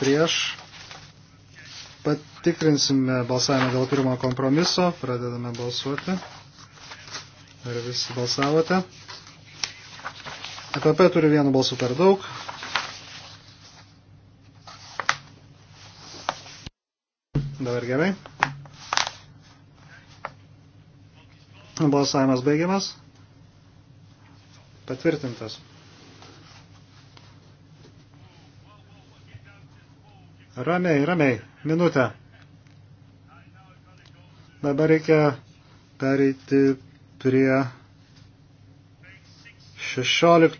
prieš. Patikrinsime balsavimą dėl pirmo kompromiso. Pradedame balsuoti. Ar visi balsavote? EPP turi vienu balsu per daug. Dabar gerai. Balsavimas baigiamas. Patvirtintas. Ramiai, ramiai, minutę. Dabar reikia pereiti prie 16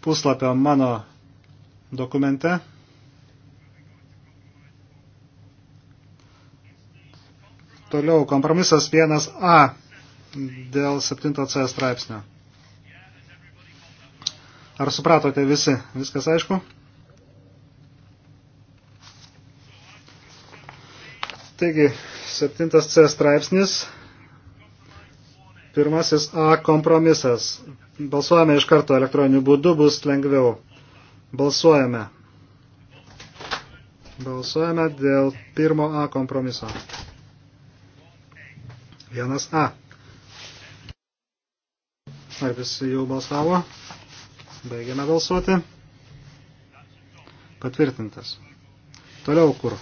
puslapio mano dokumente. Toliau kompromisas 1A dėl 7C straipsnio. Ar supratote visi? Viskas aišku? Taigi, 7c straipsnis, pirmasis A kompromisas. Balsuojame iš karto elektroniniu būdu, bus lengviau. Balsuojame. Balsuojame dėl pirmo A kompromiso. Vienas A. Ar visi jau balsavo? Baigiame balsuoti. Patvirtintas. Toliau kur?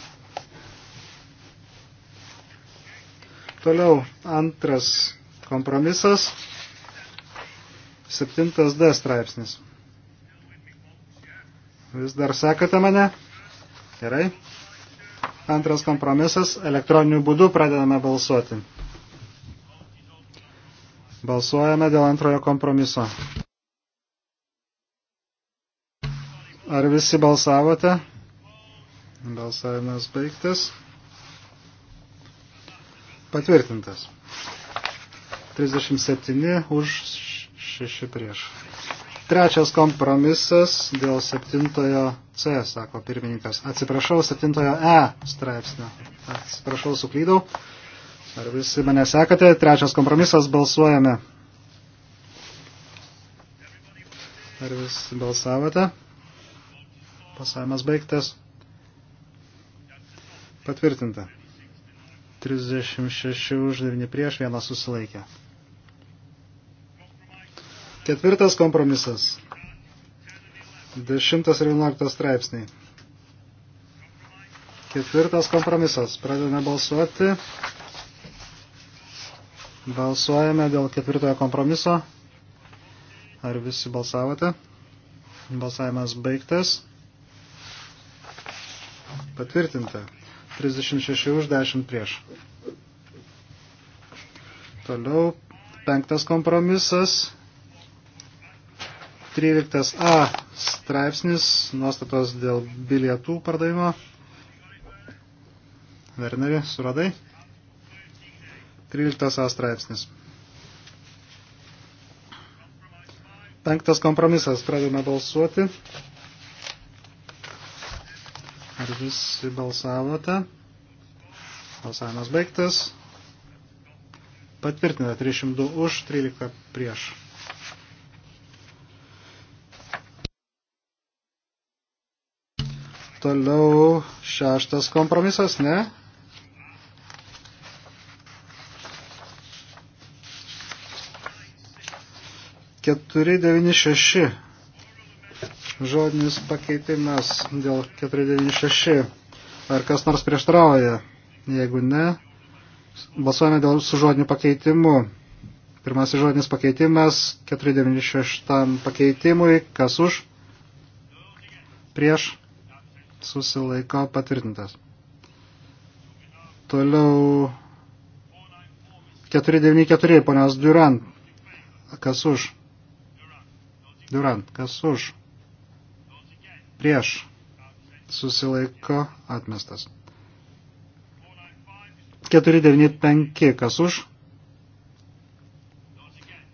Toliau antras kompromisas, septintas D straipsnis. Vis dar sekate mane? Gerai. Antras kompromisas, elektroniniu būdu pradedame balsuoti. Balsuojame dėl antrojo kompromiso. Ar visi balsavote? Balsavimas baigtas. Patvirtintas. 37 už 6 prieš. Trečias kompromisas dėl 7 C, sako pirmininkas. Atsiprašau, 7 E straipsnio. Atsiprašau, suklydau. Ar visi mane sekate? Trečias kompromisas balsuojame. Ar vis balsavote? Pasavimas baigtas. Patvirtinta. 36 už 9 prieš, vienas susilaikė. Ketvirtas kompromisas. 10 ir 11 straipsniai. Ketvirtas kompromisas. Pradedame balsuoti. Balsuojame dėl ketvirtojo kompromiso. Ar visi balsavote? Balsavimas baigtas. Patvirtinta. 36 už 10 prieš. Toliau penktas kompromisas. 13a straipsnis, nuostatos dėl bilietų pardavimo. Verneri, suradai? 13a straipsnis. Penktas kompromisas, pradėjome balsuoti. Ar visi balsavote? Balsavimas baigtas. Patvirtina 302 už, 13 prieš. Toliau šeštas kompromisas, ne? Keturi devyni šeši žodinis pakeitimas dėl 496. Ar kas nors prieštrauja? Jeigu ne, balsuojame dėl su žodiniu pakeitimu. Pirmasis žodinis pakeitimas 496 pakeitimui. Kas už? Prieš susilaiko patvirtintas. Toliau 494 ponios Durant. Kas už? Durant, kas už? prieš susilaiko atmestas. 495 kas už,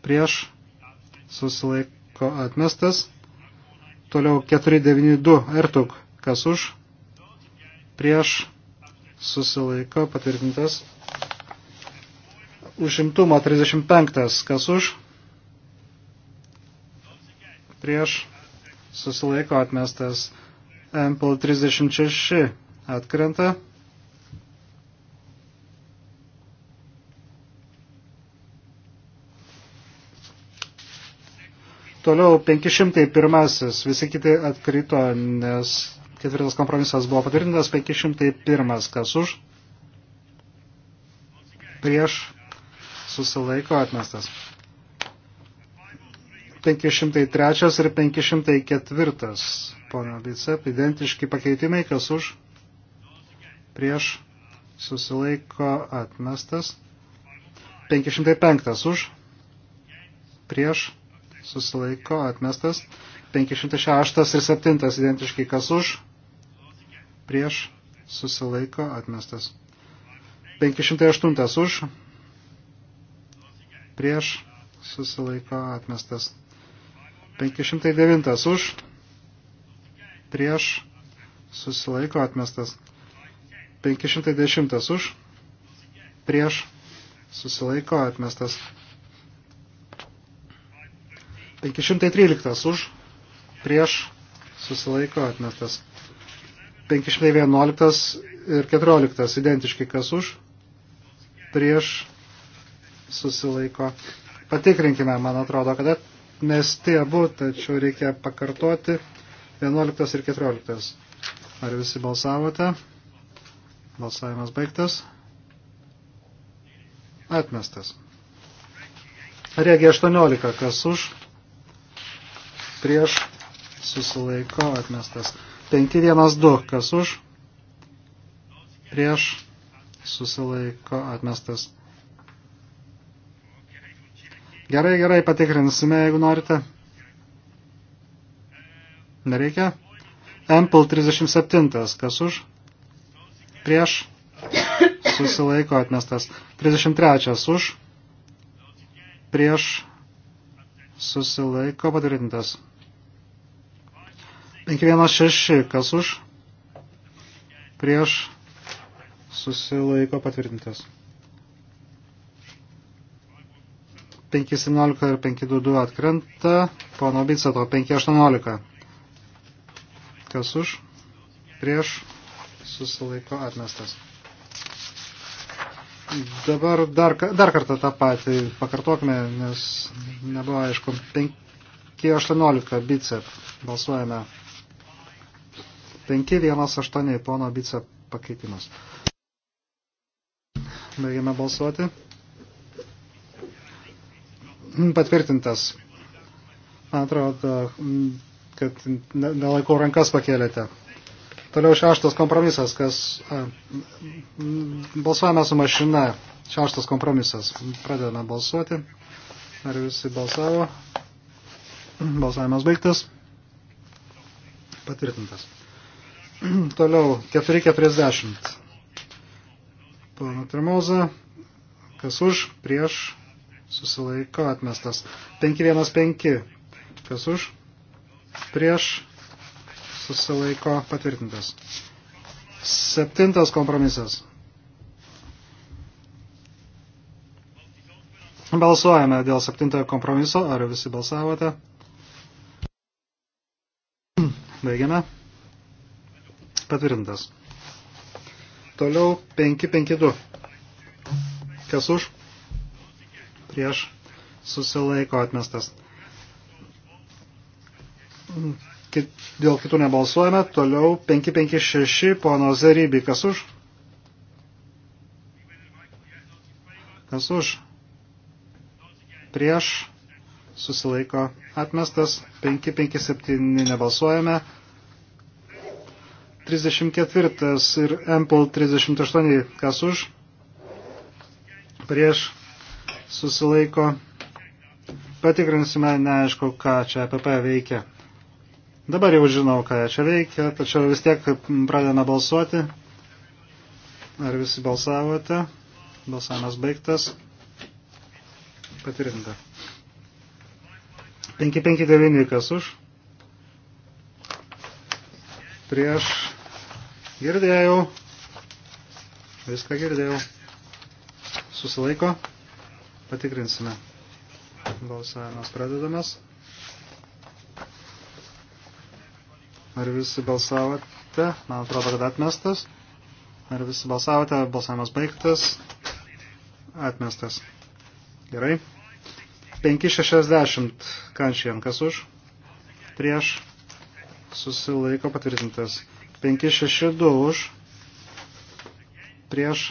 prieš susilaiko atmestas. Toliau 492 ertuk kas už, prieš susilaiko patvirtintas. Užimtumo 35 kas už, prieš susilaiko atmestas MPL 36 atkrenta. Toliau 501. Visi kiti atkrito, nes ketvirtas kompromisas buvo patvirtintas. 501. Kas už? Prieš susilaiko atmestas. 503 ir 504, pono Vice, identiški pakeitimai, kas už, prieš, susilaiko atmestas, 505 už, prieš, susilaiko atmestas, 506 ir 7 identiškai kas už, prieš, susilaiko atmestas, 508 už, prieš, susilaiko atmestas. 509 už, prieš, susilaiko atmestas. 510 už, prieš, susilaiko atmestas. 513 už, prieš, susilaiko atmestas. 511 ir 14 identiški kas už, prieš, susilaiko. Patikrinkime, man atrodo, kad atmesti abu, tačiau reikia pakartoti 11 ir 14. Ar visi balsavote? Balsavimas baigtas. Atmestas. Regija 18, kas už, prieš, susilaiko, atmestas. 512, kas už, prieš, susilaiko, atmestas. Gerai, gerai, patikrinsime, jeigu norite. Nereikia. Ample 37, kas už? Prieš. Susilaiko atmestas. 33 už. Prieš. Susilaiko patvirtintas. 516, kas už? Prieš. Susilaiko patvirtintas. 5.17 ir 5.22 atkrenta, pono Biceto 5.18. Kas už? Prieš susilaiko atmestas. Dabar dar, dar kartą tą patį pakartokime, nes nebuvo aišku. 5.18 bicep. Balsuojame. 5.18 pono bicep pakeitimas. Baigiame balsuoti. Mm, patvirtintas. Man atrodo, mm, kad nelaikau rankas pakėlėte. Toliau šeštas kompromisas, kas a, mm, balsuojame su mašina. Šeštas kompromisas. Pradedame balsuoti. Ar visi balsavo? Balsavimas baigtas. Patvirtintas. Toliau 4.40. Pana Tremoza, kas už, prieš, susilaiko atmestas. 515, kas už, prieš, susilaiko patvirtintas. Septintas kompromisas. Balsuojame dėl septintojo kompromiso, ar visi balsavote. Baigiame. Patvirtintas. Toliau 552. Kas už? prieš susilaiko atmestas. Kit, dėl kitų nebalsuojame. Toliau 556 pono Zerybį. Kas už? Kas už? Prieš susilaiko atmestas. 557 nebalsuojame. 34 ir Ample 38. Kas už? Prieš susilaiko. Patikrinsime, neaišku, ką čia APP e veikia. Dabar jau žinau, ką čia veikia, tačiau vis tiek pradedame balsuoti. Ar visi balsavote? Balsavimas baigtas. Patvirtinta. 559 kas už. Prieš. Girdėjau. Viską girdėjau. Susilaiko. Patikrinsime. Balsavimas pradedamas. Ar visi balsavote? Man atrodo, kad atmestas. Ar visi balsavote? Balsavimas baigtas. Atmestas. Gerai. 560 kančiam kas už. Prieš. Susilaiko patvirtintas. 562 už. Prieš.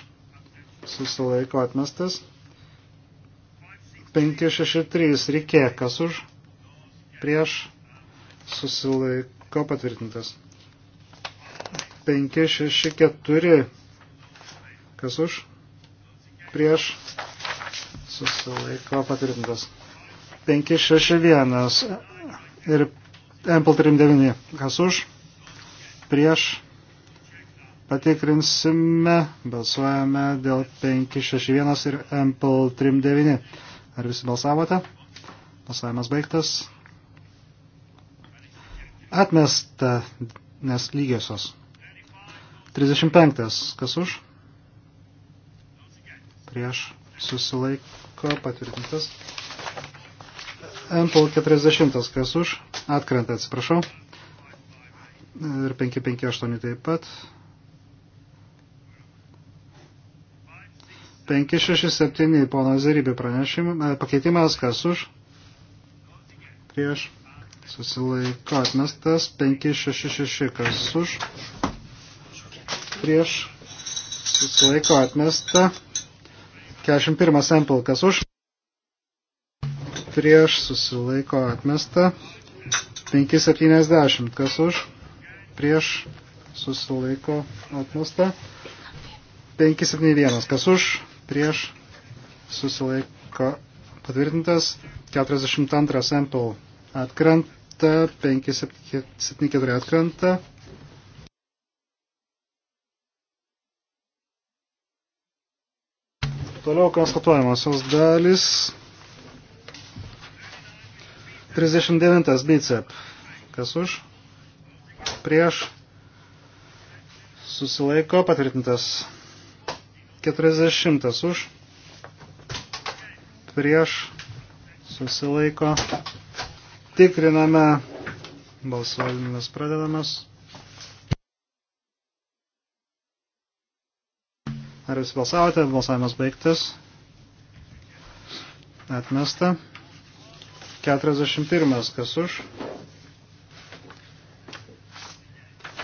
Susilaiko atmestas. 563 reikė, kas už, prieš, susilaiko patvirtintas. 564, kas už, prieš, susilaiko patvirtintas. 561 ir Ample 39, kas už, prieš, patikrinsime, balsuojame dėl 561 ir Ample 39. Ar visi balsavote? Balsavimas baigtas. Atmesta, nes lygiosios. 35. Kas už? Prieš susilaiko patvirtintas. MPL 40. Kas už? Atkrenta, atsiprašau. Ir 558 taip pat. 567 pono Zarybė e, pakeitimas, kas už, prieš, susilaiko atmestas, 566 kas už, prieš, susilaiko atmesta, 41 sample kas už, prieš, susilaiko atmesta, 570 kas už, prieš, susilaiko atmesta, 571 kas už, prieš susilaiko patvirtintas, 42 sample atkrenta, 574 atkrenta. Toliau konstatuojamosios dalis. 39 bicep. Kas už? Prieš. Susilaiko patvirtintas 40 už, prieš, susilaiko. Tikriname, balsuojimas pradedamas. Ar jūs balsavote? Balsavimas baigtas. Atmesta. 41. Kas už?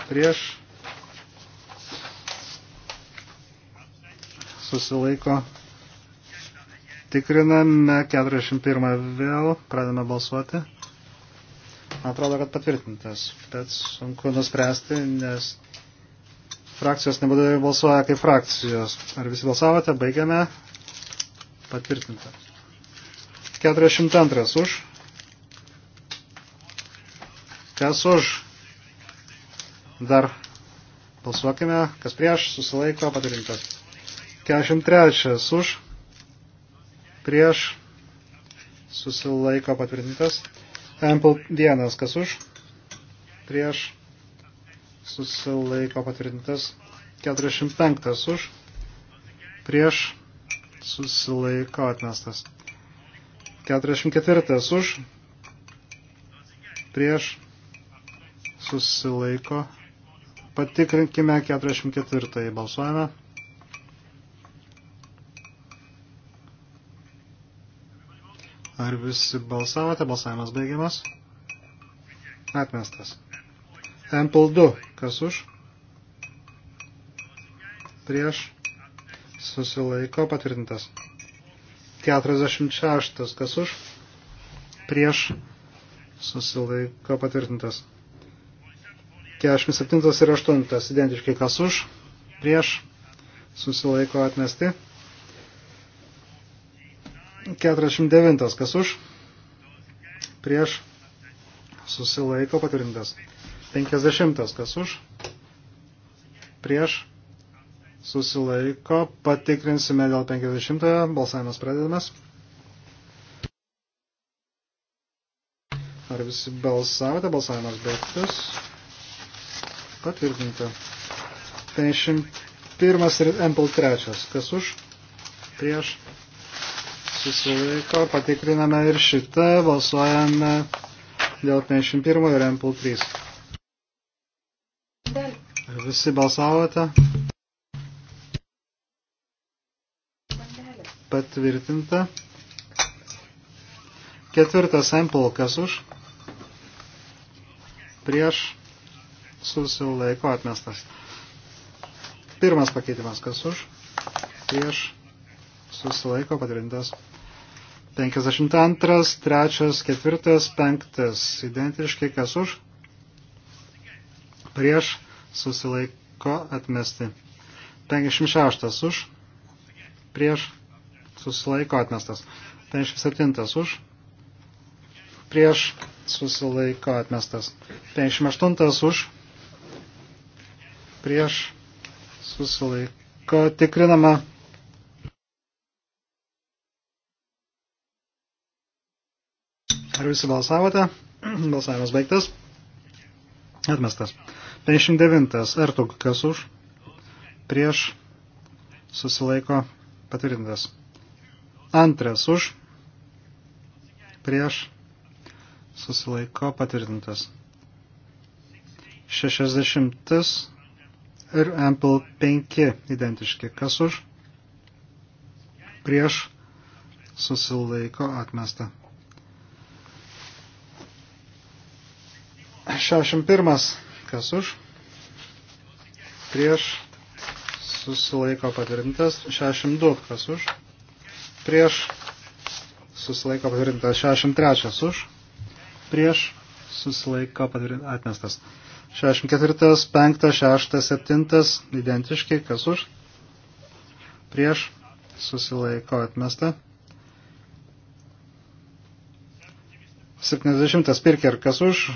Prieš susilaiko. Tikriname 41 vėl, pradame balsuoti. Man atrodo, kad patvirtintas, bet sunku nuspręsti, nes frakcijos nebūdai balsuoja kaip frakcijos. Ar visi balsavote? Baigiame. Patvirtinta. 42 už. Kas už? Dar balsuokime. Kas prieš? Susilaiko patvirtintas. 43 už, prieš, susilaiko patvirtintas. Ample 1 kas už, prieš, susilaiko patvirtintas. 45 už, prieš, susilaiko atmestas. 44 už, prieš, susilaiko. Patikrinkime 44 balsuojame. Ar visi balsavote? Balsavimas baigiamas. Atmestas. Ample 2. Kas už? Prieš. Susilaiko patvirtintas. 46. Kas už? Prieš. Susilaiko patvirtintas. 47 ir 8. Identiškai kas už? Prieš. Susilaiko atmesti. 49. Kas už? Prieš. Susilaiko patvirtintas. 50. Kas už? Prieš. Susilaiko. Patikrinsime dėl 50. Balsavimas pradedamas. Ar visi balsavote? Balsavimas baigtas. Patvirtinta. 51 ir MPL 3. Kas už? Prieš susilaiko, patikriname ir šitą, balsuojame dėl 51 ir MPL 3. Visi balsavote? Patvirtinta. Ketvirtas MPL kas už? Prieš susilaiko atmestas. Pirmas pakeitimas kas už? Prieš susilaiko patvirtintas. 52, 3, 4, 5. Identiškai kas už. Prieš susilaiko atmesti. 56 už. Prieš susilaiko atmestas. 57 už. Prieš susilaiko atmestas. 58 už. Prieš susilaiko tikrinama Ar visi balsavote? Balsavimas baigtas. Atmestas. 59. Ar tu kas už? Prieš susilaiko patvirtintas. Antras už. Prieš susilaiko patvirtintas. 60 ir Ample 5 identiški. Kas už? Prieš susilaiko atmesta. 61. Kas už? Prieš susilaiko patvirtintas. 62. Kas už? Prieš susilaiko patvirtintas. 63. Už? Prieš susilaiko patvirtintas. Atmestas. 64, 5, 6, 7. Identiškai. Kas už? Prieš susilaiko atmesta. 70. Pirker. Kas už?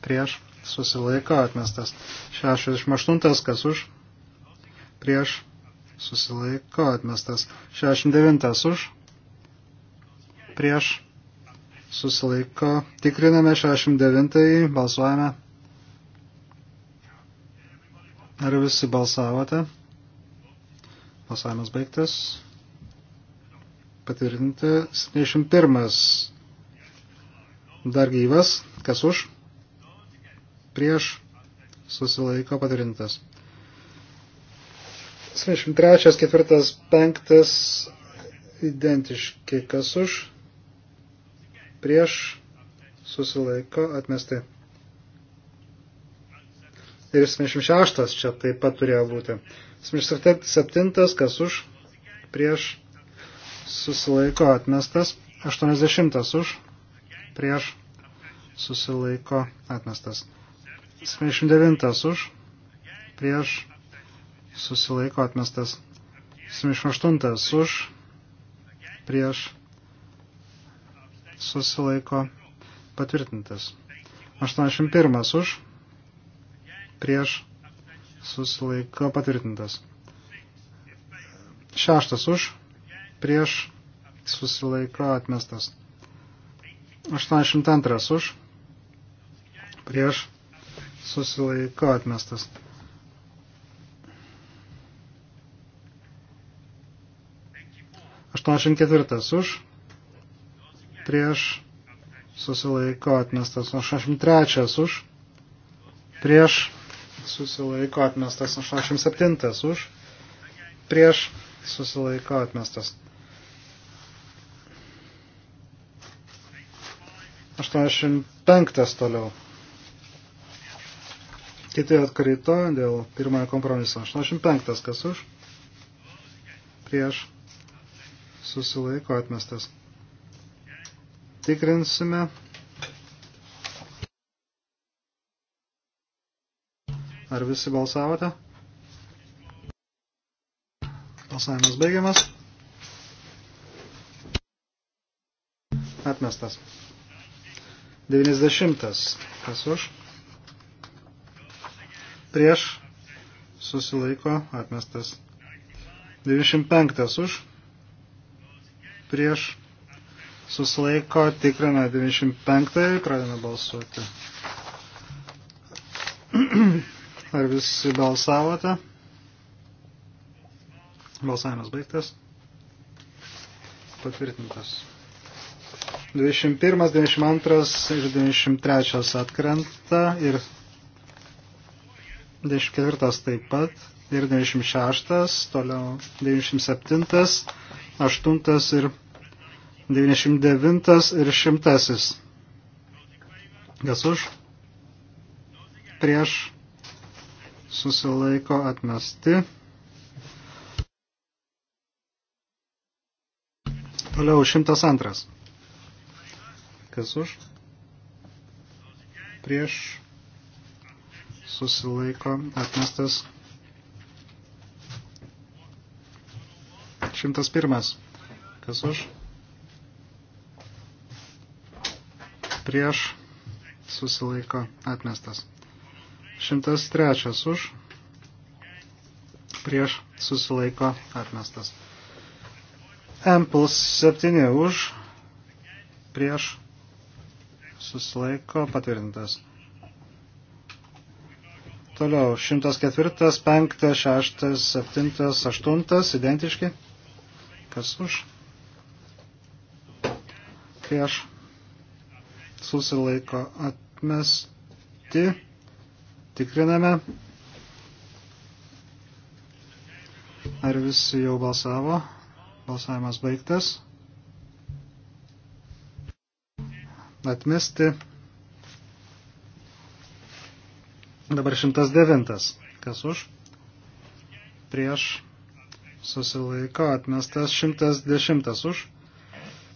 prieš, susilaiko atmestas. 68, kas už, prieš, susilaiko atmestas. 69 už, prieš, susilaiko. Tikriname 69, balsuojame. Ar visi balsavote? Balsavimas baigtas. Patvirtinti 71. Dar gyvas. Kas už? prieš susilaiko patvirtintas. 73, 4, 5 identiški, kas už, prieš susilaiko atmesti. Ir 76 čia taip pat turėjo būti. 77, kas už, prieš susilaiko atmestas. 80 už, prieš susilaiko atmestas. 79 už, prieš, susilaiko atmestas. 78 už, prieš, susilaiko patvirtintas. 81 už, prieš, susilaiko patvirtintas. Šeštas už, prieš, susilaiko atmestas. 82 už, prieš, susilaiko atmestas. Aštuoniasdešimt ketvirtas už, prieš susilaiko atmestas. Aštuoniasdešimt trečias už, prieš susilaiko atmestas. Aštuoniasdešimt septintas už, prieš susilaiko atmestas. 85 toliau. Kiti atkrito dėl pirmojo kompromiso. 85. Kas už? Prieš. Susilaiko atmestas. Tikrinsime. Ar visi balsavote? Balsavimas baigiamas. Atmestas. 90. Kas už? prieš, susilaiko, atmestas. 95 už, prieš, susilaiko, tikrina 95, pradame balsuoti. Ar visi balsavote? Balsavimas baigtas. Patvirtintas. 21, 22 ir 93 atkrenta ir 94 taip pat ir 96, toliau 97, 8 ir 99 ir 100. Kas už? Prieš susilaiko atmesti. Toliau 102. Kas už? Prieš susilaiko atmestas 101. Kas už? Prieš susilaiko atmestas. 103 už. Prieš susilaiko atmestas. M plus 7 už. Prieš susilaiko patvirtintas. Toliau 104, 5, 6, 7, 8 identiški. Kas už? Prieš susilaiko atmesti. Tikriname. Ar visi jau balsavo? Balsavimas baigtas. Atmesti. Dabar 109. Kas už? Prieš susilaiko atmestas 110 už.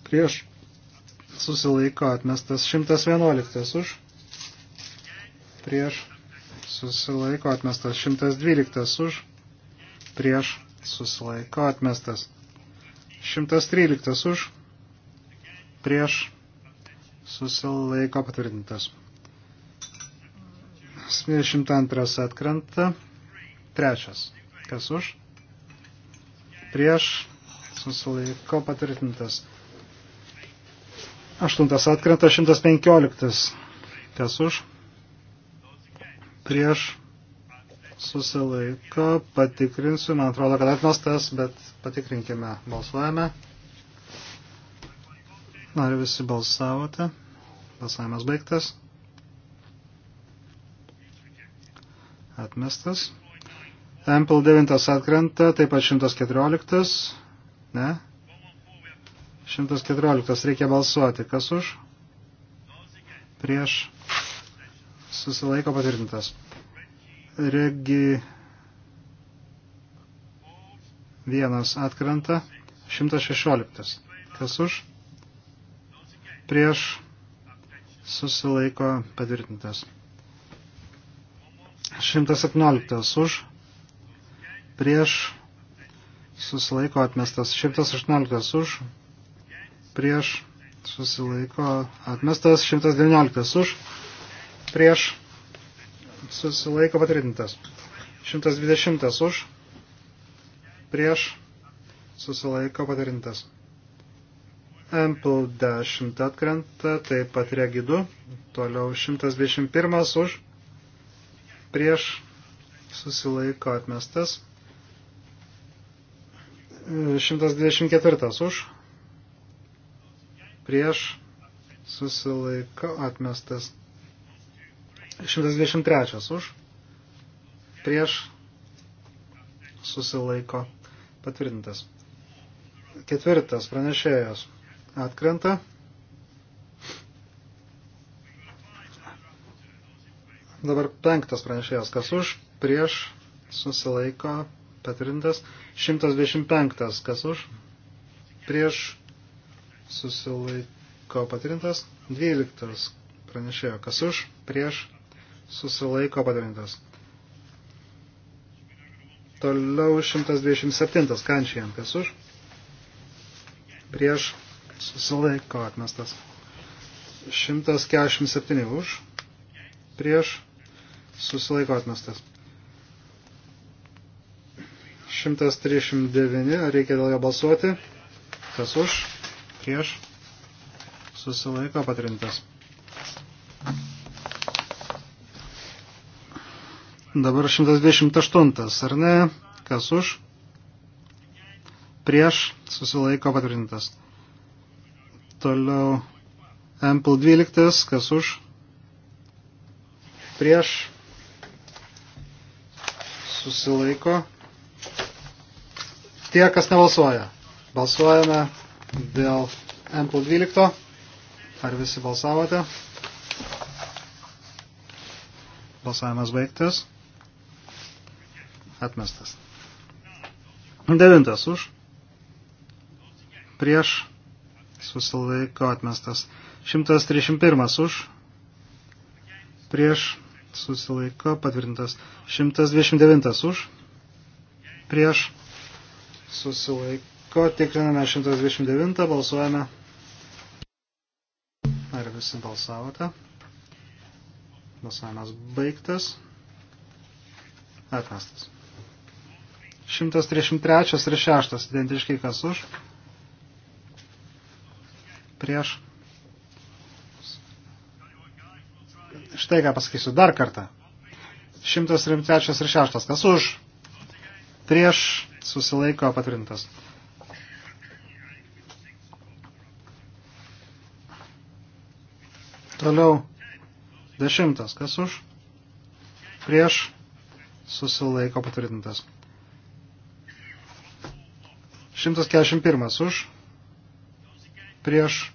Prieš susilaiko atmestas 111 už. Prieš susilaiko atmestas 112 už. Prieš susilaiko atmestas 113 už. Prieš susilaiko patvirtintas. 72 atkrenta. Trečias. Kas už? Prieš. Susilaiko patvirtintas. Aštuntas atkrenta. 115. Kas už? Prieš. Susilaiko. Patikrinsiu. Man atrodo, kad atmestas, bet patikrinkime. Balsuojame. Ar visi balsavote? Balsavimas baigtas. Atmestas. Ample 9 atkrenta, taip pat 114. Ne? 114 reikia balsuoti. Kas už? Prieš. Susilaiko patvirtintas. Regi vienas atkrenta, 116. Kas už? Prieš susilaiko patvirtintas. 117 už, prieš, susilaiko atmestas. 118 už, prieš, susilaiko atmestas. 119 už, prieš, susilaiko patvirtintas. 120 už, prieš, susilaiko patvirtintas. Ample 10 atkrenta, taip pat regidu. Toliau 121 už, prieš susilaiko atmestas. 124 už prieš susilaiko atmestas. 123 už prieš susilaiko patvirtintas. Ketvirtas pranešėjas atkrenta. Dabar penktas pranešėjas, kas už, prieš, susilaiko, patvirtintas. 125, kas už, prieš, susilaiko, patvirtintas. 12 pranešėjo, kas už, prieš, susilaiko, patvirtintas. Toliau 127, kančiam, kas už, prieš, susilaiko, atmestas. 147 už, prieš, susilaiko atmestas. 139, reikia dėl jo balsuoti. Kas už, prieš, susilaiko patrintas. Dabar 128, ar ne? Kas už? Prieš susilaiko patvirtintas. Toliau Ample 12, kas už? Prieš susilaiko. Tie, kas nebalsuoja. Balsuojame dėl MPL 12. Ar visi balsavote? Balsavimas baigtas. Atmestas. Devintas už. Prieš. Susilaiko atmestas. 131 už. Prieš susilaiko patvirtintas. 129 už, prieš susilaiko, tikriname 129, balsuojame. Ar visi balsavote? Balsavimas baigtas. Atmestas. 133 ir 6 identiškai kas už. Prieš Štai ką pasakysiu dar kartą. 103 ir 6. Kas už? Prieš susilaiko patvirtintas. Toliau. Dešimtas. Kas už? Prieš susilaiko patvirtintas. 141 už. Prieš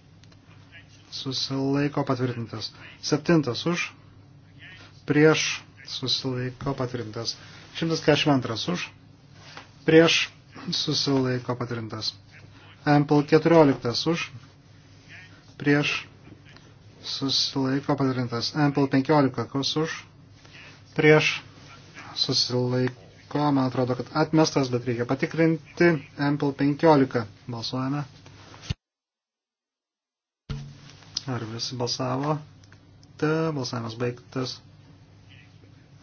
susilaiko patvirtintas. Septintas už, prieš susilaiko patvirtintas. 142 už, prieš susilaiko patvirtintas. Ample 14 už, prieš susilaiko patvirtintas. Ample 15 kas už, prieš susilaiko, man atrodo, kad atmestas, bet reikia patikrinti. Ample 15 balsuojame. Ar visi balsavo? Ta, balsavimas baigtas.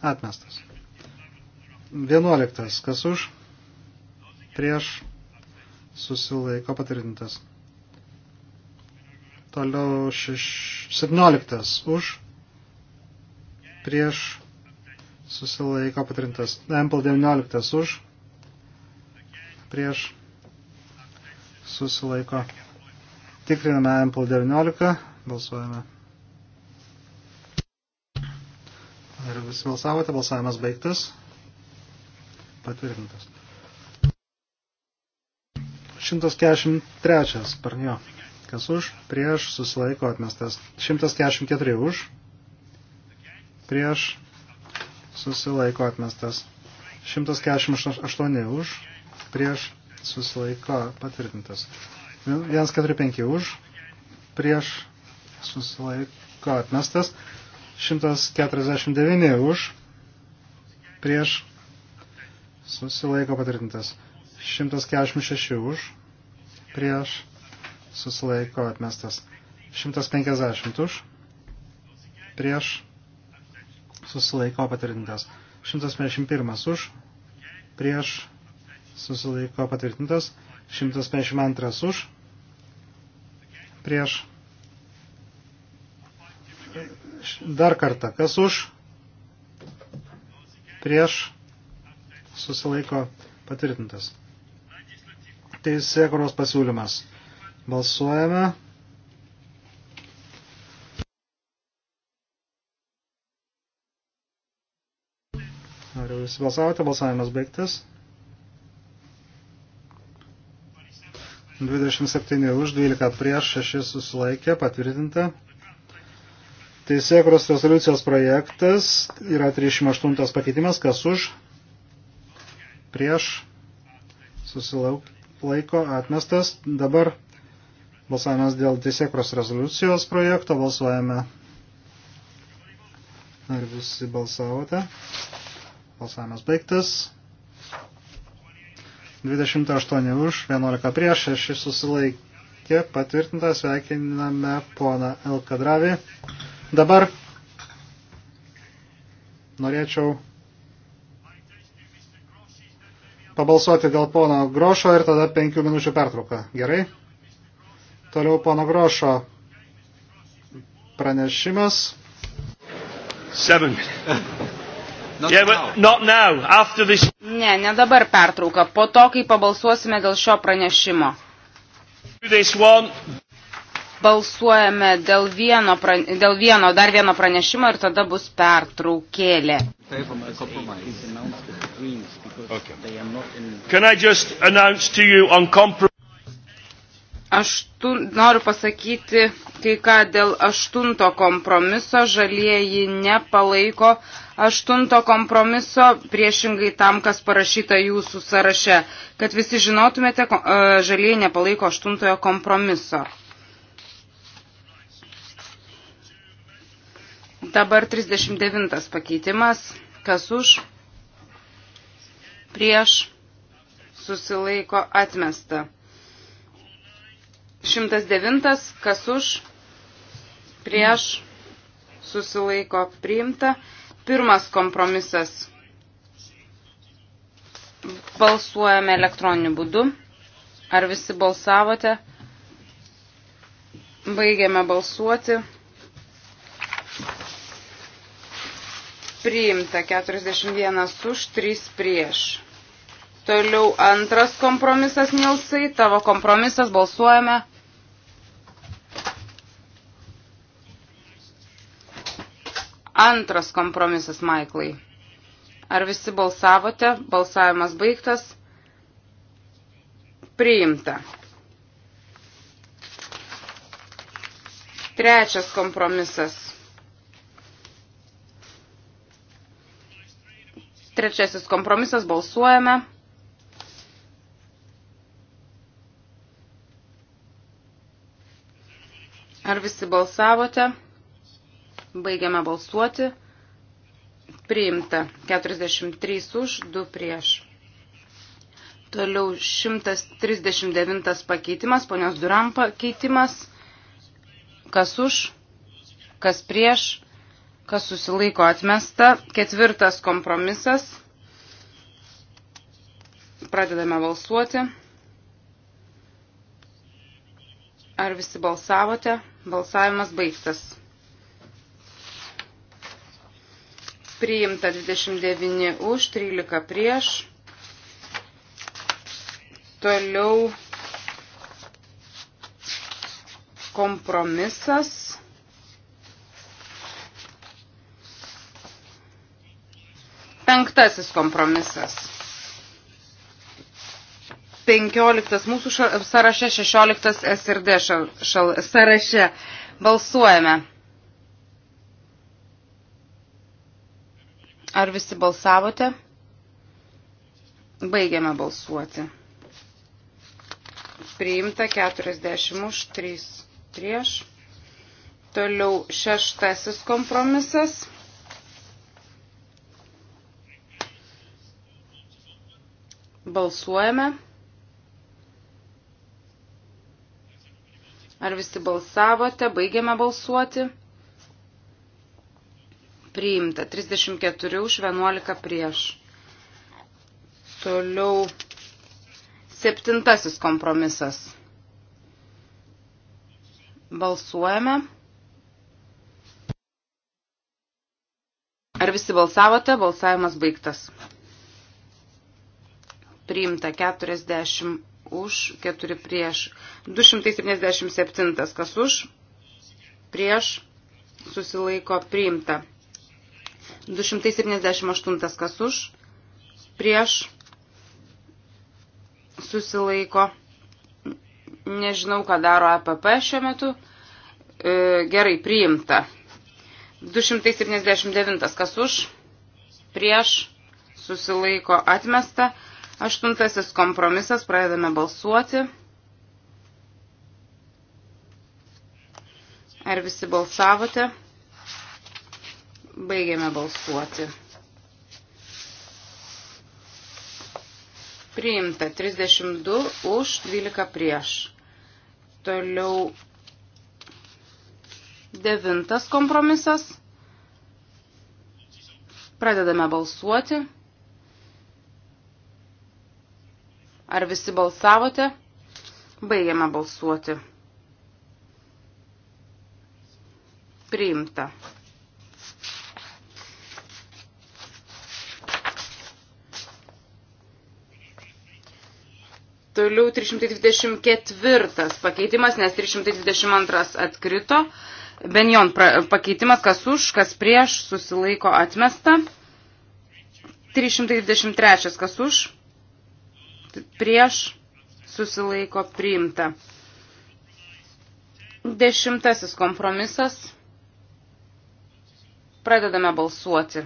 Atmestas. Vienuoliktas. Kas už? Prieš susilaiko patvirtintas. Toliau šeš... 17 už prieš susilaiko patrintas. Ample 19 už prieš susilaiko. Tikriname Ample 19. Balsuojame. Ar visi balsavote? Balsavimas baigtas. Patvirtintas. 143 parnio. Kas už? Prieš susilaiko atmestas. 144 už. Prieš susilaiko atmestas. 148 už. Prieš susilaiko patvirtintas. 145 už. Prieš susilaiko atmestas. 149 už, prieš, susilaiko patvirtintas. 146 už, prieš, susilaiko atmestas. 150 už, prieš, susilaiko patvirtintas. 151 už, prieš, susilaiko patvirtintas. 152 už, prieš, Dar kartą, kas už, prieš, susilaiko patvirtintas. Teisėkuros pasiūlymas. Balsuojame. Ar jau visi balsavote? Balsavimas baigtas. 27 už, 12 prieš, 6 susilaikė, patvirtinta. Teisėkuros rezoliucijos projektas yra 38 pakeitimas, kas už, prieš, susilaiko, atmestas. Dabar balsavimas dėl teisėkuros rezoliucijos projekto, balsuojame. Ar visi balsavote? Balsavimas baigtas. 28 už, 11 prieš, 6 susilaikė, patvirtinta, sveikiname poną Elkadravį. Dabar norėčiau pabalsuoti dėl pono Grošo ir tada penkių minučių pertrauką. Gerai? Toliau pono Grošo pranešimas. Seven. Not yeah, now. Not now, after this... Ne, ne dabar pertrauka, po to, kai pabalsuosime dėl šio pranešimo. This one balsuojame dėl vieno, dėl vieno, dar vieno pranešimo ir tada bus pertraukėlė. Okay. Aš tu, noriu pasakyti kai ką dėl aštunto kompromiso. Žalieji nepalaiko aštunto kompromiso priešingai tam, kas parašyta jūsų sąraše. Kad visi žinotumėte, e, žalieji nepalaiko aštuntojo kompromiso. Dabar 39 pakeitimas. Kas už? Prieš susilaiko atmesta. 109. Kas už? Prieš susilaiko priimta. Pirmas kompromisas. Balsuojame elektroniniu būdu. Ar visi balsavote? Baigiame balsuoti. priimta 41 už, 3 prieš. Toliau antras kompromisas, Nilsai, tavo kompromisas, balsuojame. Antras kompromisas, Maiklai. Ar visi balsavote? Balsavimas baigtas. Priimta. Trečias kompromisas. Trečiasis kompromisas balsuojame. Ar visi balsavote? Baigiame balsuoti. Priimta 43 už, 2 prieš. Toliau 139 pakeitimas, ponios Durampa keitimas. Kas už, kas prieš, kas susilaiko atmesta. Ketvirtas kompromisas. Pradedame balsuoti. Ar visi balsavote? Balsavimas baigtas. Priimta 29 už, 13 prieš. Toliau kompromisas. Penktasis kompromisas. 15 mūsų sąraše, 16 SRD šal, šal, sąraše. Balsuojame. Ar visi balsavote? Baigiame balsuoti. Priimta 40 už 3 prieš. Toliau šeštasis kompromisas. Balsuojame. Ar visi balsavote? Baigiame balsuoti. Priimta. 34 už 11 prieš. Toliau septintasis kompromisas. Balsuojame. Ar visi balsavote? Balsavimas baigtas priimta 40 už, 4 prieš, 277 kas už, prieš, susilaiko priimta, 278 kas už, prieš, susilaiko, nežinau, ką daro APP šiuo metu, e, gerai, priimta, 279 kas už, prieš, susilaiko atmesta, Aštuntasis kompromisas, pradedame balsuoti. Ar visi balsavote? Baigėme balsuoti. Priimta 32 už 12 prieš. Toliau devintas kompromisas. Pradedame balsuoti. Ar visi balsavote? Baigiame balsuoti. Priimta. Toliau 324 pakeitimas, nes 322 atkrito. Benjon pakeitimas, kas už, kas prieš, susilaiko atmesta. 323 kas už prieš susilaiko priimta. Dešimtasis kompromisas. Pradedame balsuoti.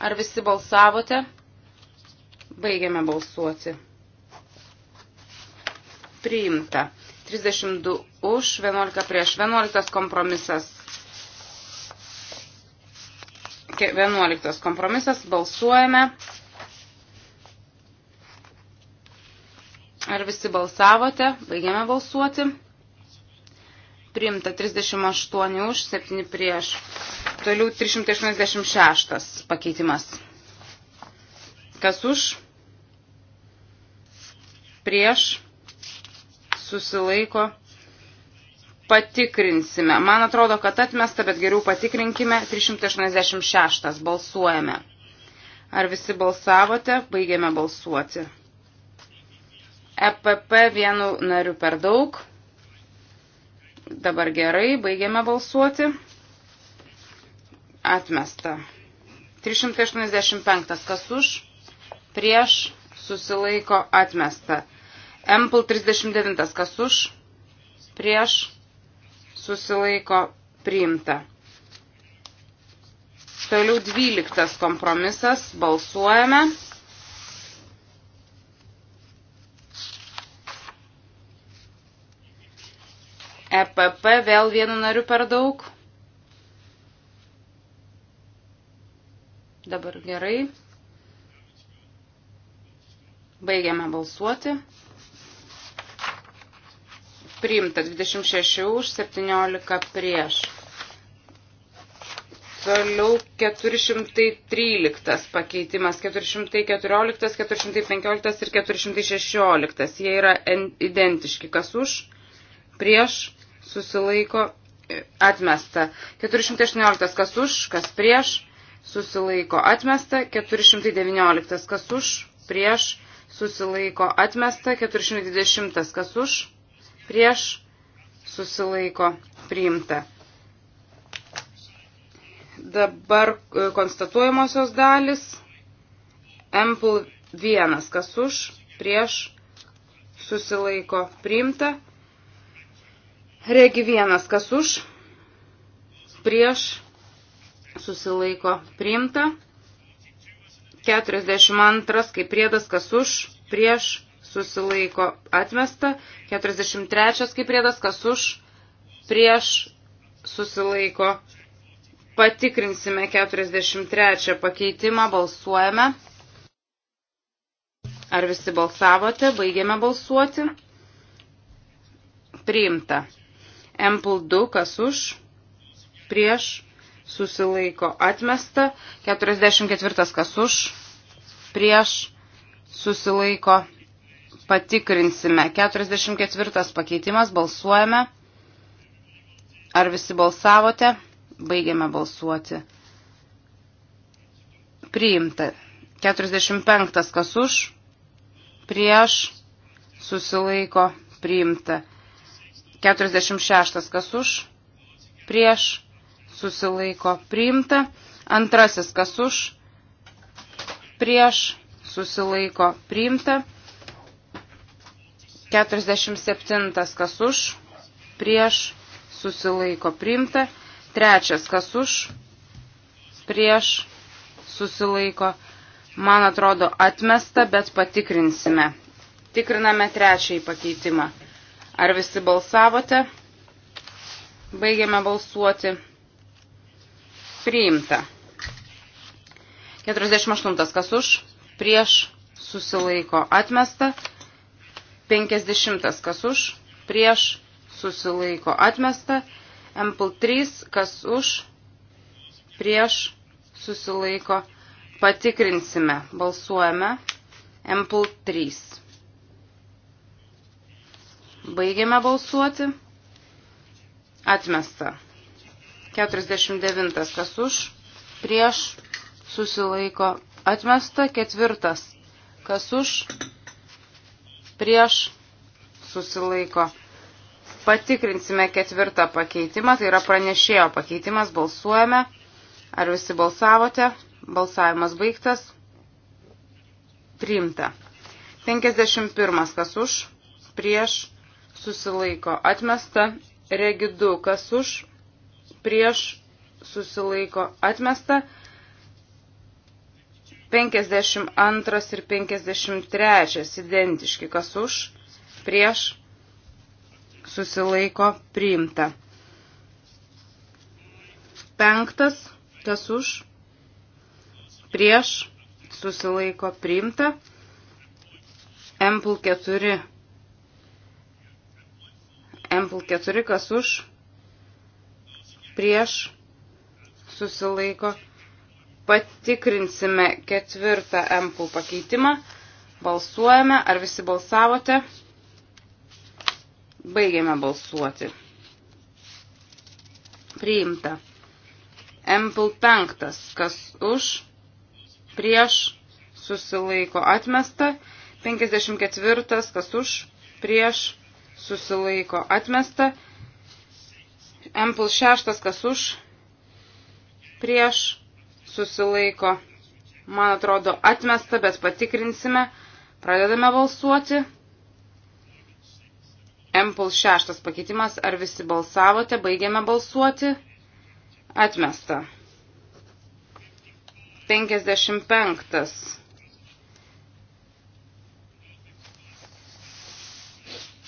Ar visi balsavote? Baigiame balsuoti. Priimta. 32 už, 11 prieš, 11 kompromisas. 11 kompromisas, balsuojame. Ar visi balsavote? Baigiame balsuoti. Priimta 38 už, 7 prieš. Toliau 386 pakeitimas. Kas už? Prieš. Susilaiko. Patikrinsime. Man atrodo, kad atmesta, bet geriau patikrinkime. 386 balsuojame. Ar visi balsavote? Baigiame balsuoti. EPP vienu nariu per daug. Dabar gerai, baigiame balsuoti. Atmesta. 385. Kas už? Prieš susilaiko atmesta. Empl 39. Kas už? Prieš susilaiko priimta. Toliau 12 kompromisas. Balsuojame. EPP vėl vienu nariu per daug. Dabar gerai. Baigiame balsuoti. Priimta 26 už 17 prieš. Toliau 413 pakeitimas, 414, 415 ir 416. Jie yra identiški. Kas už? Prieš susilaiko atmesta. 418 kas už, kas prieš, susilaiko atmesta. 419 kas už, prieš, susilaiko atmesta. 420 kas už, prieš, susilaiko priimta. Dabar e, konstatuojamosios dalis. Empul 1 kas už, prieš, susilaiko priimta. Regi vienas, kas už, prieš, susilaiko priimta. 42, kaip priedas, kas už, prieš, susilaiko atmesta. 43, kaip priedas, kas už, prieš, susilaiko. Patikrinsime 43 pakeitimą, balsuojame. Ar visi balsavote? Baigėme balsuoti. Priimta. Ample 2, kas už, prieš, susilaiko atmesta, 44 kas už, prieš, susilaiko patikrinsime. 44 pakeitimas, balsuojame. Ar visi balsavote? Baigiame balsuoti. Priimta. 45 kas už, prieš, susilaiko priimta. 46 kas už, prieš, susilaiko priimta. Antrasis kas už, prieš, susilaiko priimta. 47 kas už, prieš, susilaiko priimta. Trečias kas už, prieš, susilaiko priimta man atrodo, atmesta, bet patikrinsime. Tikriname trečiąjį pakeitimą. Ar visi balsavote? Baigiame balsuoti. Priimta. 48. Kas už? Prieš susilaiko atmesta. 50. Kas už? Prieš susilaiko atmesta. Ampl 3. Kas už? Prieš susilaiko. Patikrinsime. Balsuojame. Ampl 3. Baigiame balsuoti. Atmesta. 49. Kas už? Prieš. Susilaiko. Atmesta. Ketvirtas. Kas už? Prieš. Susilaiko. Patikrinsime ketvirtą pakeitimą. Tai yra pranešėjo pakeitimas. Balsuojame. Ar visi balsavote? Balsavimas baigtas. Priimta. 51. Kas už? Prieš susilaiko atmesta, regi 2, kas už, prieš susilaiko atmesta, 52 ir 53 identiški, kas už, prieš susilaiko priimta. Penktas, kas už, prieš susilaiko priimta. Empul 4 Ample 4, kas už, prieš, susilaiko. Patikrinsime ketvirtą Ample pakeitimą. Balsuojame, ar visi balsavote. Baigėme balsuoti. Priimta. Ample 5, kas už, prieš, susilaiko atmesta. 54, kas už, prieš, susilaiko atmesta. M plus 6 kas už, prieš susilaiko, man atrodo, atmesta, bet patikrinsime. Pradedame balsuoti. M plus 6 pakeitimas, ar visi balsavote, baigiame balsuoti. Atmesta. 55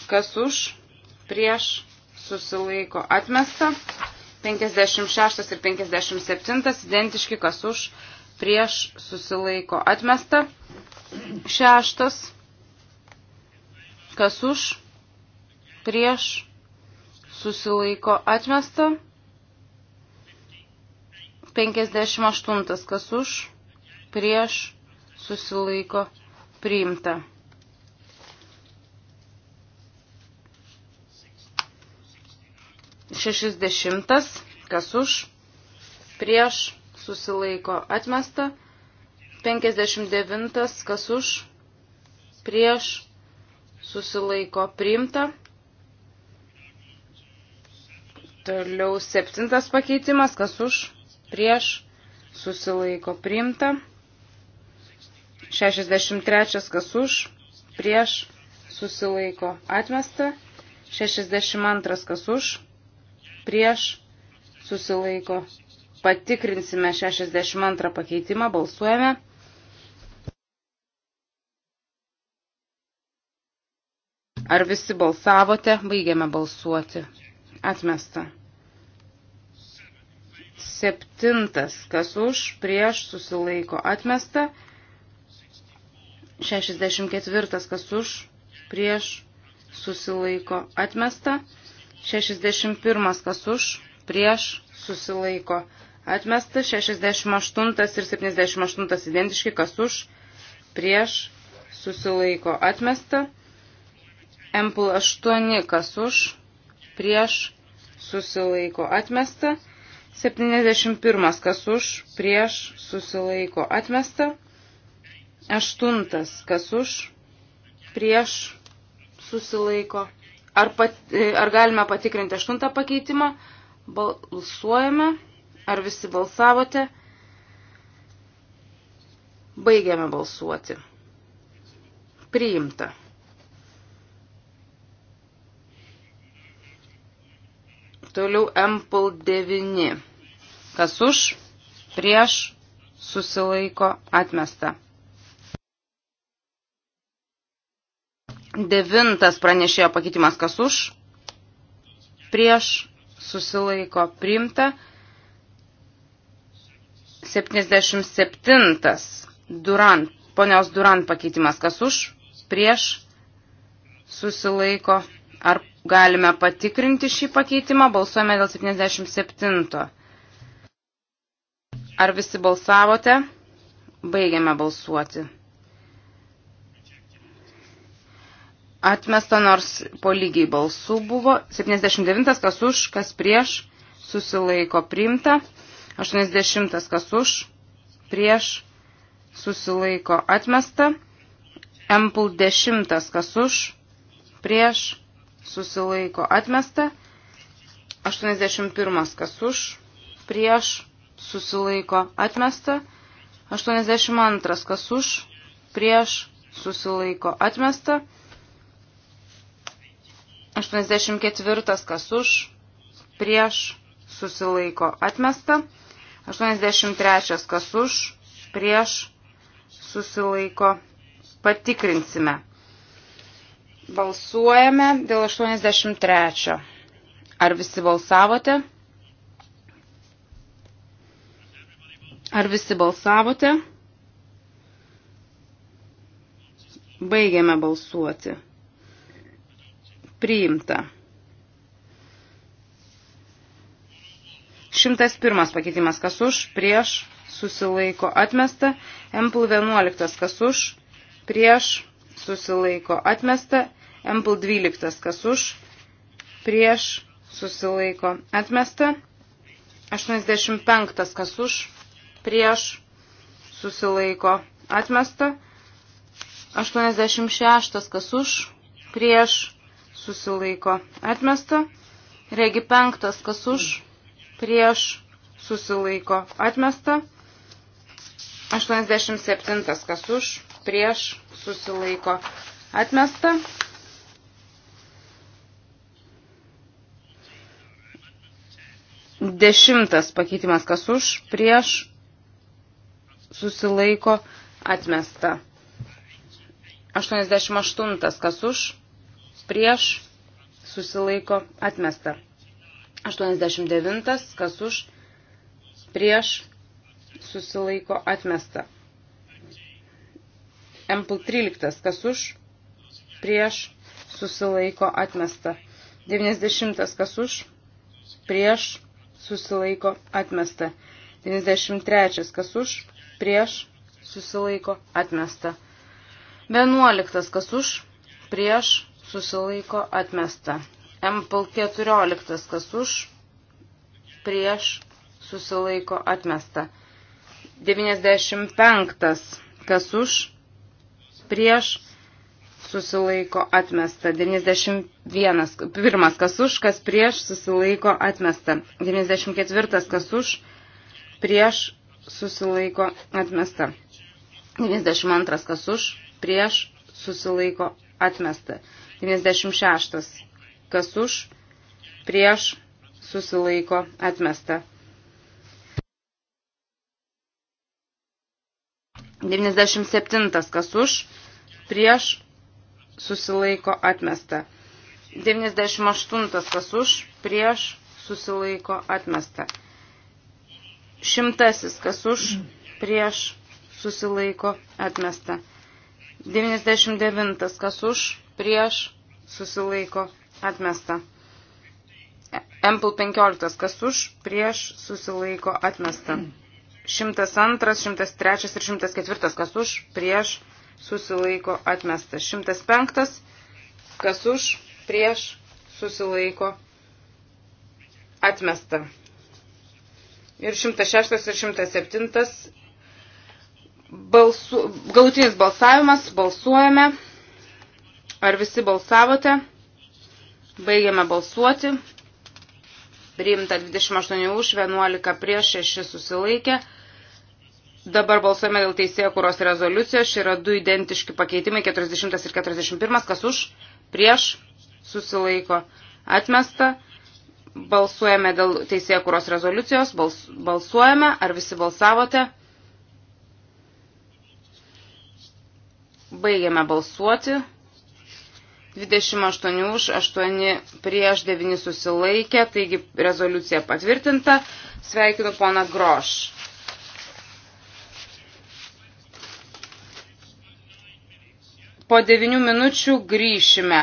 kas už, prieš, susilaiko atmesta. 56 ir 57 identiški, kas už, prieš, susilaiko atmesta. 6, kas už, prieš, susilaiko atmesta. 58, kas už, prieš, susilaiko priimta. 60, kas už, prieš, susilaiko atmesta, 59, kas už, prieš, susilaiko priimta. Toliau septintas pakeitimas, kas už, prieš, susilaiko priimta. 63 kas už, prieš, susilaiko atmesta. 62 kas už, prieš susilaiko. Patikrinsime 62 pakeitimą, balsuojame. Ar visi balsavote? Baigiame balsuoti. Atmesta. Septintas, kas už, prieš, susilaiko. Atmesta. 64, kas už, prieš, susilaiko. Atmesta. 61 kas už, prieš, susilaiko. Atmesta 68 ir 78 identiški, kas už, prieš, susilaiko. Atmesta MPL 8, kas už, prieš, susilaiko. Atmesta 71, kas už, prieš, susilaiko. Atmesta 8, kas už, prieš, susilaiko. Ar, pat, e, ar galime patikrinti aštuntą pakeitimą? Balsuojame. Ar visi balsavote? Baigiame balsuoti. Priimta. Toliau MPL 9. Kas už, prieš, susilaiko, atmesta. Devintas pranešėjo pakeitimas kas už, prieš, susilaiko priimta. 77. Duran, ponios Duran pakeitimas kas už, prieš, susilaiko. Ar galime patikrinti šį pakeitimą? Balsuojame dėl 77. Ar visi balsavote? Baigiame balsuoti. Atmesta nors po lygiai balsų buvo. 79 kas už, kas prieš, susilaiko primta. 80 kas už, prieš, susilaiko atmesta. Empul 10 kas už, prieš, susilaiko atmesta. 81 kas už, prieš, susilaiko atmesta. 82 kas už, prieš, susilaiko atmesta. 84 kas už, prieš, susilaiko atmesta. 83 kas už, prieš, susilaiko. Patikrinsime. Balsuojame dėl 83. Ar visi balsavote? Ar visi balsavote? Baigiame balsuoti priimta. 101 pakeitimas kas už, prieš, susilaiko atmesta, MPL 11 kas už, prieš, susilaiko atmesta, MPL 12 kas už, prieš, susilaiko atmesta, 85 kas už, prieš, susilaiko atmesta, 86 kas už, prieš, susilaiko atmesta. Regi penktas, kas už, prieš susilaiko atmesta. 87, kas už, prieš susilaiko atmesta. Dešimtas pakeitimas, kas už, prieš susilaiko atmesta. 88, kas už, prieš, susilaiko, atmesta. 89, kas už, prieš, susilaiko, atmesta. Ample 13, kas už, prieš, susilaiko, atmesta. 90, kas už, prieš, susilaiko, atmesta. 93, kas už, prieš, susilaiko, atmesta. 11, kas už, prieš, susilaiko atmesta. MPL 14, kas už, prieš, susilaiko atmesta. 95, kas už, prieš, susilaiko atmesta. 91, pirmas, kas už, kas prieš, susilaiko atmesta. 94, kas už, prieš, susilaiko atmesta. 92, kas už, prieš, susilaiko atmesta. 96. Kas už, prieš, susilaiko, atmesta. 97. Kas už, prieš, susilaiko, atmesta. 98. Kas už, prieš, susilaiko, atmesta. Šimtasis, kas už, prieš, susilaiko, atmesta. 99. kas už, prieš, susilaiko, atmesta. Empl 15, kas už, prieš, susilaiko, atmesta. 102, 103 ir 104, kas už, prieš, susilaiko, atmesta. 105, kas už, prieš, susilaiko, atmesta. Ir 106 ir 107 balsu, galutinis balsavimas, balsuojame. Ar visi balsavote? Baigiame balsuoti. Priimta 28 už, 11 prieš, 6 susilaikė. Dabar balsuojame dėl teisėjo kuros rezoliucijos. Čia yra du identiški pakeitimai, 40 ir 41. Kas už? Prieš susilaiko atmesta. Balsuojame dėl teisėjo kuros rezoliucijos. Bals, balsuojame. Ar visi balsavote? Baigiame balsuoti. 28 už, 8 prieš, 9 susilaikė, taigi rezoliucija patvirtinta. Sveikinu poną Groš. Po 9 minučių grįšime.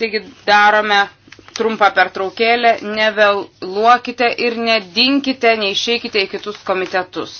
Taigi darome trumpą pertraukėlę, nevėluokite ir nedinkite, neišeikite į kitus komitetus.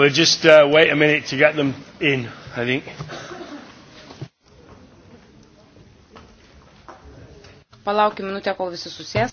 We'll just uh, wait a minute to get them in, I think. Palaukime minutę, kol visi susės.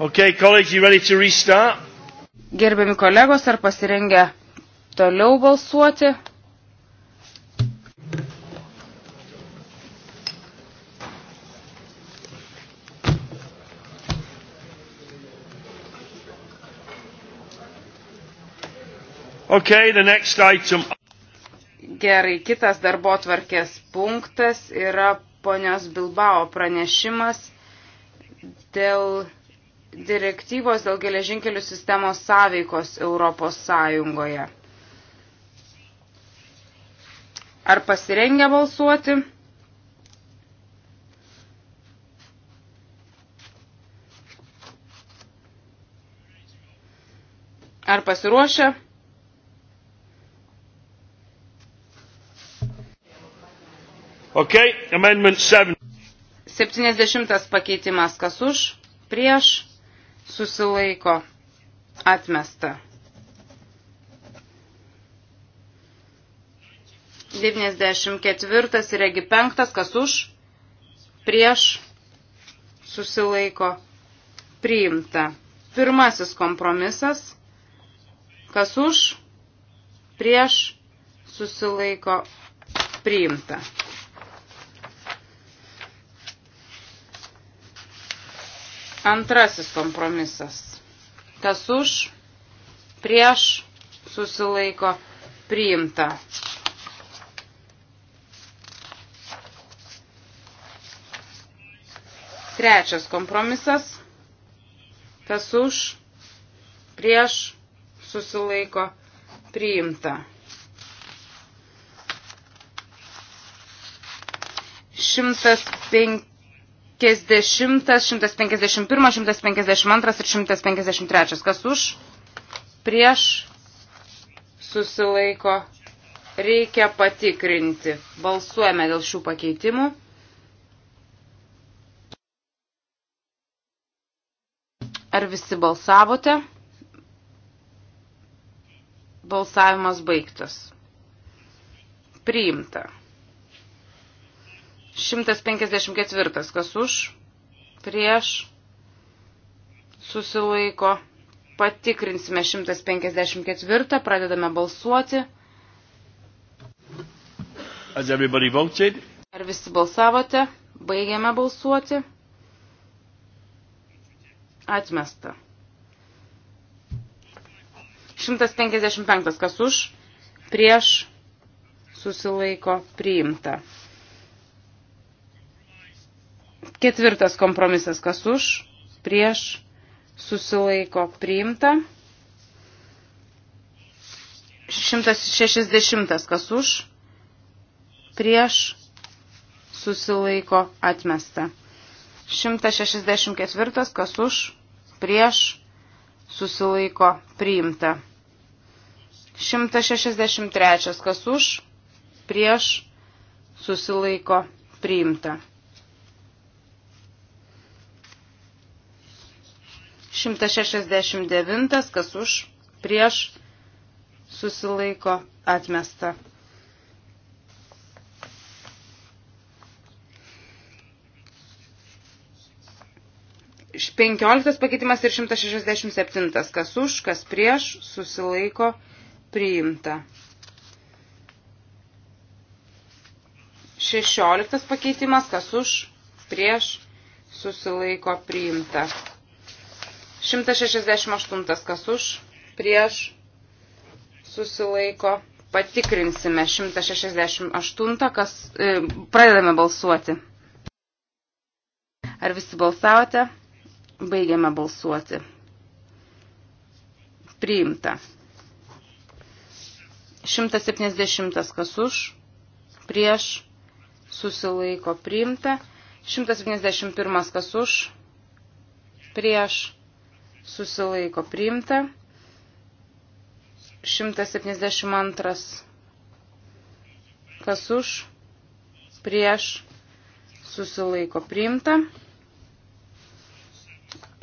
Okay, college, you ready to restart? Gerbiami kolegos, ar pasirengę toliau balsuoti? Okay, the next item. Gerai, kitas darbo tvarkės punktas yra ponios Bilbao pranešimas dėl direktyvos dėl geležinkelių sistemos sąveikos Europos Sąjungoje. Ar pasirengę balsuoti? Ar pasiruošę? Okay, amendment 7. 70 pakeitimas kas už, prieš, susilaiko atmesta. 94 ir regi 5, kas už, prieš, susilaiko, priimta. Pirmasis kompromisas, kas už, prieš, susilaiko, priimta. Antrasis kompromisas. Kas už, prieš, susilaiko, priimta. Trečias kompromisas. Kas už, prieš, susilaiko, priimta. 105 150, 151, 152 ir 153. Kas už? Prieš susilaiko. Reikia patikrinti. Balsuojame dėl šių pakeitimų. Ar visi balsavote? Balsavimas baigtas. Priimta. 154. Kas už? Prieš? Susilaiko. Patikrinsime 154. Pradedame balsuoti. Has everybody voted? Ar visi balsavote? Baigiame balsuoti. Atmesta. 155 kas už, prieš susilaiko priimta. Ketvirtas kompromisas, kas už, prieš, susilaiko priimta. 160, kas už, prieš, susilaiko atmesta. 164, kas už, prieš, susilaiko priimta. 163, kas už, prieš, susilaiko priimta. 169, kas už, prieš, susilaiko, atmesta. Iš 15 pakeitimas ir 167, kas už, kas prieš, susilaiko, priimta. 16 pakeitimas, kas už, prieš, susilaiko, priimta. 168 kas už, prieš, susilaiko. Patikrinsime 168, kas e, pradedame balsuoti. Ar visi balsavote? Baigiame balsuoti. Priimta. 170 kas už, prieš, susilaiko priimta. 171 kas už, prieš, susilaiko priimta. 172. Kas už, prieš, susilaiko priimta.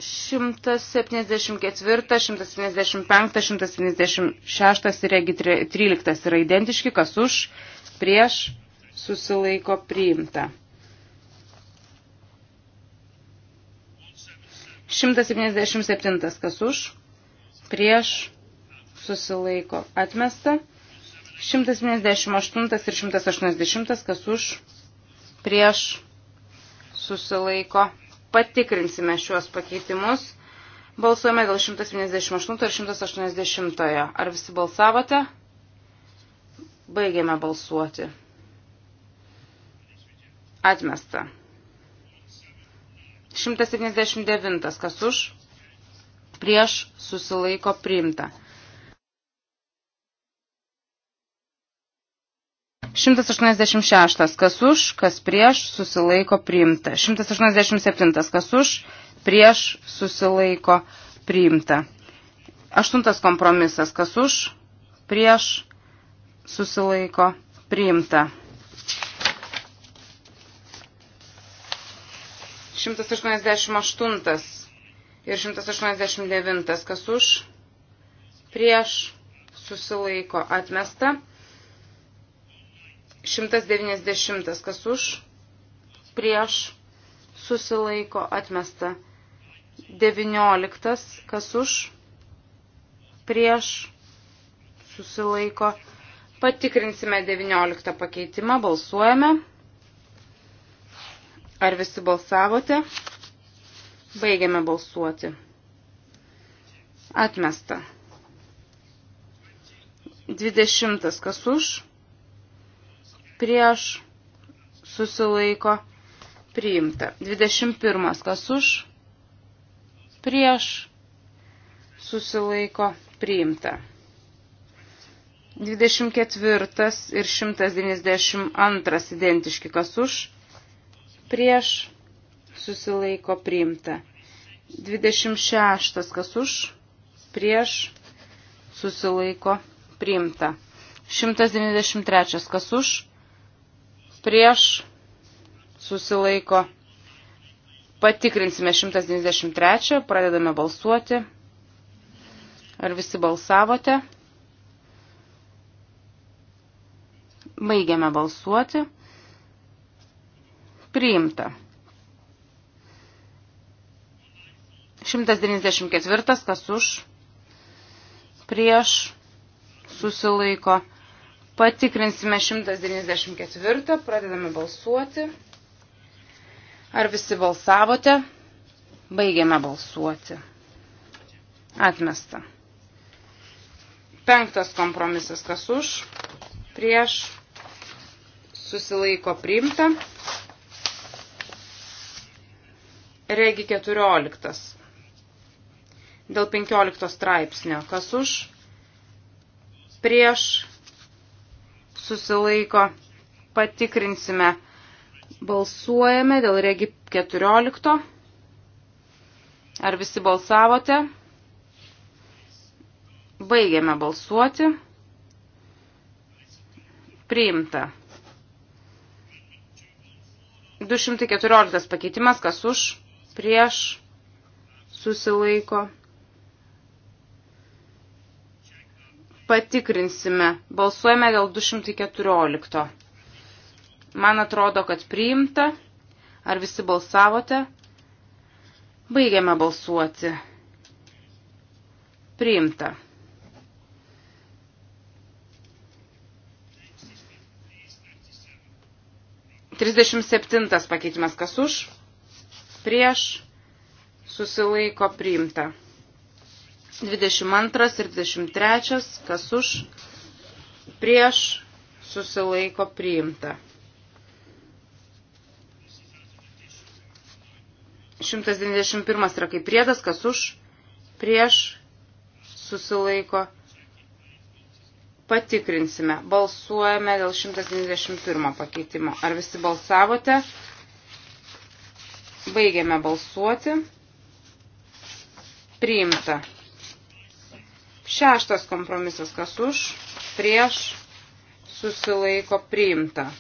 174, 175, 176 ir 13 yra identiški, kas už, prieš, susilaiko priimta. 177 kas už, prieš susilaiko atmesta. 178 ir 180 kas už, prieš susilaiko. Patikrinsime šiuos pakeitimus. Balsuojame dėl 178 ir 180. Ar visi balsavote? Baigėme balsuoti. Atmesta. 179. Kas už? Prieš susilaiko priimta. 186. Kas už, kas prieš susilaiko priimta. 187. Kas už, prieš susilaiko priimta. Aštuntas kompromisas. Kas už, prieš susilaiko priimta. 188 ir 189, kas už, prieš, susilaiko, atmesta. 190, kas už, prieš, susilaiko, atmesta. 19, kas už, prieš, susilaiko. Patikrinsime 19 pakeitimą, balsuojame. Ar visi balsavote? Baigiame balsuoti. Atmesta. 20. Kas už? Prieš. Susilaiko. Priimta. 21. Kas už? Prieš. Susilaiko. Priimta. 24 ir 192 identiški kas už, prieš susilaiko priimta. 26. Kas už, prieš susilaiko priimta. 193. Kas už, prieš susilaiko. Patikrinsime 193. Pradedame balsuoti. Ar visi balsavote? Baigiame balsuoti priimta. 194 kas už, prieš, susilaiko. Patikrinsime 194, pradedame balsuoti. Ar visi balsavote? Baigiame balsuoti. Atmesta. Penktas kompromisas kas už, prieš, susilaiko priimta. Regi 14. Dėl 15 straipsnio. Kas už? Prieš susilaiko. Patikrinsime. Balsuojame dėl regi 14. Ar visi balsavote? Baigiame balsuoti. Priimta. 214 pakeitimas, kas už, prieš, susilaiko. Patikrinsime. Balsuojame dėl 214. Man atrodo, kad priimta. Ar visi balsavote? Baigiame balsuoti. Priimta. Trisdešimt septintas pakeitimas kas už? prieš, susilaiko priimta. 22 ir 23, kas už, prieš, susilaiko priimta. 191 yra kaip priedas, kas už, prieš, susilaiko. Patikrinsime. Balsuojame dėl 191 pakeitimo. Ar visi balsavote? Baigiame balsuoti. Priimta. Šeštas kompromisas, kas už, prieš, susilaiko priimta.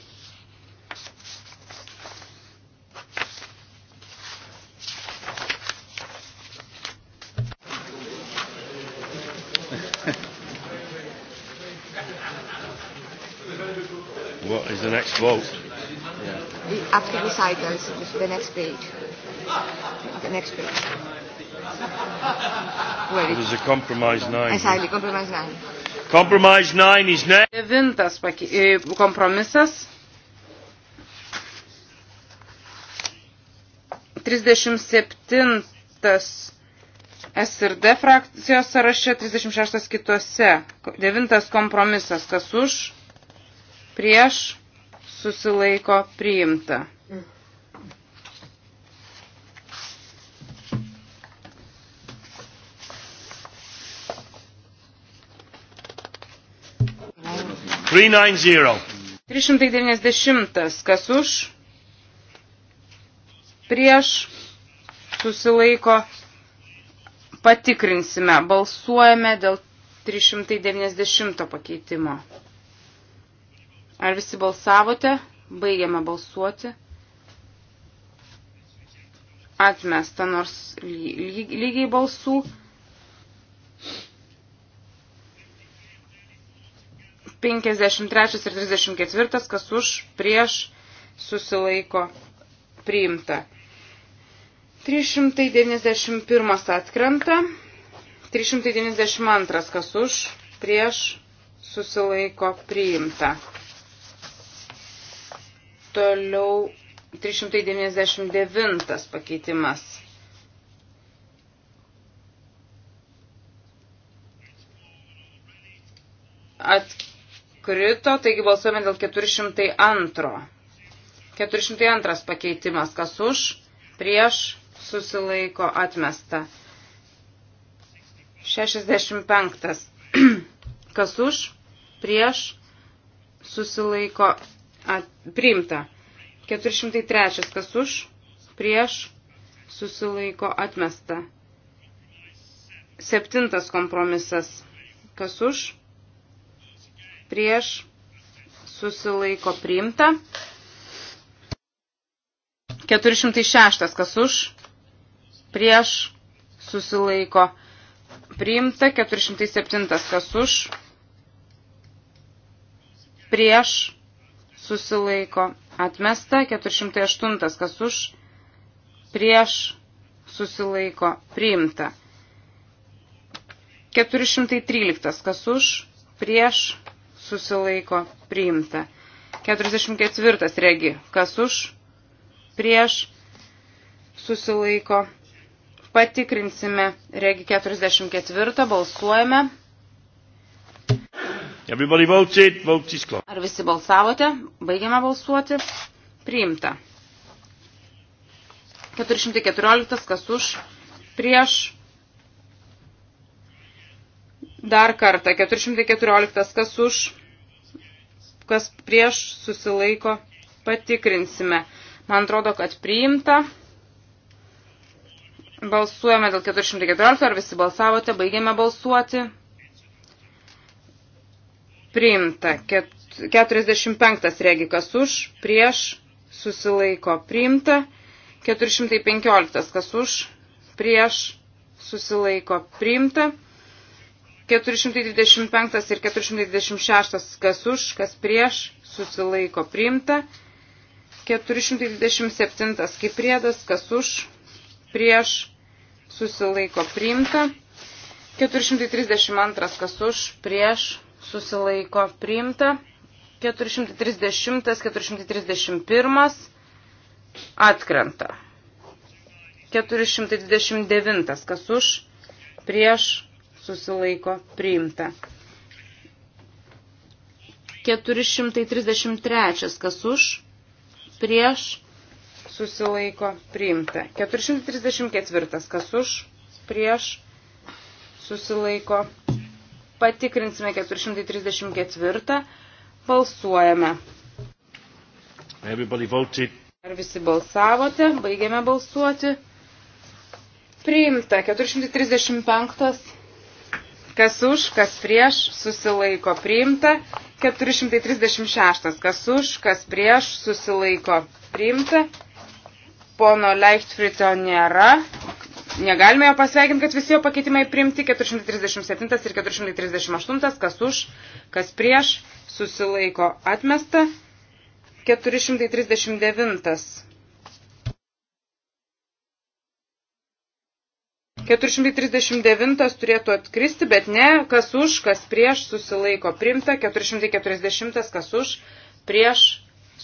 What is the next vote? the, after recitals, the next page. The next page. Where it is a compromise nine. Exactly, compromise nine. Compromise nine is next. Devintas e, kompromisas. 37 S ir D frakcijos sąraše, 36 kitose. Devintas kompromisas. Kas už? Prieš? susilaiko priimta. Three nine zero. 390. Kas už? Prieš susilaiko. Patikrinsime. Balsuojame dėl 390 pakeitimo. Ar visi balsavote? Baigiame balsuoti. Atmesta nors lygiai balsų. Penkiasdešimt trečias ir trisdešimt ketvirtas, kas už, prieš, susilaiko, priimta. 391 atkrenta, 392 kas už, prieš, susilaiko, priimta. Toliau 399 pakeitimas. Atkrito, taigi balsuojame dėl 402. 402 pakeitimas, kas už, prieš, susilaiko, atmesta. 65. Kas už, prieš, susilaiko, atmesta At, priimta. 403. Kas už? Prieš. Susilaiko atmesta. Septintas kompromisas. Kas už? Prieš. Susilaiko priimta. 406. Kas už? Prieš. Susilaiko priimta. 407. Kas už? Prieš susilaiko, atmesta 408, kas už, prieš, susilaiko, priimta. 413, kas už, prieš, susilaiko, priimta. 44, regi, kas už, prieš, susilaiko, priimta patikrinsime regi 44, balsuojame. Everybody voted, vote is closed. Ar visi balsavote? Baigiame balsuoti. Priimta. 414, kas už, prieš. Dar kartą, 414, kas už, kas prieš, susilaiko, patikrinsime. Man atrodo, kad priimta. Balsuojame dėl 414, ar visi balsavote, baigiame balsuoti priimta. 45 regikas už, prieš, susilaiko priimta. 415 kas už, prieš, susilaiko priimta. 425 ir 426 kas už, kas prieš, susilaiko priimta. 427 kaip priedas, kas už, prieš, susilaiko priimta. 432 kas už, prieš, susilaiko priimta. 430, 431 atkrenta. 429, kas už, prieš, susilaiko priimta. 433, kas už, prieš, susilaiko priimta. 434, kas už, prieš, susilaiko priimta Patikrinsime 434. Balsuojame. Ar visi balsavote? Baigėme balsuoti. Priimta 435. Kas už, kas prieš, susilaiko. Priimta 436. Kas už, kas prieš, susilaiko. Priimta. Pono Leichtfrito nėra. Negalime jo pasveikinti, kad visi jo pakeitimai primti 437 ir 438, kas už, kas prieš, susilaiko atmesta 439. 439 turėtų atkristi, bet ne, kas už, kas prieš susilaiko primta, 440 kas už, prieš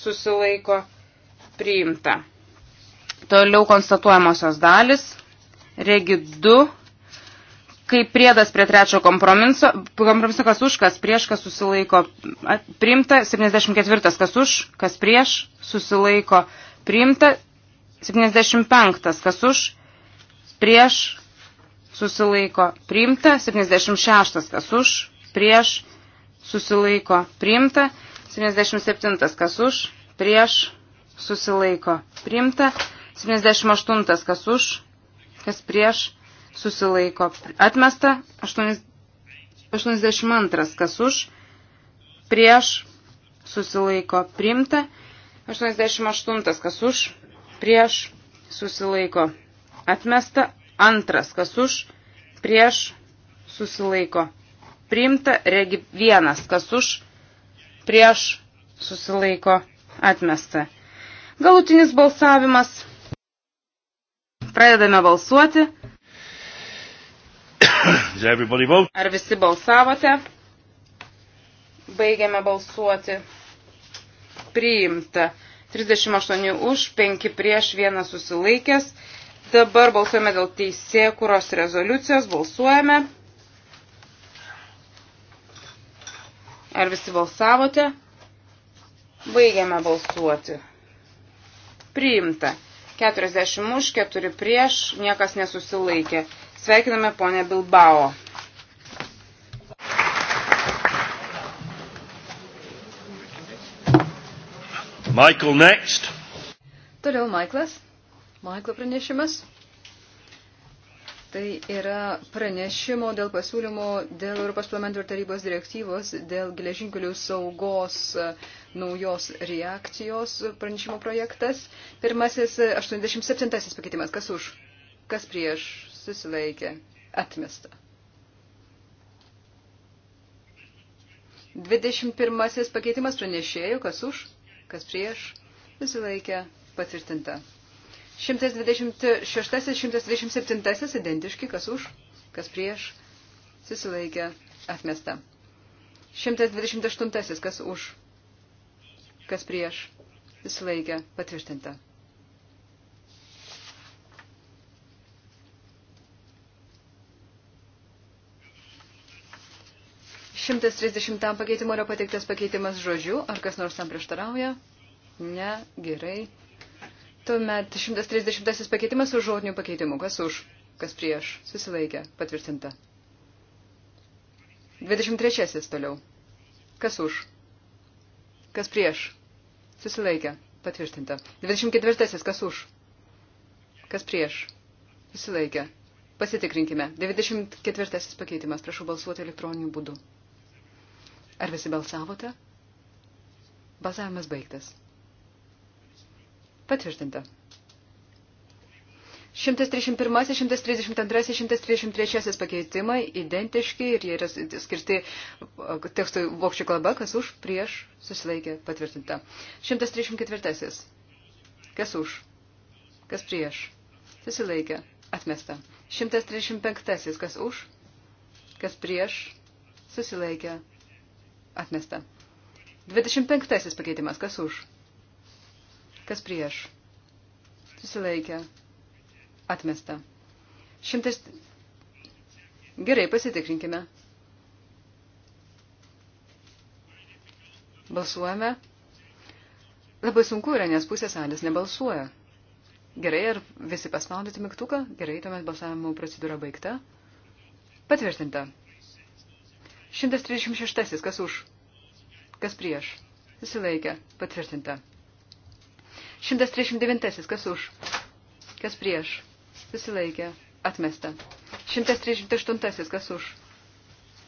susilaiko priimta. Toliau konstatuojamosios dalis regi 2, kaip priedas prie trečio kompromiso, kompromiso kas už, kas prieš, kas susilaiko priimta, 74 kas už, kas prieš, susilaiko priimta, 75 kas už, prieš, susilaiko priimta, 76 kas už, prieš, susilaiko priimta, 77 kas už, prieš, susilaiko priimta, 78 kas už, kas prieš susilaiko atmesta, 82 kas už, prieš susilaiko priimta, 88 kas už, prieš susilaiko atmesta, antras kas už, prieš susilaiko priimta, regi vienas kas už, prieš susilaiko atmesta. Galutinis balsavimas Pradedame balsuoti. Ar visi balsavote? Baigiame balsuoti. Priimta. 38 už, 5 prieš, 1 susilaikęs. Dabar balsuojame dėl teisėkuros rezoliucijos. Balsuojame. Ar visi balsavote? Baigiame balsuoti. Priimta. 40 už, 4 prieš, niekas nesusilaikė. Sveikiname ponę Bilbao. Michael next. Toliau Michaelas. Michael pranešimas. Tai yra pranešimo dėl pasiūlymo dėl Europos parlamento ir tarybos direktyvos dėl geležinkelių saugos e, naujos reakcijos pranešimo projektas. Pirmasis 87 e, pakeitimas. Kas už? Kas prieš? Susilaikė. Atmesta. 21 pakeitimas pranešėjų. Kas už? Kas prieš? Susilaikė. Patvirtinta. 126-127 identiški, kas už, kas prieš, susilaikė, atmesta. 128, kas už, kas prieš, susilaikė, patvirtinta. Šimtas trisdešimtam pakeitimo yra pateiktas pakeitimas žodžiu. Ar kas nors tam prieštarauja? Ne, gerai. Tuomet 130 pakeitimas su žodiniu pakeitimu. Kas už, kas prieš, susilaikė, patvirtinta. 23 toliau. Kas už, kas prieš, susilaikė, patvirtinta. 24 kas už, kas prieš, susilaikė. Pasitikrinkime. 24 pakeitimas. Prašau balsuoti elektroniniu būdu. Ar visi balsavote? Balsavimas baigtas. Patvirtinta. 131, 132, 133 pakeitimai identiški ir jie yra skirti uh, tekstui vokščių kalba, kas už, prieš, susilaikė, patvirtinta. 134. Kas už, kas prieš, susilaikė, atmesta. 135. Kas už, kas prieš, susilaikė, atmesta. 25. pakeitimas, kas už, Kas prieš? Susilaikė. Atmesta. Šimtas. Gerai, pasitikrinkime. Balsuojame. Labai sunku yra, nes pusė salės nebalsuoja. Gerai, ar visi paspaudėte mygtuką? Gerai, tuomet balsavimo procedūra baigta. Patvirtinta. 136. Kas už? Kas prieš? Susilaikė. Patvirtinta. 139. Kas už? Kas prieš? Susilaikė. Atmesta. 138. Kas už?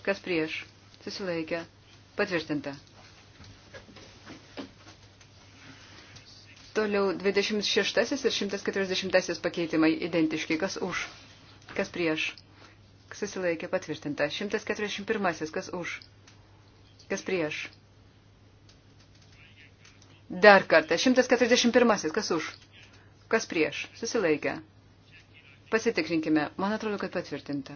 Kas prieš? Susilaikė. Patvirtinta. Toliau 26 ir 140 pakeitimai identiški. Kas už? Kas prieš? Susilaikė patvirtinta. 141. Kas už? Kas prieš? Dar kartą. 141. Kas už? Kas prieš? Susilaikę. Pasitikrinkime. Man atrodo, kad patvirtinta.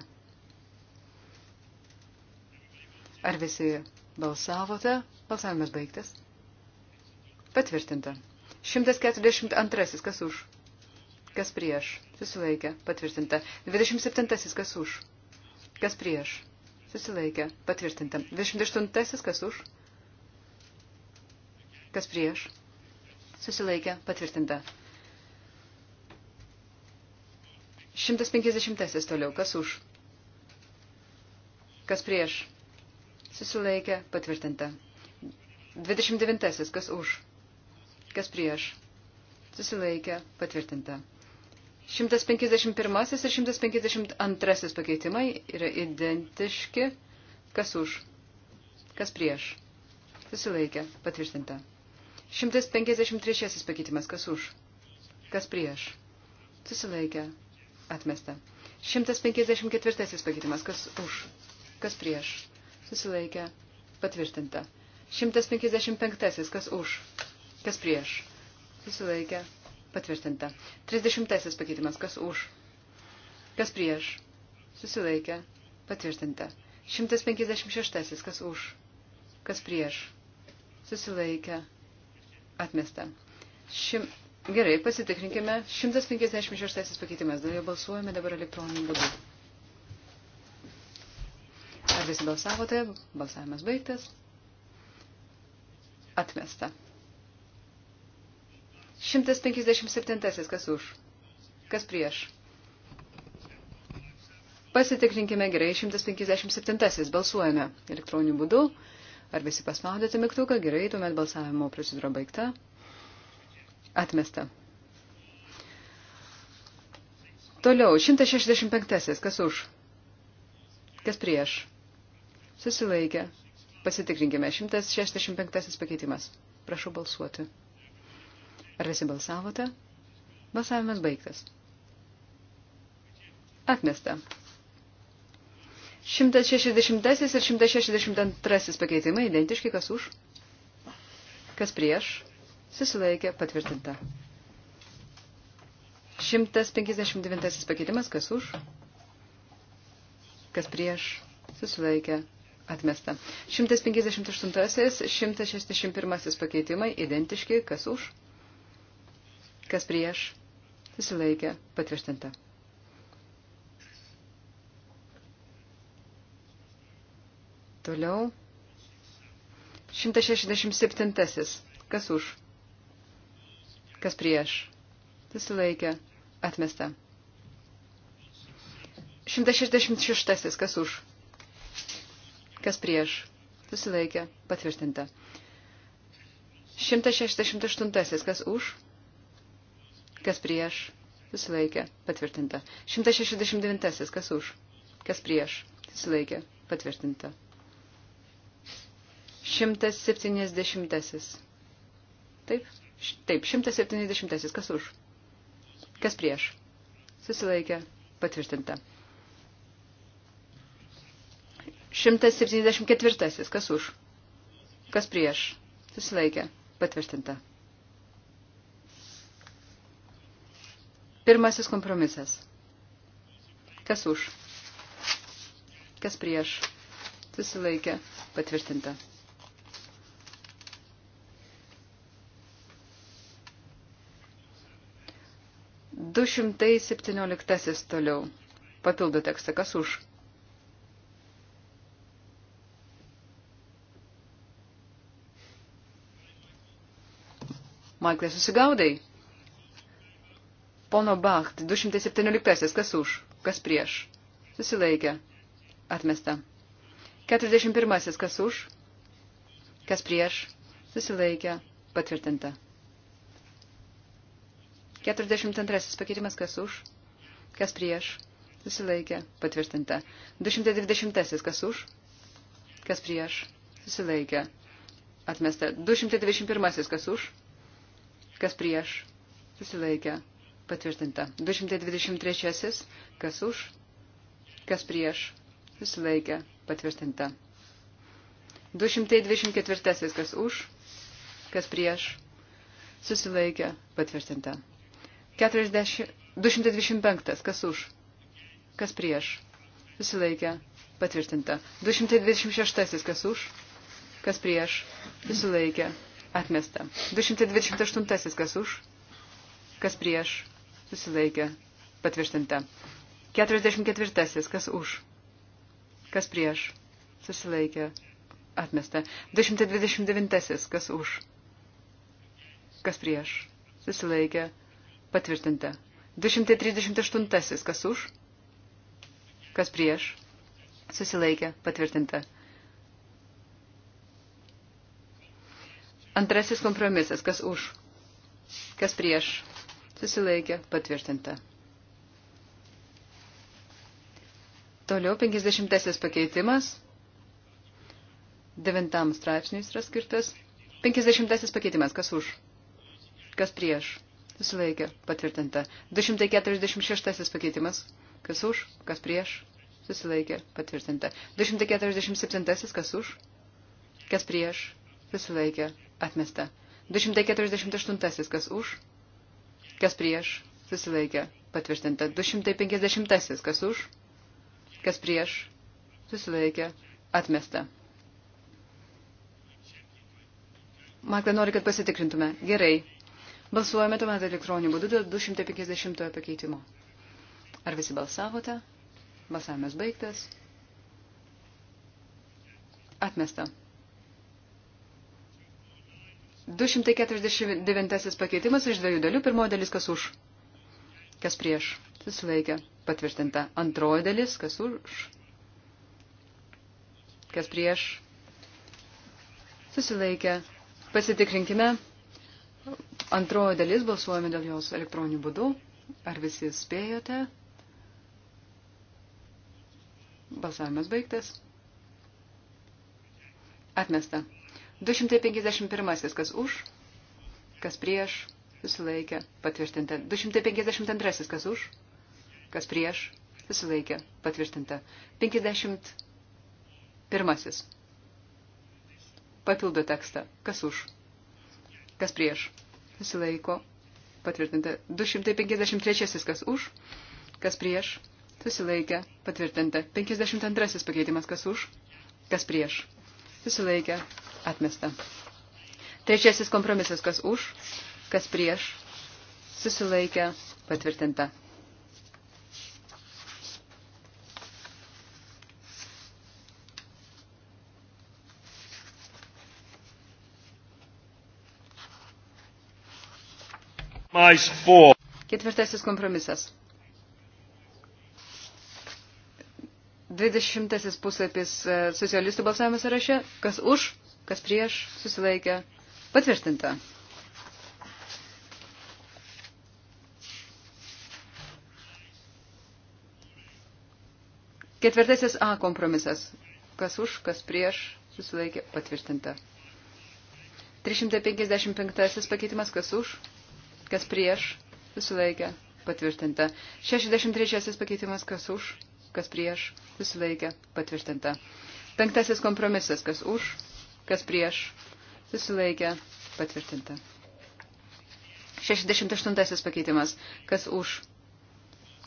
Ar visi balsavote? Balsavimas baigtas. Patvirtinta. 142. Kas už? Kas prieš? Susilaikė. Patvirtinta. 27. Kas už? Kas prieš? Susilaikė. Patvirtinta. 28. Kas už? Kas prieš? Susilaikė. Patvirtinta. 150 toliau. Kas už? Kas prieš? Susilaikė. Patvirtinta. 29. Kas už? Kas prieš? Susilaikė. Patvirtinta. 151 ir 152 pakeitimai yra identiški. Kas už? Kas prieš? Susilaikė. Patvirtinta. 153 pakeitimas. Kas už? Kas prieš? Susilaikė. Atmesta. 154 pakeitimas. Kas už? Kas prieš? Susilaikė. Patvirtinta. 155. Kas už? Kas prieš? Susilaikė. Patvirtinta. 30 pakeitimas. Kas už? Kas prieš? Susilaikė. Patvirtinta. 156. Kas už? Kas prieš? Susilaikė. Atmesta. Šim... Gerai, pasitikrinkime. 156 pakeitimas. Dėl jo balsuojame dabar elektroniniu būdu. Ar visi balsavote? Balsavimas baigtas. Atmesta. 157. Kas už? Kas prieš? Pasitikrinkime gerai. 157. Balsuojame elektroniniu būdu. Ar visi paspaudėte mygtuką? Gerai, tuomet balsavimo procedūra baigta. Atmesta. Toliau, 165. Kas už? Kas prieš? Susilaikė. Pasitikrinkime. 165 pakeitimas. Prašau balsuoti. Ar visi balsavote? Balsavimas baigtas. Atmesta. 160 ir 162 pakeitimai identiški, kas už, kas prieš, susilaikė patvirtinta. 159 pakeitimas, kas už, kas prieš, susilaikė atmesta. 158, 161 pakeitimai identiški, kas už, kas prieš, susilaikė patvirtinta. Toliau. 167. Kas už? Kas prieš? Susilaikė. Atmesta. 166. Kas už? Kas prieš? Susilaikė. Patvirtinta. 168. Kas už? Kas prieš? Susilaikė. Patvirtinta. 169. Kas už? Kas prieš? Susilaikė. Patvirtinta. 170. Taip, taip, 170. Kas už? Kas prieš? Susilaikė. Patvirtinta. 174. Kas už? Kas prieš? Susilaikė. Patvirtinta. Pirmasis kompromisas. Kas už? Kas prieš? Susilaikė. Patvirtinta. 217 toliau. Papildo tekstą, kas už. Maiklė, susigaudai? Pono Bacht, 217, kas už, kas prieš? Susilaikė. Atmesta. 41, kas už, kas prieš? Susilaikė. Patvirtinta. 42 pakeitimas kas už, kas prieš, susilaikė, patvirtinta. 220 kas už, kas prieš, susilaikė, atmesta. 221 kas už, kas prieš, susilaikė, patvirtinta. 223 kas už, kas prieš, susilaikė, patvirtinta. 224 kas už, kas prieš, susilaikė, patvirtinta. 40, 225. Kas už? Kas prieš? Susilaikė. Patvirtinta. 226. Kas už? Kas prieš? Susilaikė. Atmesta. 228. Kas už? Kas prieš? Susilaikė. Patvirtinta. 44. Kas už? Kas prieš? Susilaikė. Atmesta. 229. Kas už? Kas prieš? Susilaikė Patvirtinta. 238. Kas už? Kas prieš? Susilaikė. Patvirtinta. Antrasis kompromisas. Kas už? Kas prieš? Susilaikė. Patvirtinta. Toliau 50 pakeitimas. Devintam straipsniui yra skirtas. 50 pakeitimas. Kas už? Kas prieš? Susilaikė. Patvirtinta. 246 pakeitimas. Kas už, kas prieš. Susilaikė. Patvirtinta. 247 kas už, kas prieš. Susilaikė. Atmesta. 248 kas už, kas prieš. Susilaikė. Patvirtinta. 250 kas už, kas prieš. Susilaikė. Atmesta. Maklė nori, kad pasitikrintume. Gerai. Balsuojame tuomet elektroniniu būdu dėl 250 pakeitimo. Ar visi balsavote? Balsavimas baigtas. Atmesta. 249 pakeitimas iš dviejų dalių. Pirmoji dalis kas už, kas prieš. Susilaikė. Patvirtinta. Antroji dalis kas už, kas prieš. Susilaikė. Pasitikrinkime. Antroji dalis balsuojame dėl jos elektroniniu būdu. Ar visi spėjote? Balsavimas baigtas. Atmesta. 251. Kas už, kas prieš, susilaikė, patvirtinta. 252. Kas už, kas prieš, susilaikė, patvirtinta. 51. Papildo tekstą. Kas už, kas prieš, susilaiko patvirtinta. 253 kas už, kas prieš, susilaikė patvirtinta. 52 pakeitimas kas už, kas prieš, susilaikė atmesta. Trečiasis kompromisas kas už, kas prieš, susilaikė patvirtinta. Ketvirtasis kompromisas. 20 puslapis e, socialistų balsavimo sąraše. Kas už, kas prieš, susilaikė. Patvirtinta. Ketvirtasis A kompromisas. Kas už, kas prieš, susilaikė. Patvirtinta. 355 pakeitimas. Kas už, kas prieš, susilaikė, patvirtinta. 63 pakeitimas, kas už, kas prieš, susilaikė, patvirtinta. Penktasis kompromisas, kas už, kas prieš, susilaikė, patvirtinta. 68 pakeitimas, kas už,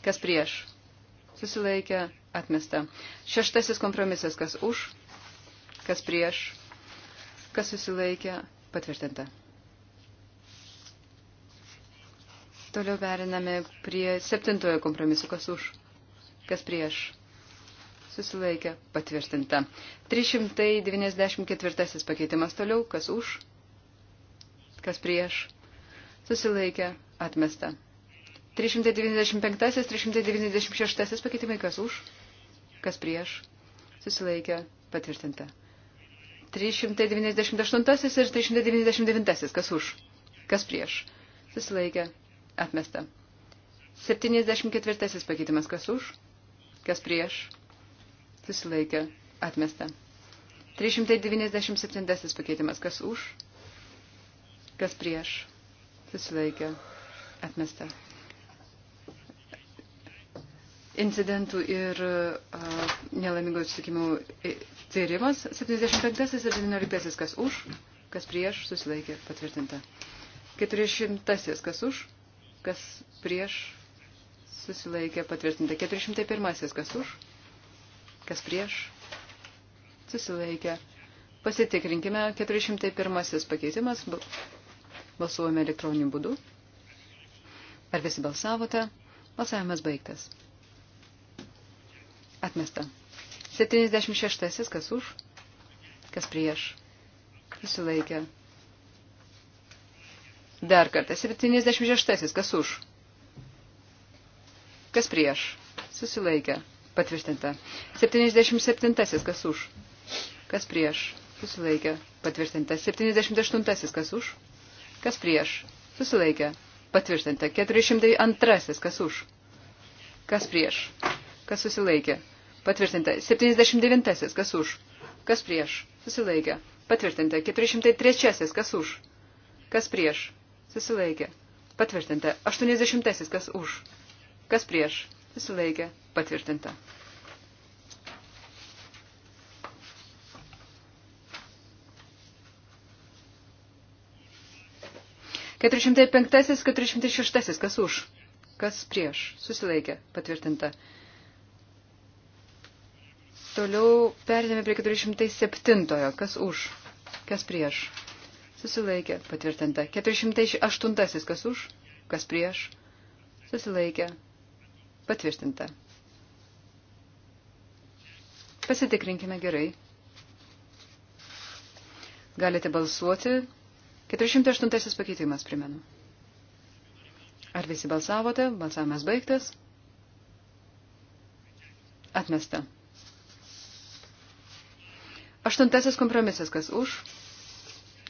kas prieš, susilaikė, atmesta. Šeštasis kompromisas, kas už, kas prieš, kas susilaikė, patvirtinta. Toliau periname prie septintojo kompromiso. Kas už? Kas prieš? Susilaikė. Patvirtinta. 394 pakeitimas toliau. Kas už? Kas prieš? Susilaikė. Atmesta. 395, 396 pakeitimai. Kas už? Kas prieš? Susilaikė. Patvirtinta. 398 ir 399. Kas už? Kas prieš? Susilaikė. Atmesta. 74 pakeitimas. Kas už? Kas prieš? Susilaikė. Atmesta. 397 pakeitimas. Kas už? Kas prieš? Susilaikė. Atmesta. Incidentų ir uh, nelaimingų atsitikimų tyrimas. 75 ir 19 kas už, kas prieš, susilaikė patvirtinta. 400 kas už, kas prieš susilaikė patvirtinta. 401. Kas už, kas prieš susilaikė. Pasitikrinkime 401. pakeitimas. Balsuojame elektroniniu būdu. Ar visi balsavote? Balsavimas baigtas. Atmesta. 76. Kas už, kas prieš susilaikė. Dar kartą. 76. Kas už? Kas prieš? Susilaikė. Patvirtinta. 77. Kas už? Kas prieš? Susilaikė. Patvirtinta. 78. Kas už? Kas prieš? Susilaikė. Patvirtinta. 402. Kas už? Kas prieš? Kas susilaikė? Patvirtinta. 79. Kas už? Kas prieš? Susilaikė. Patvirtinta. 403. Kas už? Kas prieš? Susilaikė. Patvirtinta. 80. Kas už? Kas prieš? Susilaikė. Patvirtinta. Keturišimtai penktasis, keturišimtai šeštasis, kas už, kas prieš, susilaikė, patvirtinta. Toliau perėdėme prie keturišimtai septintojo, kas už, kas prieš, susilaikė, patvirtinta. 408, kas už, kas prieš, susilaikė, patvirtinta. Pasitikrinkime gerai. Galite balsuoti. 408 pakeitimas, primenu. Ar visi balsavote? Balsavimas baigtas. Atmesta. Aštuntasis kompromisas, kas už,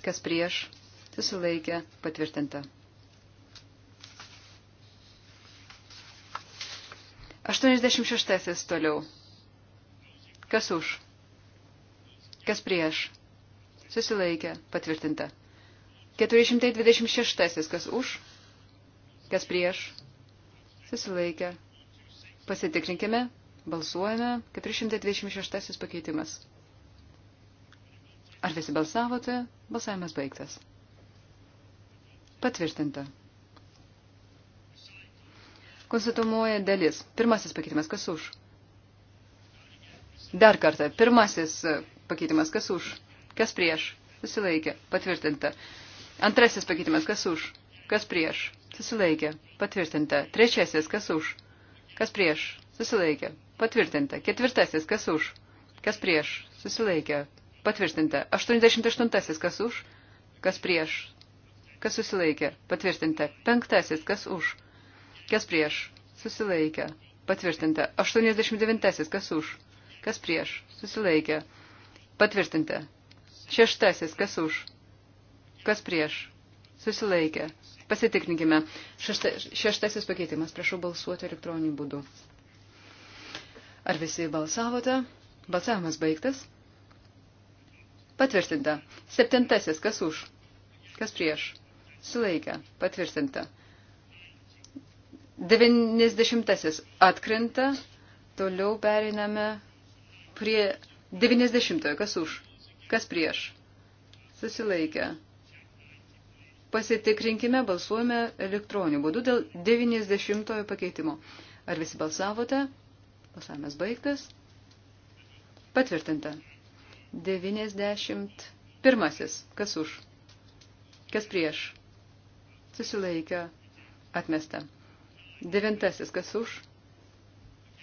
kas prieš, susilaikė patvirtinta. 86 toliau. Kas už? Kas prieš? Susilaikė patvirtinta. 426 kas už? Kas prieš? Susilaikė. Pasitikrinkime, balsuojame. 426 pakeitimas. Ar visi balsavote? Balsavimas baigtas. Patvirtinta. Konstatuoja dalis. Pirmasis pakeitimas, kas už? Dar kartą. Pirmasis e, pakeitimas, kas už? Kas prieš? Susilaikė. Patvirtinta. Antrasis pakeitimas, kas už? Kas prieš? Susilaikė. Patvirtinta. Trečiasis, kas už? Kas prieš? Susilaikė. Patvirtinta. Ketvirtasis, kas už? Kas prieš? Susilaikė. Patvirtinta. 88. Kas už? Kas prieš? Kas susilaikė? Patvirtinta. 5. Kas už? Kas prieš? Susilaikė. Patvirtinta. 89. Kas už? Kas prieš? Susilaikė. Patvirtinta. 6. Kas už? Kas prieš? Susilaikė. Pasitikrinkime. Šešta, šeštasis pakeitimas. Prašau balsuoti elektroniniu būdu. Ar visi balsavote? Balsavimas baigtas. Patvirtinta. Septintasis. Kas už? Kas prieš? Sulaikę. Patvirtinta. Devinisdešimtasis. Atkrinta. Toliau periname prie devinisdešimtojo. Kas už? Kas prieš? Susilaikę. Pasitikrinkime, balsuojame elektroniniu būdu dėl 90 pakeitimo. Ar visi balsavote? Balsavimas baigtas. Patvirtinta. 91. Kas už? Kas prieš? Susilaikė. Atmesta. Devintasis. Kas už?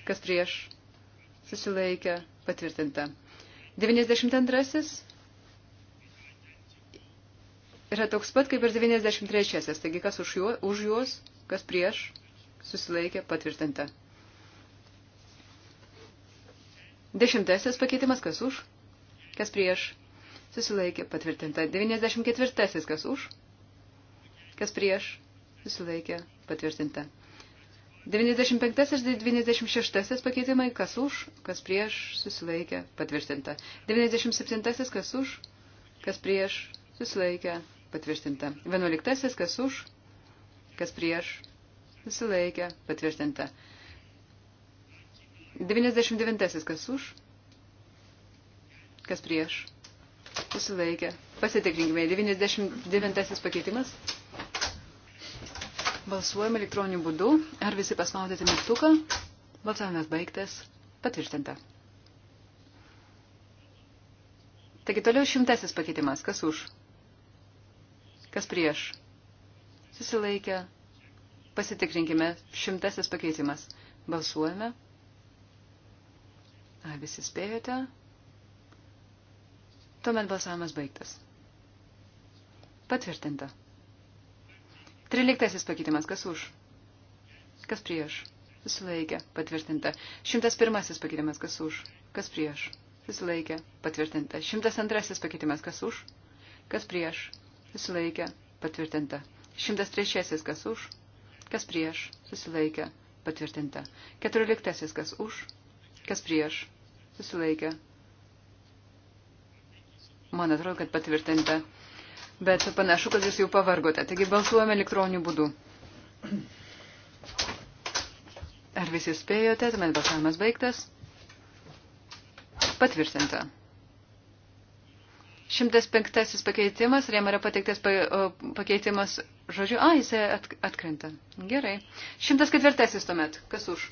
Kas prieš? Susilaikė. Patvirtinta. 92. Yra toks pat kaip ir 93. Taigi kas už, juo, už juos, kas prieš? Susilaikė. Patvirtinta. Dešimtasis pakeitimas. Kas už? kas prieš, susilaikė patvirtinta. 94. kas už, kas prieš, susilaikė patvirtinta. 95 ir 96 pakeitimai, kas už, kas prieš, susilaikė patvirtinta. 97 kas už, kas prieš, susilaikė patvirtinta. 11 kas už, kas prieš, susilaikė patvirtinta. 99 kas už, Kas prieš? Susilaikė. Pasitikrinkime. 99 pakeitimas. Balsuojame elektroniniu būdu. Ar visi pasmaudėte mygtuką? Balsavimas baigtas. Patvirtinta. Taigi toliau šimtasis pakeitimas. Kas už? Kas prieš? Susilaikė. Pasitikrinkime. Šimtasis pakeitimas. Balsuojame. Ar visi spėjote? Tuomet balsavimas baigtas. Patvirtinta. Triliktasis pakeitimas. Kas už? Kas prieš? Susilaikė. Patvirtinta. Šimtas pirmasis pakeitimas. Kas už? Kas prieš? Susilaikė. Patvirtinta. Šimtas antrasis pakeitimas. Kas už? Kas prieš? Susilaikė. Patvirtinta. Šimtas trečiasis. Kas už? Kas prieš? Susilaikė. Patvirtinta. Keturioliktasis. Kas už? Kas prieš? Susilaikė. Man atrodo, kad patvirtinta. Bet panašu, kad jūs jau pavargote. Taigi balsuojame elektroniniu būdu. Ar visi spėjote? Tuomet balsavimas baigtas. Patvirtinta. 105 pakeitimas, rėm yra pateiktas pa, pakeitimas žodžiu, a, jis at, atkrenta. Gerai. 104 tuomet, kas už,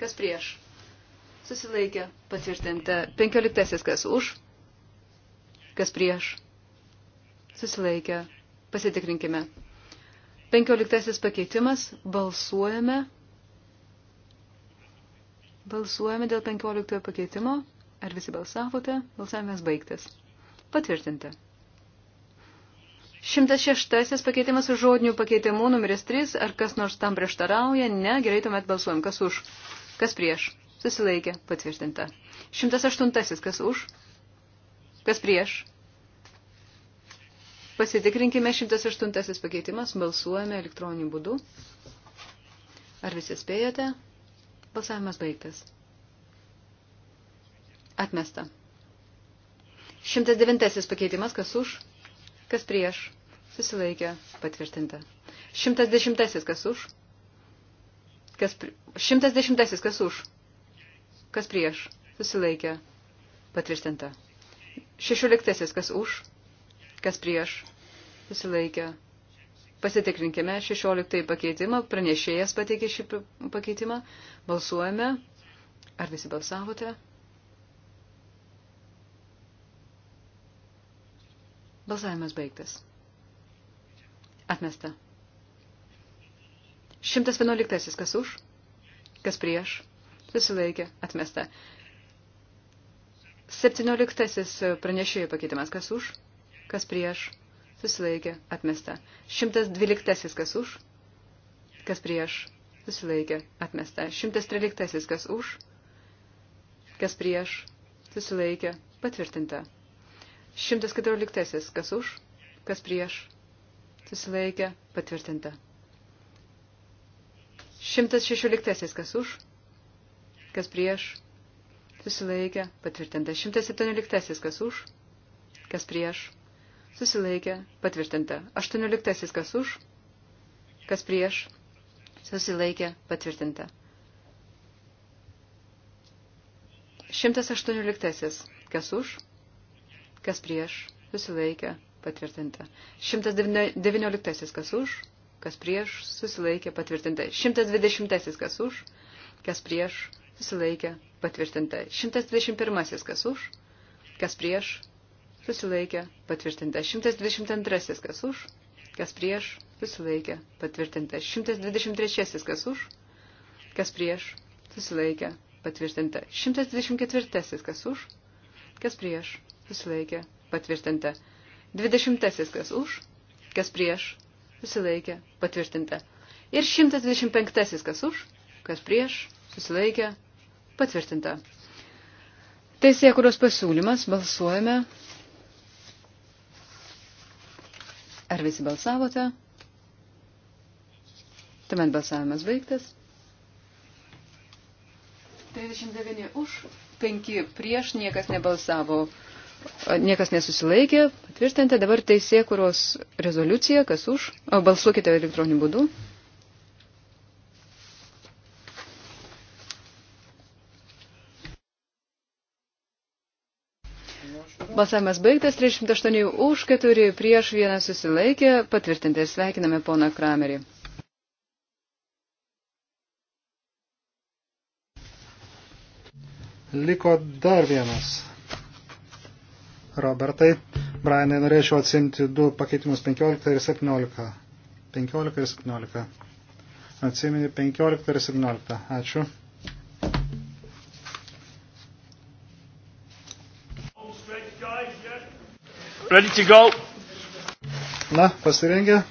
kas prieš. Susilaikė, patvirtinta. 15 kas už, Kas prieš? Susilaikę. Pasitikrinkime. Penkioliktasis pakeitimas. Balsuojame. Balsuojame dėl penkioliktojo pakeitimo. Ar visi balsavote? Balsavimas baigtas. Patvirtinta. 106 pakeitimas su žodiniu pakeitimu, numeris 3. Ar kas nors tam prieštarauja? Ne, gerai, tuomet balsuojam. Kas už? Kas prieš? Susilaikė. Patvirtinta. 108. Kas už? Kas prieš? Pasitikrinkime 108 pakeitimas, balsuojame elektroniniu būdu. Ar visi spėjote? Balsavimas baigtas. Atmesta. 109 pakeitimas, kas už, kas prieš, susilaikė, patvirtinta. 110 kas už, kas, pri... 110 kas už, kas prieš, susilaikė, patvirtinta. Šešioliktasis, kas už, kas prieš, susilaikė. Pasitikrinkime šešioliktąjį pakeitimą, pranešėjas pateikė šį pakeitimą, balsuojame. Ar visi balsavote? Balsavimas baigtas. Atmesta. 111. Kas už? Kas prieš? Susilaikė. Atmesta. Septynioliktasis pranešėjų pakeitimas. Kas už? Kas prieš? Susilaikė. Atmesta. Šimtas dvyliktasis. Kas už? Kas prieš? Susilaikė. Atmesta. Šimtas tryliktasis. Kas už? Kas prieš? Susilaikė. Patvirtinta. Šimtas keturioliktasis. Kas už? Kas prieš? Susilaikė. Patvirtinta. Šimtas šešioliktasis. Kas už? Kas prieš? susilaikė, patvirtinta. 117, kas už, kas prieš, susilaikė, patvirtinta. 18, kas už, kas prieš, susilaikė, patvirtinta. 118, kas už, kas prieš, susilaikė, patvirtinta. 119, kas už, kas prieš, susilaikė, patvirtinta. 120, kas už, kas prieš, susilaikė, patvirtinta. 121 kas už, kas prieš, susilaikė, patvirtinta. 122 kas už, kas prieš, susilaikė, patvirtinta. 123 kas už, kas prieš, susilaikė, patvirtinta. 124 kas už, kas prieš, susilaikė, patvirtinta. 20 kas už, kas prieš, susilaikė, patvirtinta. Ir 125 kas už, kas prieš, susilaikė, Patvirtinta. Teisėje, kurios pasiūlymas, balsuojame. Ar visi balsavote? Tuomet balsavimas baigtas. 39 už, 5 prieš, niekas nebalsavo, niekas nesusilaikė. Patvirtinti dabar teisė, kurios rezoliucija, kas už. O balsuokite elektroniniu būdu. Balsavimas baigtas, 38 už, 4 prieš, 1 susilaikė, patvirtinti ir sveikiname poną Kramerį. Liko dar vienas. Robertai, Brianai, norėčiau atsimti du pakeitimus 15 ir 17. 15 ir 17. Atsimini 15 ir 17. Ačiū. Ready to go? Na, pasirengę?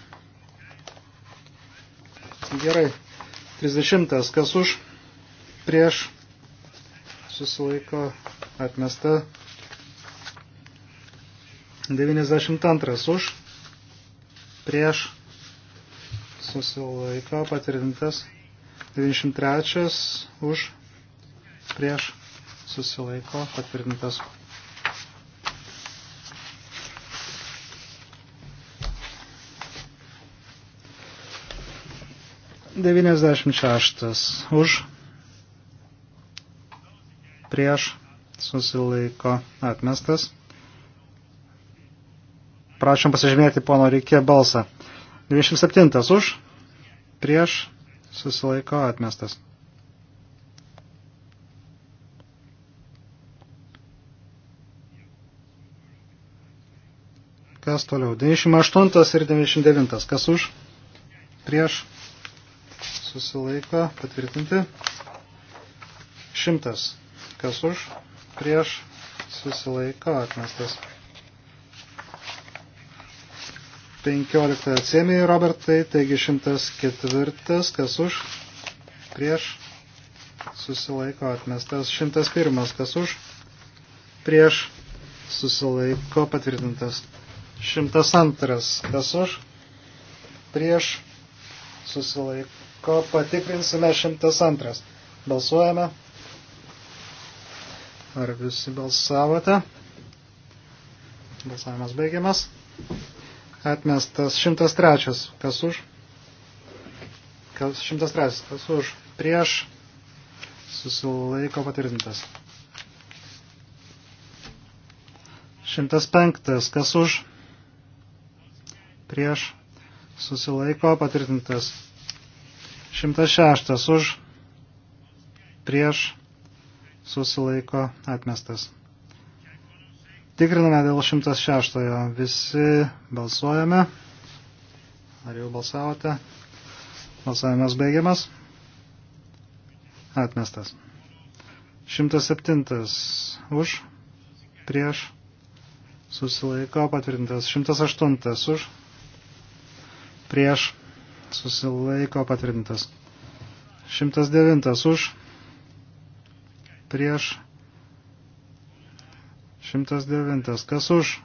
Gerai. 30. Kas už? Prieš. Susilaiko. Atmesta. 92. Už. Prieš. Susilaiko. Patvirtintas. 93. Už. Prieš. Susilaiko. Patvirtintas. 96 už, prieš, susilaiko atmestas. Prašom pasižymėti pono reikė balsą. 27 už, prieš, susilaiko atmestas. Kas toliau? 98 ir 99. Kas už? Prieš susilaiko patvirtinti. Šimtas. Kas už, prieš, susilaiko atmestas. Penkioliktą atsėmė Robertai, taigi šimtas ketvirtas. Kas už, prieš, susilaiko atmestas. Šimtas pirmas. Kas už, prieš, susilaiko patvirtintas. Šimtas antras. Kas už, prieš, susilaiko ko patikrinsime 102. Balsuojame. Ar visi balsavote? Balsavimas baigiamas. Atmestas 103. Kas už? Kas 103. Kas už? Prieš. Susilaiko patvirtintas. 105. Kas už? Prieš. Susilaiko patvirtintas. 106 už, prieš, susilaiko atmestas. Tikriname dėl 106. Visi balsuojame. Ar jau balsavote? Balsavimas baigiamas. Atmestas. 107 už, prieš, susilaiko patvirtintas. 108 už, prieš, susilaiko patvirtintas. 109 už, prieš, 109, kas už,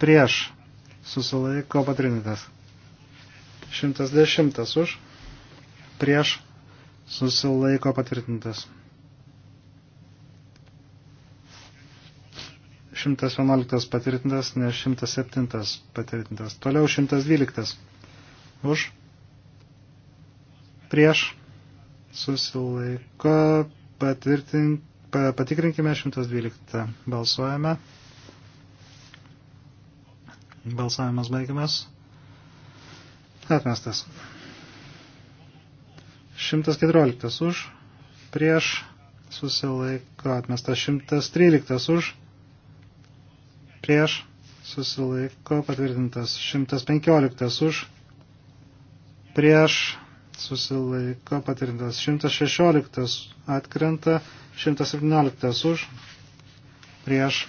prieš, susilaiko patvirtintas. 110 už, prieš, susilaiko patvirtintas. 111 patvirtintas, ne 107 patvirtintas. Toliau 112. Už. Prieš. Susilaiko. Patvirtink, patikrinkime 112. Balsuojame. Balsavimas baigiamas. Atmestas. 114 už. Prieš. Susilaiko. Atmestas. 113 už. Prieš. Susilaiko. Patvirtintas. 115 už prieš susilaiko patvirtintas. 116 atkrenta, 117 už, prieš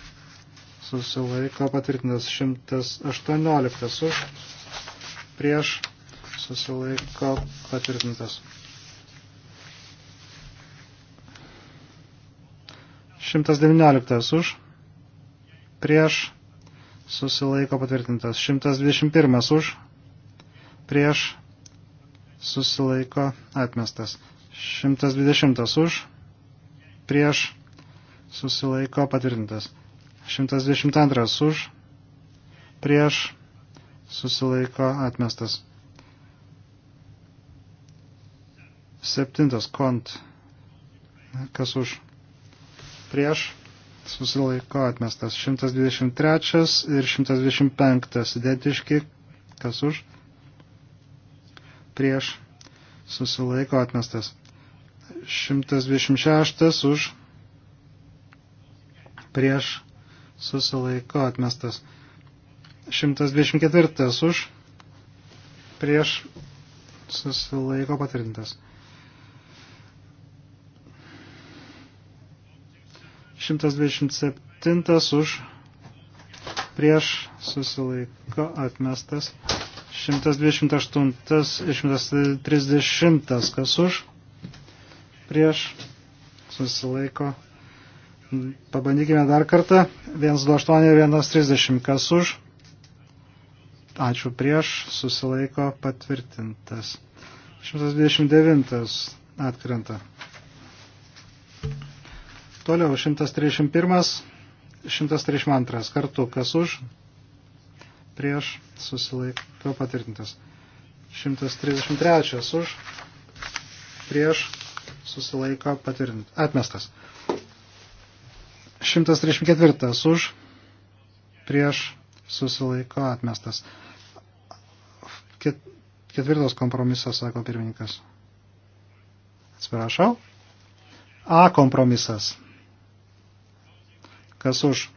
susilaiko patvirtintas. 118 už, prieš susilaiko patvirtintas. 119 už, prieš susilaiko patvirtintas. 121 už, prieš susilaiko atmestas. 120 už, prieš susilaiko patvirtintas. 122 už, prieš susilaiko atmestas. 7 kont, kas už, prieš susilaiko atmestas. 123 ir 125 identiški, kas už, prieš prieš susilaiko atmestas. 126 už prieš susilaiko atmestas. 124 už prieš susilaiko patvirtintas. 127 už prieš susilaiko atmestas. 128 ir 130, kas už, prieš, susilaiko. Pabandykime dar kartą. 128, 130, kas už. Ačiū prieš, susilaiko patvirtintas. 129 atkrenta. Toliau 131, 132 kartu, kas už, prieš susilaiko patvirtintas. 133 už prieš susilaiko patvirtintas. Atmestas. 134 už prieš susilaiko atmestas. Ketvirtas kompromisas, sako pirmininkas. Atsiprašau. A kompromisas. Kas už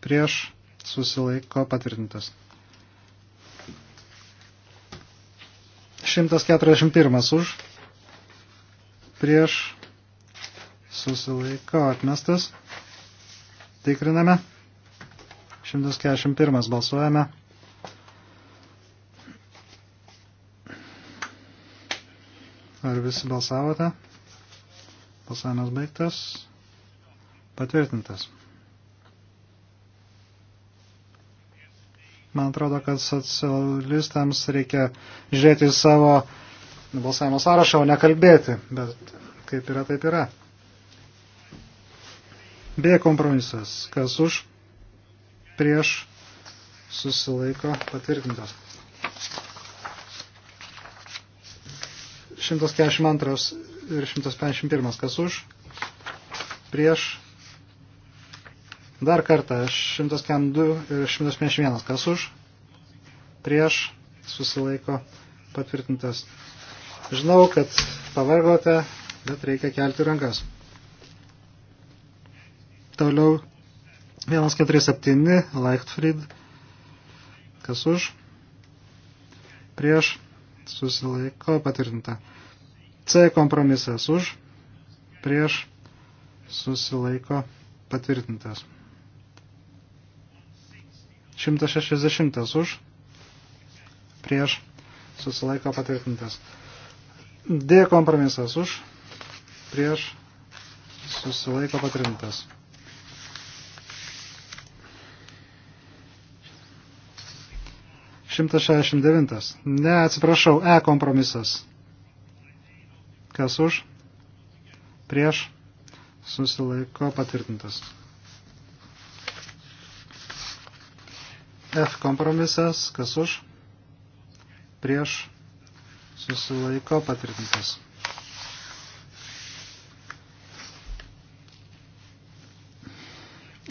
prieš susilaiko patvirtintas. 141 už, prieš susilaiko atmestas. Tikriname. 141 balsuojame. Ar visi balsavote? Balsavimas baigtas. Patvirtintas. Man atrodo, kad socialistams reikia žiūrėti į savo balsavimo sąrašą, o nekalbėti. Bet kaip yra, taip yra. B kompromisas. Kas už, prieš, susilaiko, patvirtintas. 142 ir 151. Kas už, prieš, Dar kartą 102 ir 151. Kas už? Prieš susilaiko patvirtintas. Žinau, kad pavargote, bet reikia kelti rankas. Toliau 147 Leichtfried. Kas už? Prieš susilaiko patvirtinta. C kompromisas už, prieš susilaiko patvirtintas. 160 už, prieš, susilaiko patvirtintas. D kompromisas už, prieš, susilaiko patvirtintas. Šimtas šešim devintas. Ne, atsiprašau, E kompromisas. Kas už? Prieš susilaiko patvirtintas. F kompromisas, kas už, prieš, susilaiko patvirtintas.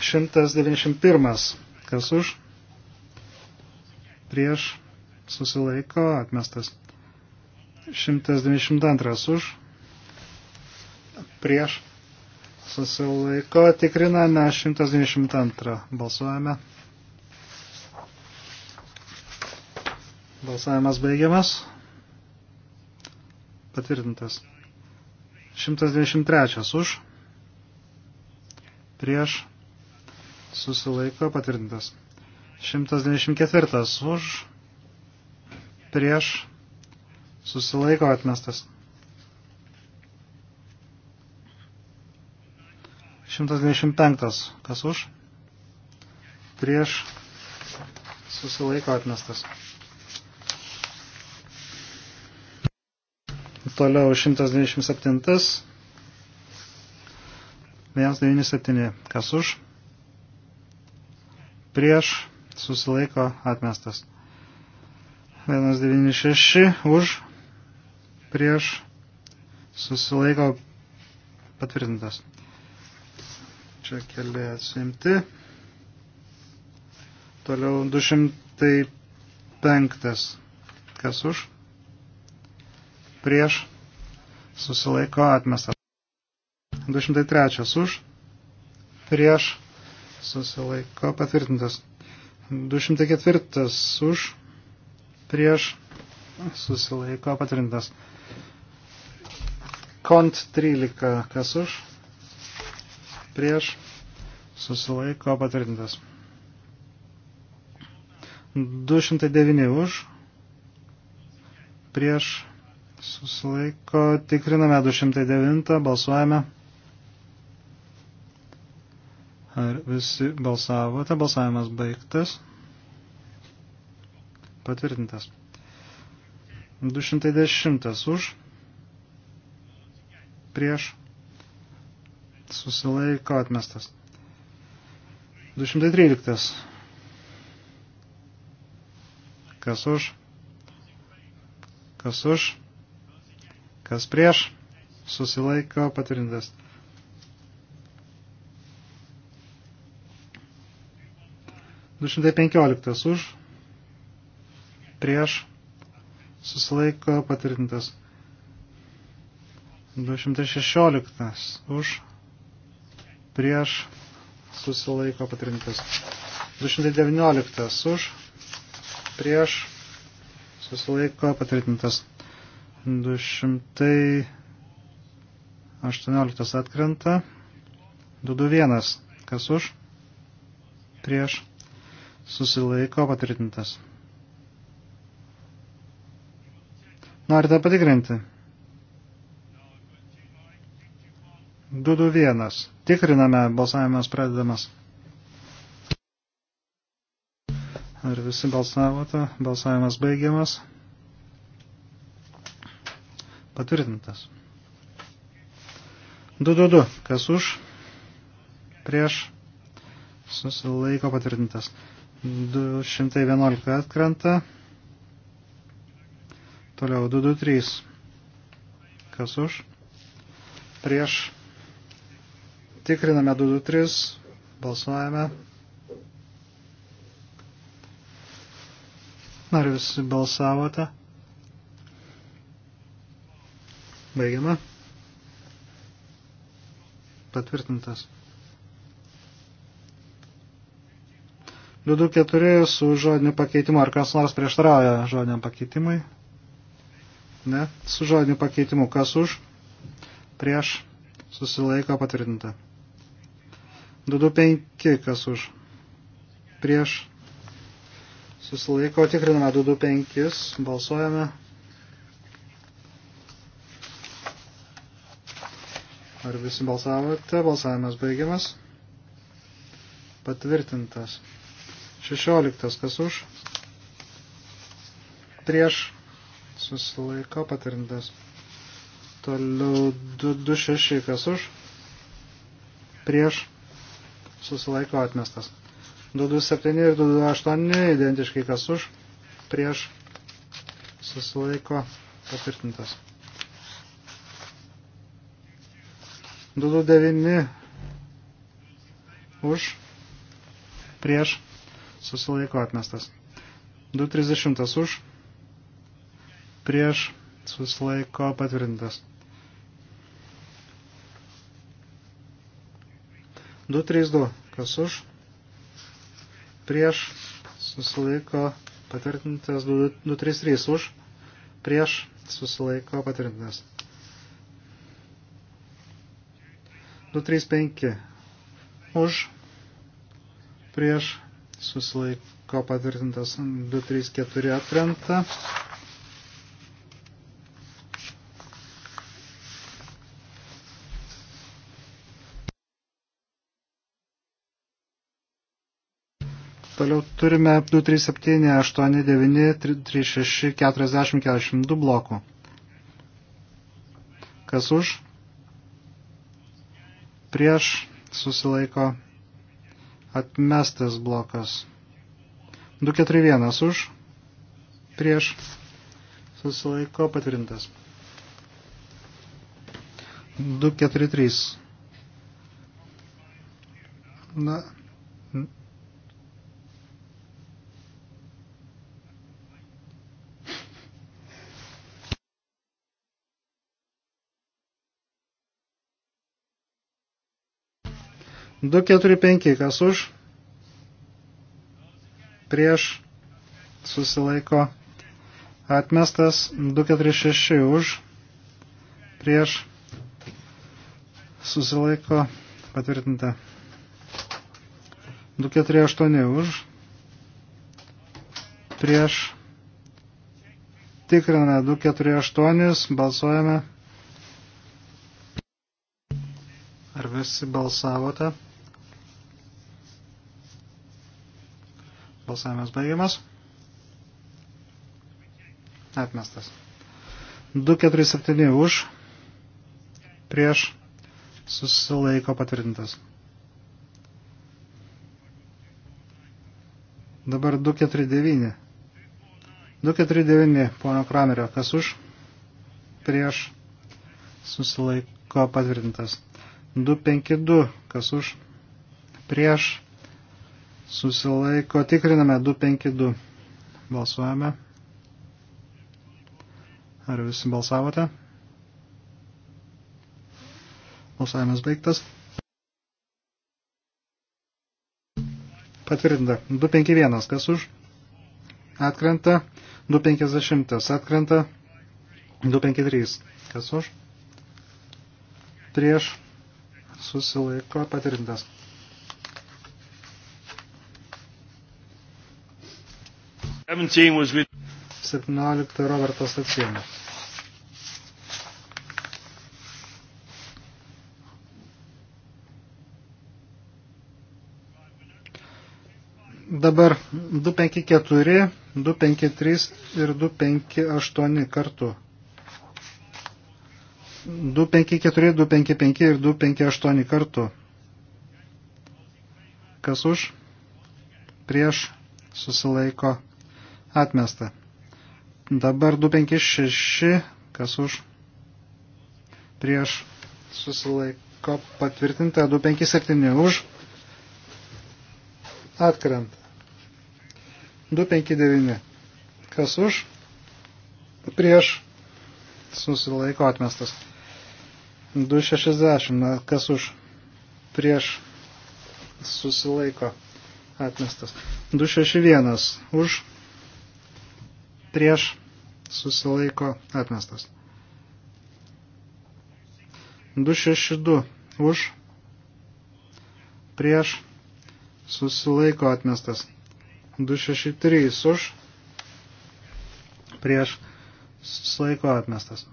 Šimtas devyniasdešimt pirmas, kas už, prieš, susilaiko atmestas. Šimtas devyniasdešimt antras už, prieš, susilaiko tikriname 192, balsuojame. Balsavimas baigiamas. Patvirtintas. 123 už. Prieš. Susilaiko patvirtintas. 124 už. Prieš. Susilaiko atmestas. 125. Kas už? Prieš. Susilaiko atmestas. Toliau 197. 197. Kas už? Prieš susilaiko atmestas. 196 už prieš susilaiko patvirtintas. Čia keli atsimti. Toliau 205. Kas už? prieš, susilaiko atmesta. 203 už, prieš, susilaiko patvirtintas. 204 už, prieš, susilaiko patvirtintas. Kont 13, kas už, prieš, susilaiko patvirtintas. 209 už, prieš, Susilaiko, tikriname 209, balsuojame. Ar visi balsavote? Balsavimas baigtas. Patvirtintas. 210 už. Prieš. Susilaiko atmestas. 213. Kas už? Kas už? kas prieš, susilaiko patvirtintas. Du šimtai penkioliktas už, prieš, susilaiko patvirtintas. 216 už prieš susilaiko patrintas. 219 už prieš susilaiko patrintas. 218 atkrenta. 221. Kas už? Prieš. Susilaiko patvirtintas. Norite patikrinti? 221. Tikriname balsavimas pradedamas. Ar visi balsavote? Balsavimas baigiamas. Patvirtintas. 222. Kas už? Prieš. Susilaiko patvirtintas. 211 atkrenta. Toliau 223. Kas už? Prieš. Tikriname 223. Balsuojame. Ar visi balsavote? Baigiama. Patvirtintas. 224 su žodiniu pakeitimu. Ar kas nors prieštarauja žodiniam pakeitimui? Ne. Su žodiniu pakeitimu. Kas už? Prieš. Susilaiko patvirtinta. 225 kas už? Prieš. Susilaiko. Tikriname 225. Balsuojame. Ar visi balsavote? Balsavimas baigiamas. Patvirtintas. 16. Kas už? Prieš. Susilaiko patvirtintas. Toliau 26. Kas už? Prieš. Susilaiko atmestas. 227 ir 228 identiškai kas už. Prieš. Susilaiko patvirtintas. 229 už, prieš, susilaiko atmestas. 230 už, prieš, susilaiko patvirtintas. 232, kas už, prieš, susilaiko patvirtintas. 233 už, prieš, susilaiko patvirtintas. 235 už, prieš, susilaiko patvirtintas 234 atkrenta. Toliau turime 237, 8, 9, 36, 40, 42 blokų. Kas už? prieš susilaiko atmestas blokas. 241 už prieš susilaiko patvirtintas. 243. Na, 2, 4, 5, kas už, prieš, susilaiko, atmestas, 2, 4, 6 už, prieš, susilaiko, patvirtinta, 2, 4, 8 už, prieš, tikriname 248, balsuojame. Ar visi balsavote? Balsavimas baigiamas. Atmestas. 247 už. Prieš. Susilaiko patvirtintas. Dabar 249. 249 pono Kramerio. Kas už? Prieš. Susilaiko patvirtintas. 252. Kas už? Prieš susilaiko, tikriname 252. Balsuojame. Ar visi balsavote? Balsavimas baigtas. Patvirtinta. 251. Kas už? Atkrenta. 250. Atkrenta. 253. Kas už? Prieš. Susilaiko. Patvirtintas. 17 Robertas atsiemė. Dabar 254, 253 ir 258 kartu. 254, 255 ir 258 kartu. Kas už? Prieš susilaiko Atmesta. Dabar 256, kas už, prieš, susilaiko patvirtinta, 257 už, atkrenta. 259, kas už, prieš, susilaiko atmestas. 260, kas už, prieš, susilaiko atmestas. 261, už, prieš susilaiko atmestas. 262 už prieš susilaiko atmestas. 263 už prieš susilaiko atmestas.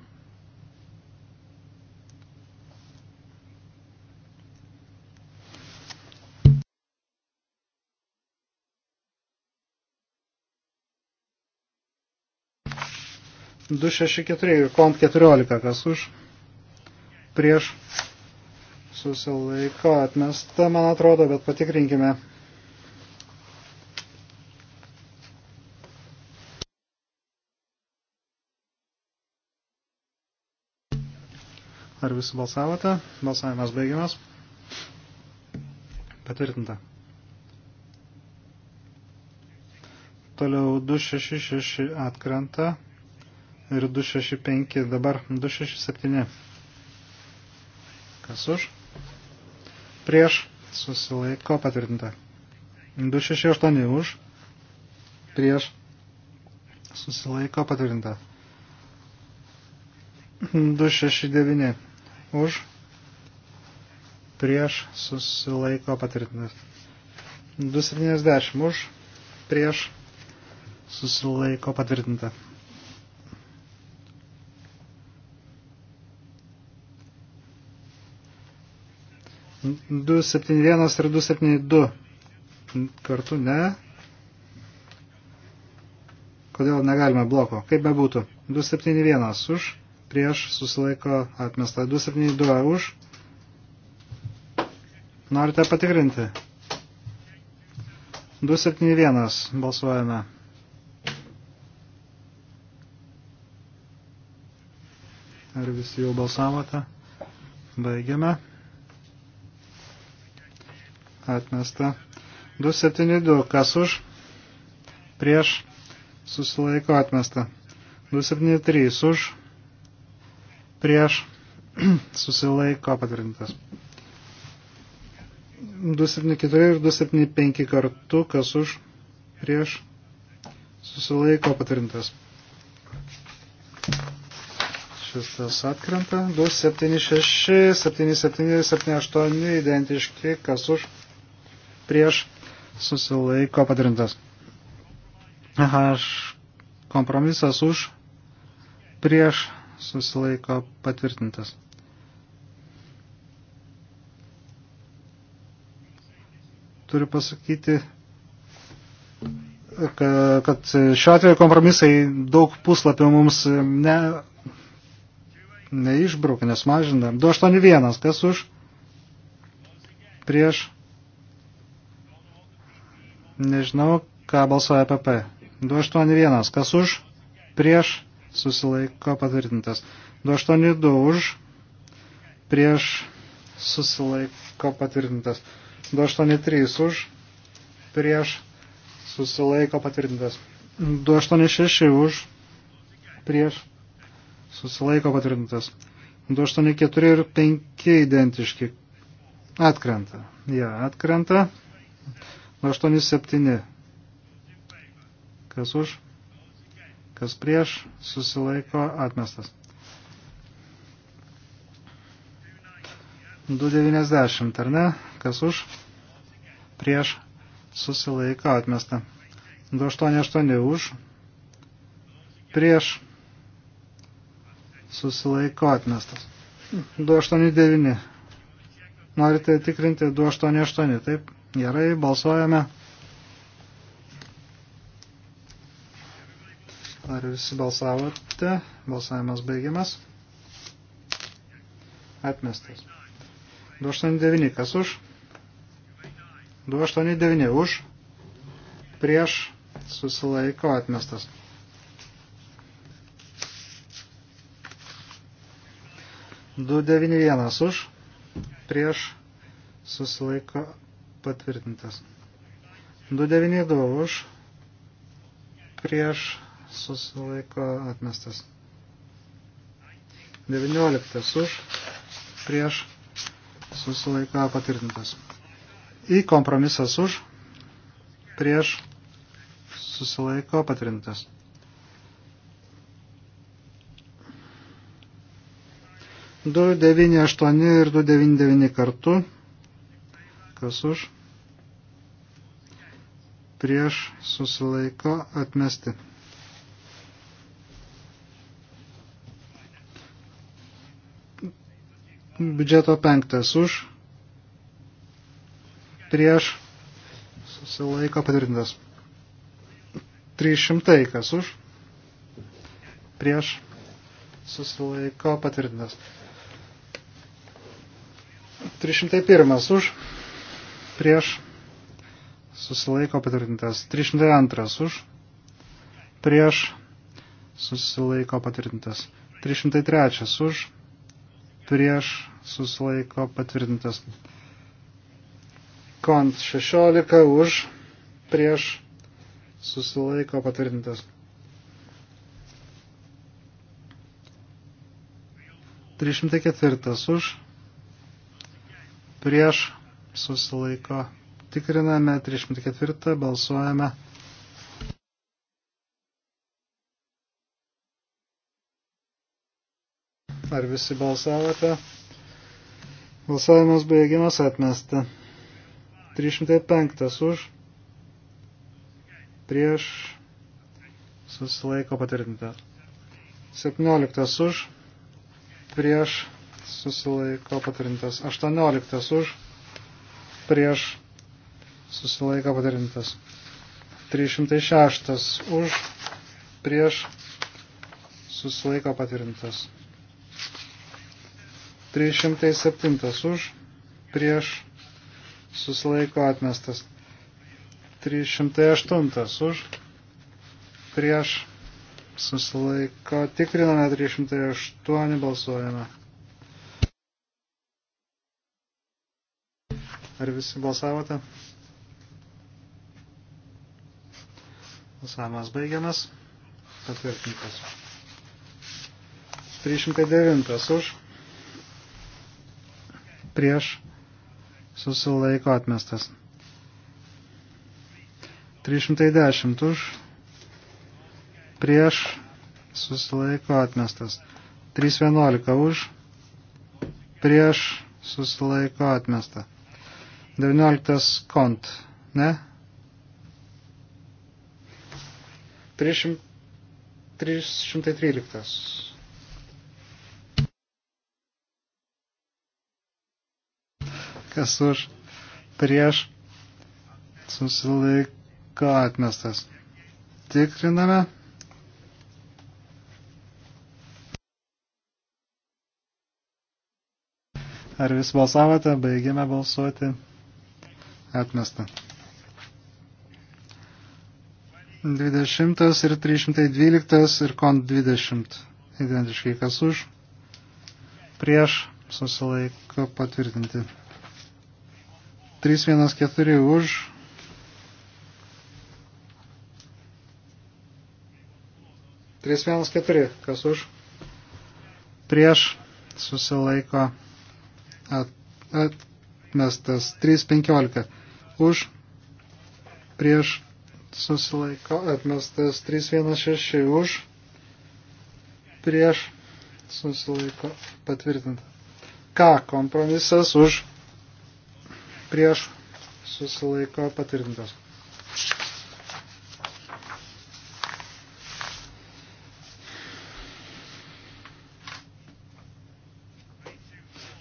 264 ir kont 14, kas už, prieš, susilaiko atmesta, man atrodo, bet patikrinkime. Ar visi balsavote? Balsavimas baigiamas. Patvirtinta. Toliau 266 atkrenta ir 265, dabar 267. Kas už? Prieš susilaiko patvirtinta. 268 už, prieš susilaiko patvirtinta. 269 už, prieš susilaiko patvirtinta. 270 už, prieš susilaiko patvirtinta. 271 ir 272. Kartu ne. Kodėl negalime bloko? Kaip bebūtų. 271 už, prieš susilaiko atmesta. 272 už. Norite patikrinti? 271 balsuojame. Ar visi jau balsavote? Baigiame atmesta. 272, kas už, prieš, susilaiko atmesta. 273, už, prieš, susilaiko patvirtintas. 274 ir 275 kartu, kas už, prieš, susilaiko patvirtintas. Šitas atkrenta. 276, 77, 78 identiški, kas už, prieš prieš susilaiko patrintas. H kompromisas už prieš susilaiko patvirtintas. Turiu pasakyti, kad šiuo atveju kompromisai daug puslapių mums ne, neišbraukia, nesmažina. 281, kas už? Prieš Nežinau, ką balsuoja PP. E 281. Kas už? Prieš susilaiko patvirtintas. 282 už. Prieš susilaiko patvirtintas. 283 už. Prieš susilaiko patvirtintas. 286 už. Prieš susilaiko patvirtintas. 284 ir 5 identiški. Atkrenta. Jie ja, atkrenta. 87. Kas už, kas prieš, susilaiko atmestas. 290, ar ne? Kas už, prieš, susilaiko atmestą. 288 už, prieš, susilaiko atmestas. 289. Norite tikrinti 288, taip? Gerai, balsuojame. Ar visi balsavote? Balsavimas baigiamas. Atmestas. 289 kas už? 289 už. Prieš susilaiko atmestas. Du devini vienas už, prieš susilaiko patvirtintas. 292 už, prieš susilaiko atmestas. 19 už, prieš susilaiko patvirtintas. Į kompromisas už, prieš susilaiko patvirtintas. Du devyni aštuoni ir du devyni devyni kartu. Kas už? Prieš susilaiko atmesti. Biudžeto penktas už. Prieš susilaiko patvirtintas. 300 kas už. Prieš susilaiko patvirtintas. 301 už prieš, susilaiko patvirtintas 302 už, prieš, susilaiko patvirtintas 303 už, prieš, susilaiko patvirtintas kont 16 už, prieš, susilaiko patvirtintas 304 už, prieš, susilaiko. Tikriname 34, balsuojame. Ar visi balsavote? Balsavimas baigimas atmesta. 305 už. Prieš. Susilaiko patvirtinta. 17 už. Prieš. Susilaiko patvirtintas. 18 už prieš susilaiko padarintas. 306 už prieš susilaiko patvirtintas. 307 už prieš susilaiko atmestas. 308 už prieš susilaiko tikriname 308 balsuojame. Ar visi balsavote? Balsavimas baigiamas. Patvirtintas. 309 už. Prieš. Susilaiko atmestas. 310 už. Prieš. Susilaiko atmestas. 311 už prieš susilaiko atmesta. 19 kont, ne? 313. Kas už prieš susilaiko atmestas. Tikriname. Ar vis balsavote? Baigėme balsuoti atmesta. 20 ir 312 ir kont 20. Identiškai kas už. Prieš susilaiko patvirtinti. 314 už. Trys vienas keturi, kas už? Prieš susilaiko at, at, atmestas 3.15 už prieš susilaiko atmestas 3.16 už prieš susilaiko patvirtinta. K kompromisas už prieš susilaiko patvirtintas.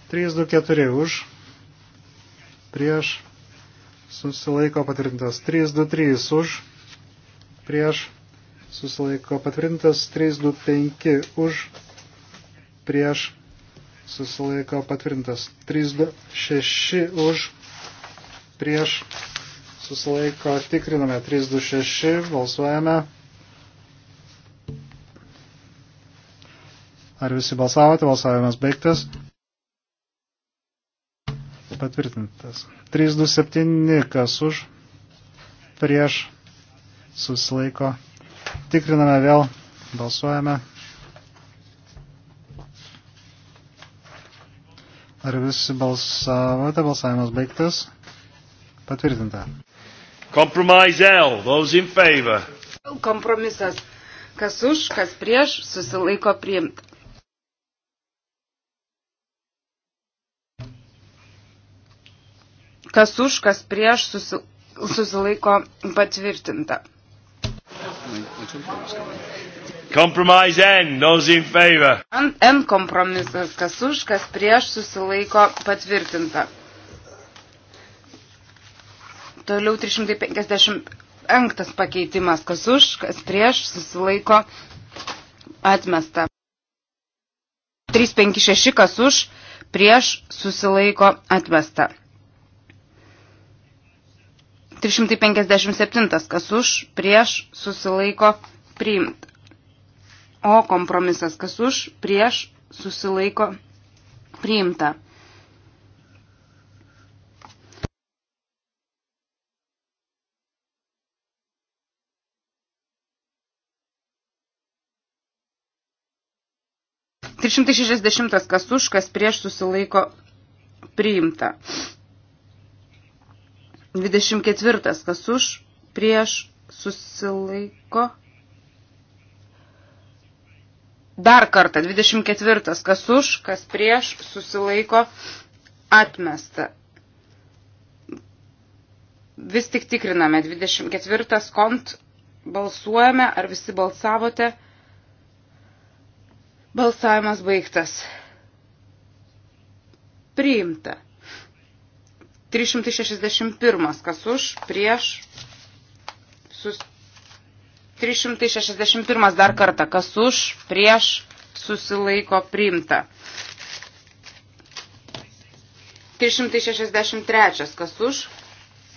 Trys du keturi už prieš, susilaiko patvirtintas 323 už, prieš, susilaiko patvirtintas 325 už, prieš, susilaiko patvirtintas 326 už, prieš, susilaiko tikriname 326, balsuojame. Ar visi balsavote, balsavimas baigtas patvirtintas. 327 kas už, prieš, susilaiko. Tikriname vėl, balsuojame. Ar visi balsavote? Balsavimas baigtas. Patvirtinta. Compromise L. Those in favor. Kompromisas. Kas už, kas prieš, susilaiko priimta. Kas už, kas prieš susi, susilaiko patvirtinta. Compromise N, those in favor. N kompromisas, kas už, kas prieš susilaiko patvirtinta. Toliau 355 pakeitimas, kas už, kas prieš susilaiko atmesta. 356 kas už, prieš susilaiko atmesta. 357, kas už, prieš, susilaiko, priimta. O kompromisas, kas už, prieš, susilaiko, priimta. Trišimtai šešdešimtas kas už, kas prieš susilaiko priimta. 24. Kas už, prieš, susilaiko. Dar kartą, 24. Kas už, kas prieš, susilaiko, atmesta. Vis tik tikriname, 24. kont balsuojame, ar visi balsavote. Balsavimas baigtas. Priimta. 361. Kas už, prieš. Sus... 361 dar kartą. Kas už, prieš, susilaiko priimta. 363. Kas už,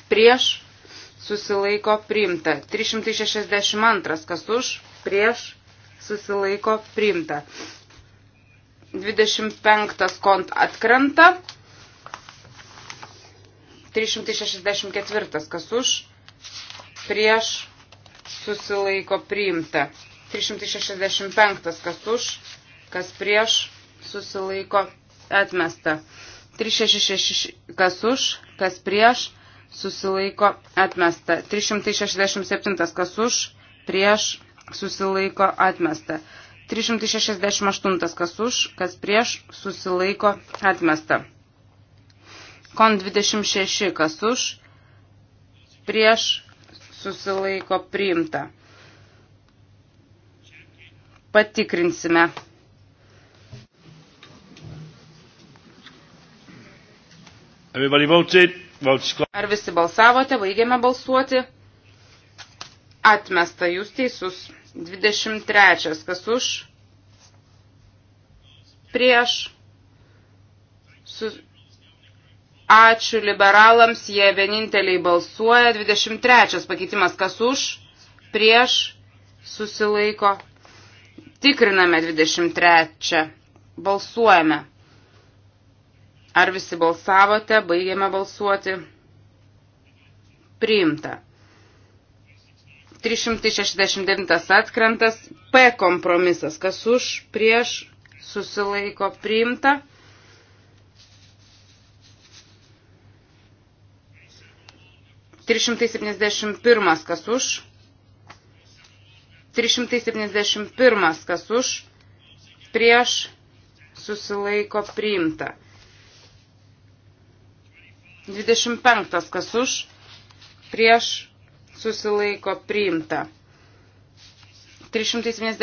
prieš, susilaiko priimta. 362. Kas už, prieš, susilaiko priimta. 25. kont atkrenta. 364. Kas už? Prieš susilaiko priimta. 365. Kas už? Kas prieš susilaiko atmesta. 366. Kas už? Kas prieš susilaiko atmesta. 367. Kas už? Prieš susilaiko atmesta. 368 kas už, kas prieš, susilaiko atmesta. Kon 26, kas už, prieš susilaiko priimta. Patikrinsime. Ar visi balsavote, baigėme balsuoti? Atmesta, jūs teisus. 23. Kas už? Prieš. Su, Ačiū liberalams, jie vieninteliai balsuoja. 23 pakeitimas, kas už, prieš, susilaiko. Tikriname 23. Balsuojame. Ar visi balsavote, baigėme balsuoti. Priimta. 369 atkrentas P kompromisas, kas už, prieš, susilaiko priimta. 371 kas už, 371 kas už, prieš susilaiko priimta. 25 kas už, prieš susilaiko priimta. 372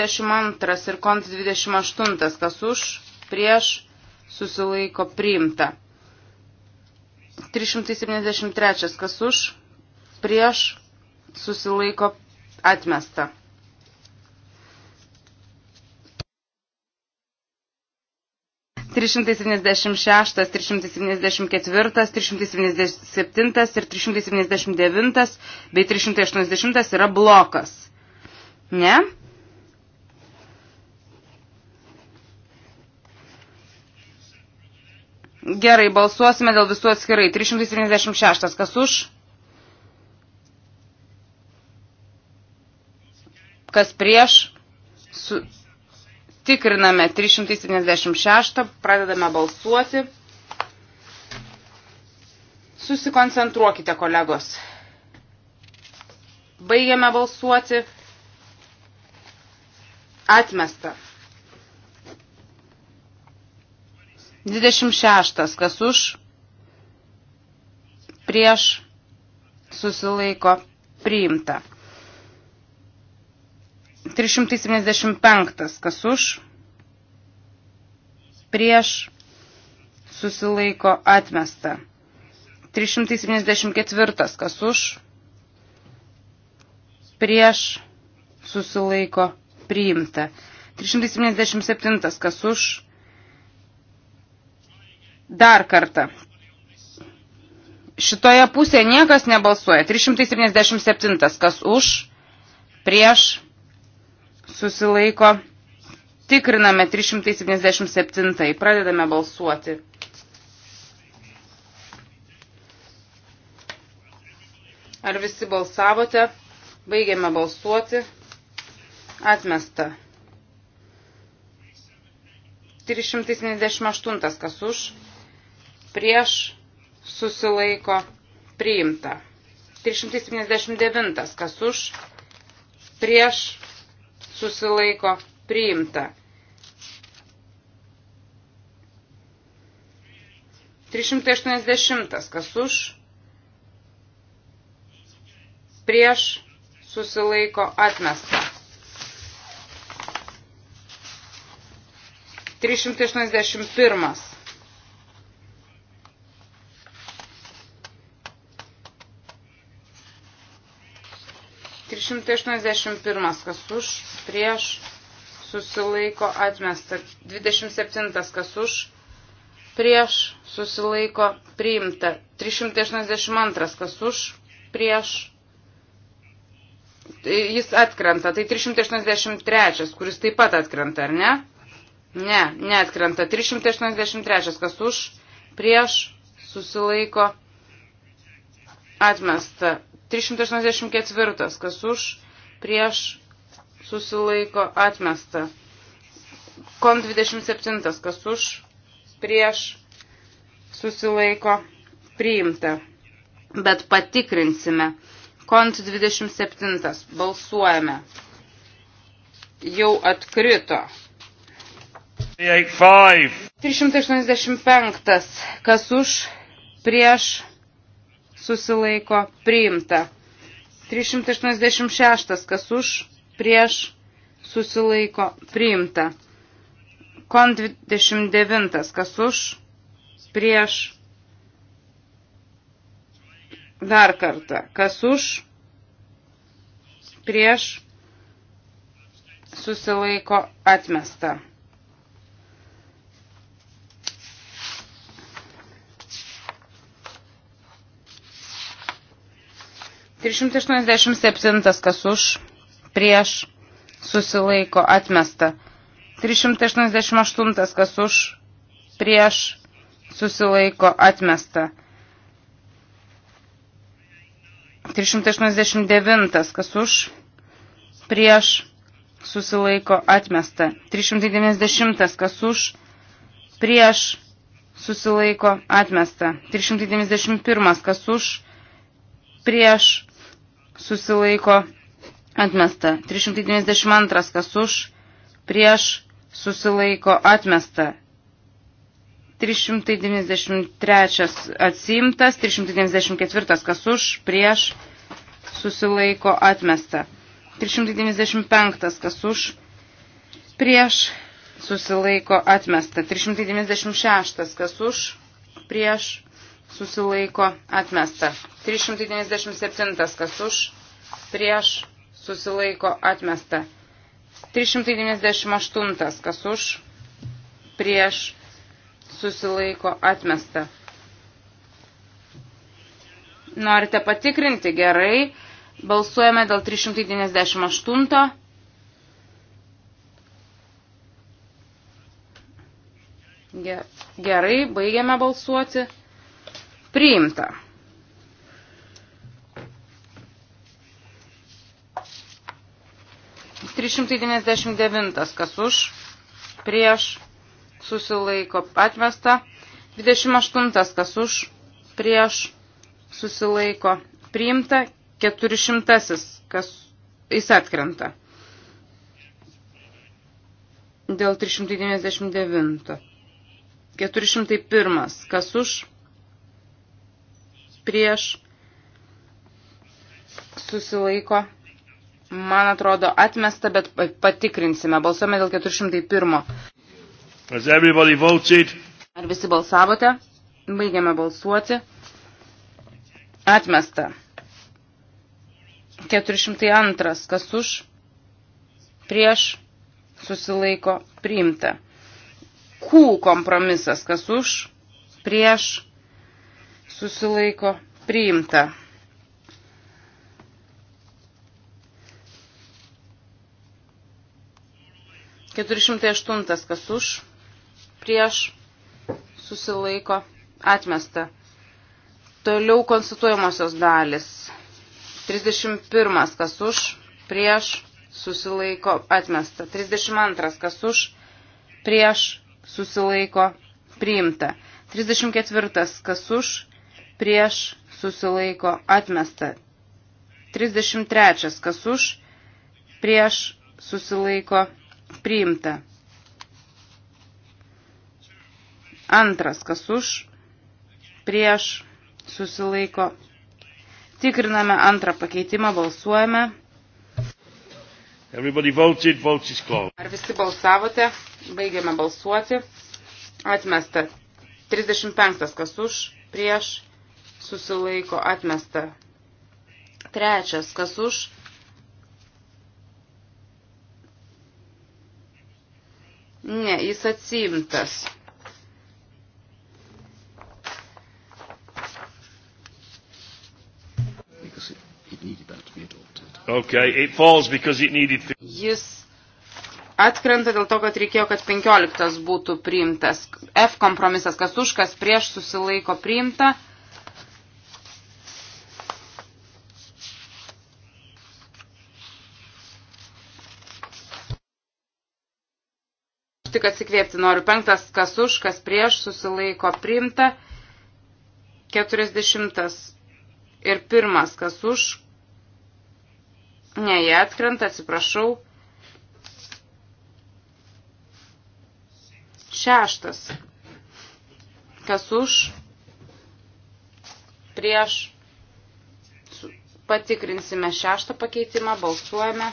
ir kont 28 kas už, prieš susilaiko priimta. 373 kas už, prieš susilaiko atmesta. Trys šimtai septyniasdešimt šeštas, trys šimtai septyniasdešimt ketvirtas, trys šimtai septyniasdešimt septintas ir trys šimtai septyniasdešimt devintas bei trys šimtai aštuoniasdešimtas yra blokas. Ne? Gerai, balsuosime dėl visų atskirai. 376. Kas už? kas prieš, su, tikriname 376, pradedame balsuoti. Susikoncentruokite, kolegos. Baigiame balsuoti. Atmesta. 26. Kas už? Prieš susilaiko priimta. 375. Kas už? Prieš susilaiko atmesta. 374. Kas už? Prieš susilaiko priimta. 377. Kas už? Dar kartą. Šitoje pusėje niekas nebalsuoja. 377. Kas už? Prieš susilaiko. Tikriname 377. Pradedame balsuoti. Ar visi balsavote? Baigiame balsuoti. Atmesta. 378 kas už. Prieš susilaiko priimta. 379 kas už. Prieš susilaiko priimta. 380. Kas už? Prieš susilaiko atmesta. 381 281 kas už, prieš, susilaiko atmesta. 27 kas už, prieš, susilaiko priimta. 382 kas už, prieš, jis atkrenta. Tai 383, kuris taip pat atkrenta, ar ne? Ne, neatkrenta. 383 kas už, prieš, susilaiko atmesta. 384. Kas už, prieš, susilaiko, atmesta. Kon 27. Kas už, prieš, susilaiko, priimta. Bet patikrinsime. Kont 27. Balsuojame. Jau atkrito. 385. Kas už, prieš, susilaiko priimta. 386 kas už prieš susilaiko priimta. Kon 29 kas už prieš dar kartą kas už prieš susilaiko atmesta. 387 kas už, prieš, susilaiko, atmesta. 388 kas už, prieš, susilaiko, atmesta. 389 kas už, prieš, susilaiko, atmesta. 390 kas už, prieš, susilaiko, atmesta. 391 kas už, prieš, susilaiko atmesta. 392 kas už, prieš susilaiko atmesta. 393 atsimtas, 394 kas už, prieš susilaiko atmesta. 395 kas už, prieš susilaiko atmesta. 396 kas už, prieš susilaiko atmesta. 397 kas už, prieš susilaiko atmesta. 398 kas už, prieš susilaiko atmesta. Norite patikrinti gerai. Balsuojame dėl 398. Gerai, baigiame balsuoti. Priimta. Trys šimtai devyniasdešimt devintas, kas už, prieš, susilaiko, atmesta. Dvidešimt aštuntas, kas už, prieš, susilaiko, priimta. Keturi šimtasis, kas jis atkrenta dėl 399. 401. Kas už, prieš susilaiko. Man atrodo atmesta, bet patikrinsime. Balsuojame dėl 401. Has everybody voted? Ar visi balsavote? Baigiame balsuoti. Atmesta. 402. Kas už? Prieš susilaiko priimta. Q kompromisas. Kas už? Prieš susilaiko priimta. Keturišimtai aštuntas, kas už, prieš, susilaiko, atmesta. Toliau konstituojamosios dalis. 31, kas už, prieš, susilaiko, atmesta. 32, kas už, prieš, susilaiko, priimta. 34, kas už, prieš susilaiko atmesta. 33. Kas už prieš susilaiko priimta. Antras, kas už, prieš, susilaiko. Tikriname antrą pakeitimą, balsuojame. Everybody voted, votes is closed. Ar visi balsavote? Baigiame balsuoti. Atmesta. 35, kas už, prieš, susilaiko atmesta. Trečias, kas už, ne, jis atsimtas. Okay, it falls because it needed... Jis atkrenta dėl to, kad reikėjo, kad 15 būtų priimtas. F kompromisas, kas už, kas prieš susilaiko priimta. Tik atsikvėpti noriu. Penktas, kas už, kas prieš, susilaiko priimta. Keturisdešimtas ir pirmas, kas už. Ne, jie atkrenta, atsiprašau. Šeštas, kas už, prieš. Patikrinsime šeštą pakeitimą, balsuojame.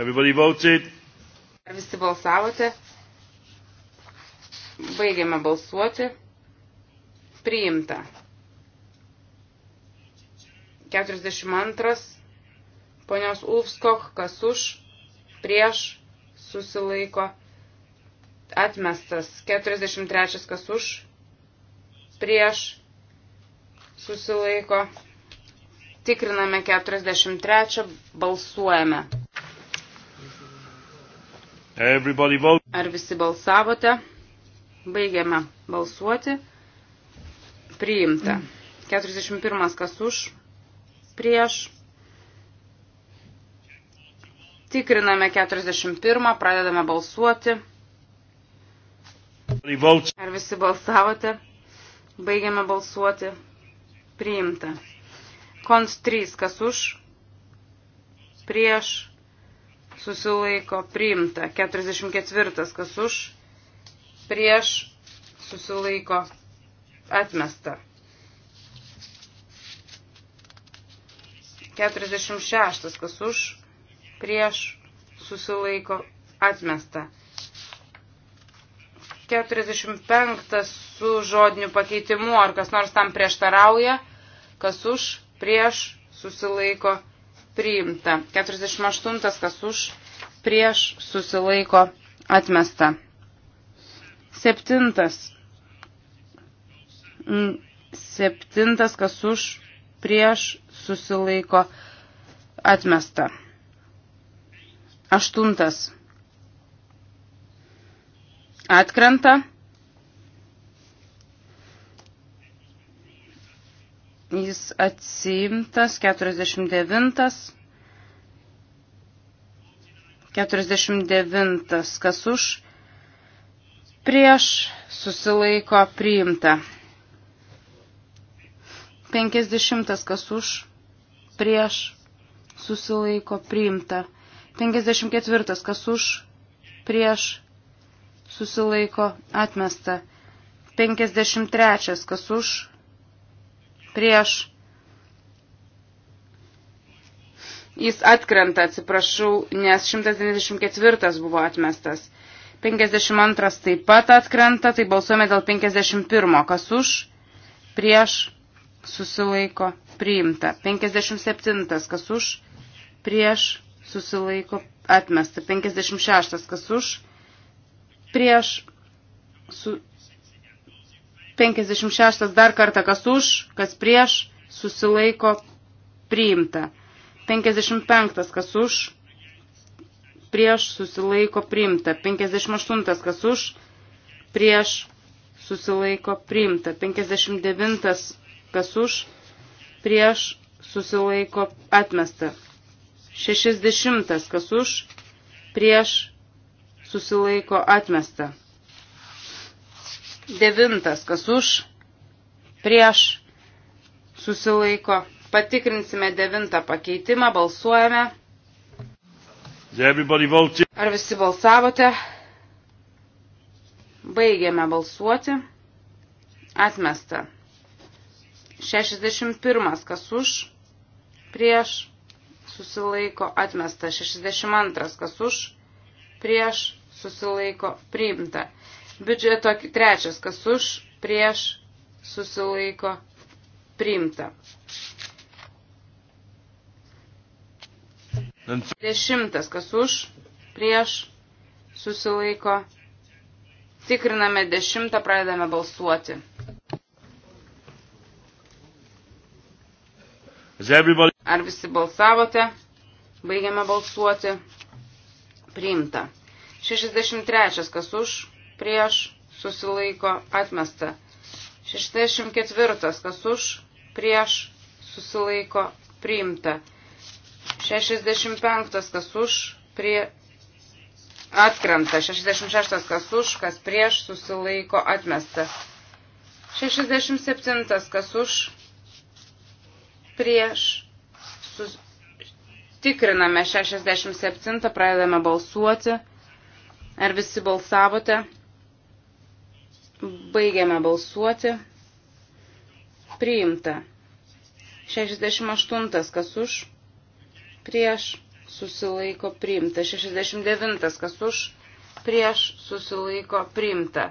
Everybody voted. Ar visi balsavote? Baigiame balsuoti. Priimta. 42. Ponios Ulfskok, kas už, prieš, susilaiko, atmestas. 43. kas už, prieš, susilaiko. Tikriname 43. Balsuojame. Ar visi balsavote? Baigiame balsuoti. Priimta. 41 kas už, prieš. Tikriname 41, pradedame balsuoti. Ar visi balsavote? Baigiame balsuoti. Priimta. Kons 3, kas už, prieš susilaiko priimta. 44 kas už, prieš susilaiko atmesta. 46 kas už, prieš susilaiko atmesta. 45 su žodiniu pakeitimu, ar kas nors tam prieštarauja, kas už, prieš susilaiko atmesta priimta. 48 kas už, prieš susilaiko atmesta. 7. 7 mm, kas už, prieš susilaiko atmesta. 8. Atkrenta. Jis atsiimtas 49. 49. Kas už? Prieš susilaiko priimta. 50. Kas už? Prieš susilaiko priimta. 54. Kas už? Prieš susilaiko atmesta. 53. Kas už? prieš. Jis atkrenta, atsiprašau, nes 194 buvo atmestas. 52 taip pat atkrenta, tai balsuojame dėl 51. Kas už? Prieš susilaiko priimta. 57. Kas už? Prieš susilaiko atmesta. 56. Kas už? Prieš su, 56 dar kartą kas už, kas prieš, susilaiko priimta. 55 kas už, prieš, susilaiko priimta. 58 kas už, prieš, susilaiko priimta. 59 kas už, prieš, susilaiko atmesta. 60 kas už, prieš, susilaiko atmesta. Devintas, kas už, prieš, susilaiko. Patikrinsime devintą pakeitimą, balsuojame. Ar visi balsavote? Baigėme balsuoti. Atmesta. 61. Kas už? Prieš. Susilaiko. Atmesta. 62. Kas už? Prieš. Susilaiko. Priimta. Biudžeto trečias, kas už, prieš, susilaiko, priimta. Dešimtas, kas už, prieš, susilaiko. Tikriname dešimtą, pradedame balsuoti. Ar visi balsavote? Baigiame balsuoti. Priimta. 63, kas už, prieš, susilaiko, atmesta. 64. Kas už, prieš, susilaiko, priimta. 65. Kas už, prie, atkrenta. 66. Kas už, kas prieš, susilaiko, atmesta. 67. Kas už, prieš, sus... tikriname 67. Pradedame balsuoti. Ar visi balsavote? Baigiame balsuoti. Priimta. 68. Kas už? Prieš susilaiko priimta. 69. Kas už? Prieš susilaiko priimta.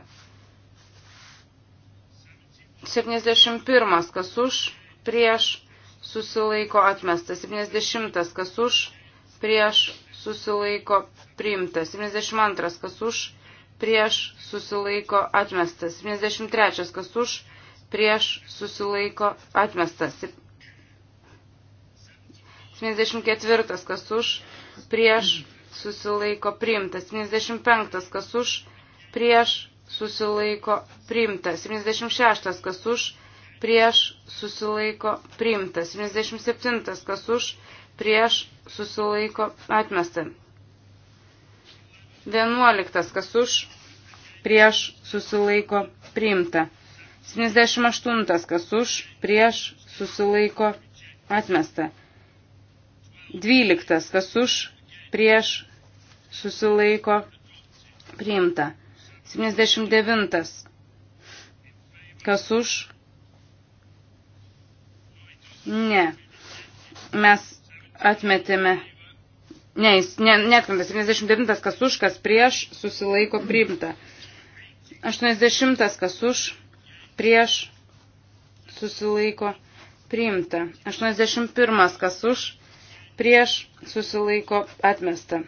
71. Kas už? Prieš susilaiko atmesta. 70. Kas už? Prieš susilaiko priimta. 72. Kas už? prieš susilaiko atmestas. 73. Kas už prieš susilaiko atmestas. 74. Kas už prieš susilaiko priimtas. 75. Kas už prieš susilaiko priimtas. 76. Kas už prieš susilaiko priimtas. 77. Kas už prieš susilaiko atmestas. 11. Kas už prieš susilaiko priimta. 78. Kas už prieš susilaiko atmesta. 12. Kas už prieš susilaiko priimta. 79. Kas už? Ne. Mes atmetėme Ne, jis ne, netkrenta. 79 kas už, kas prieš, susilaiko priimta. 80 kas už, prieš, susilaiko priimta. 81 kas už, prieš, susilaiko atmesta.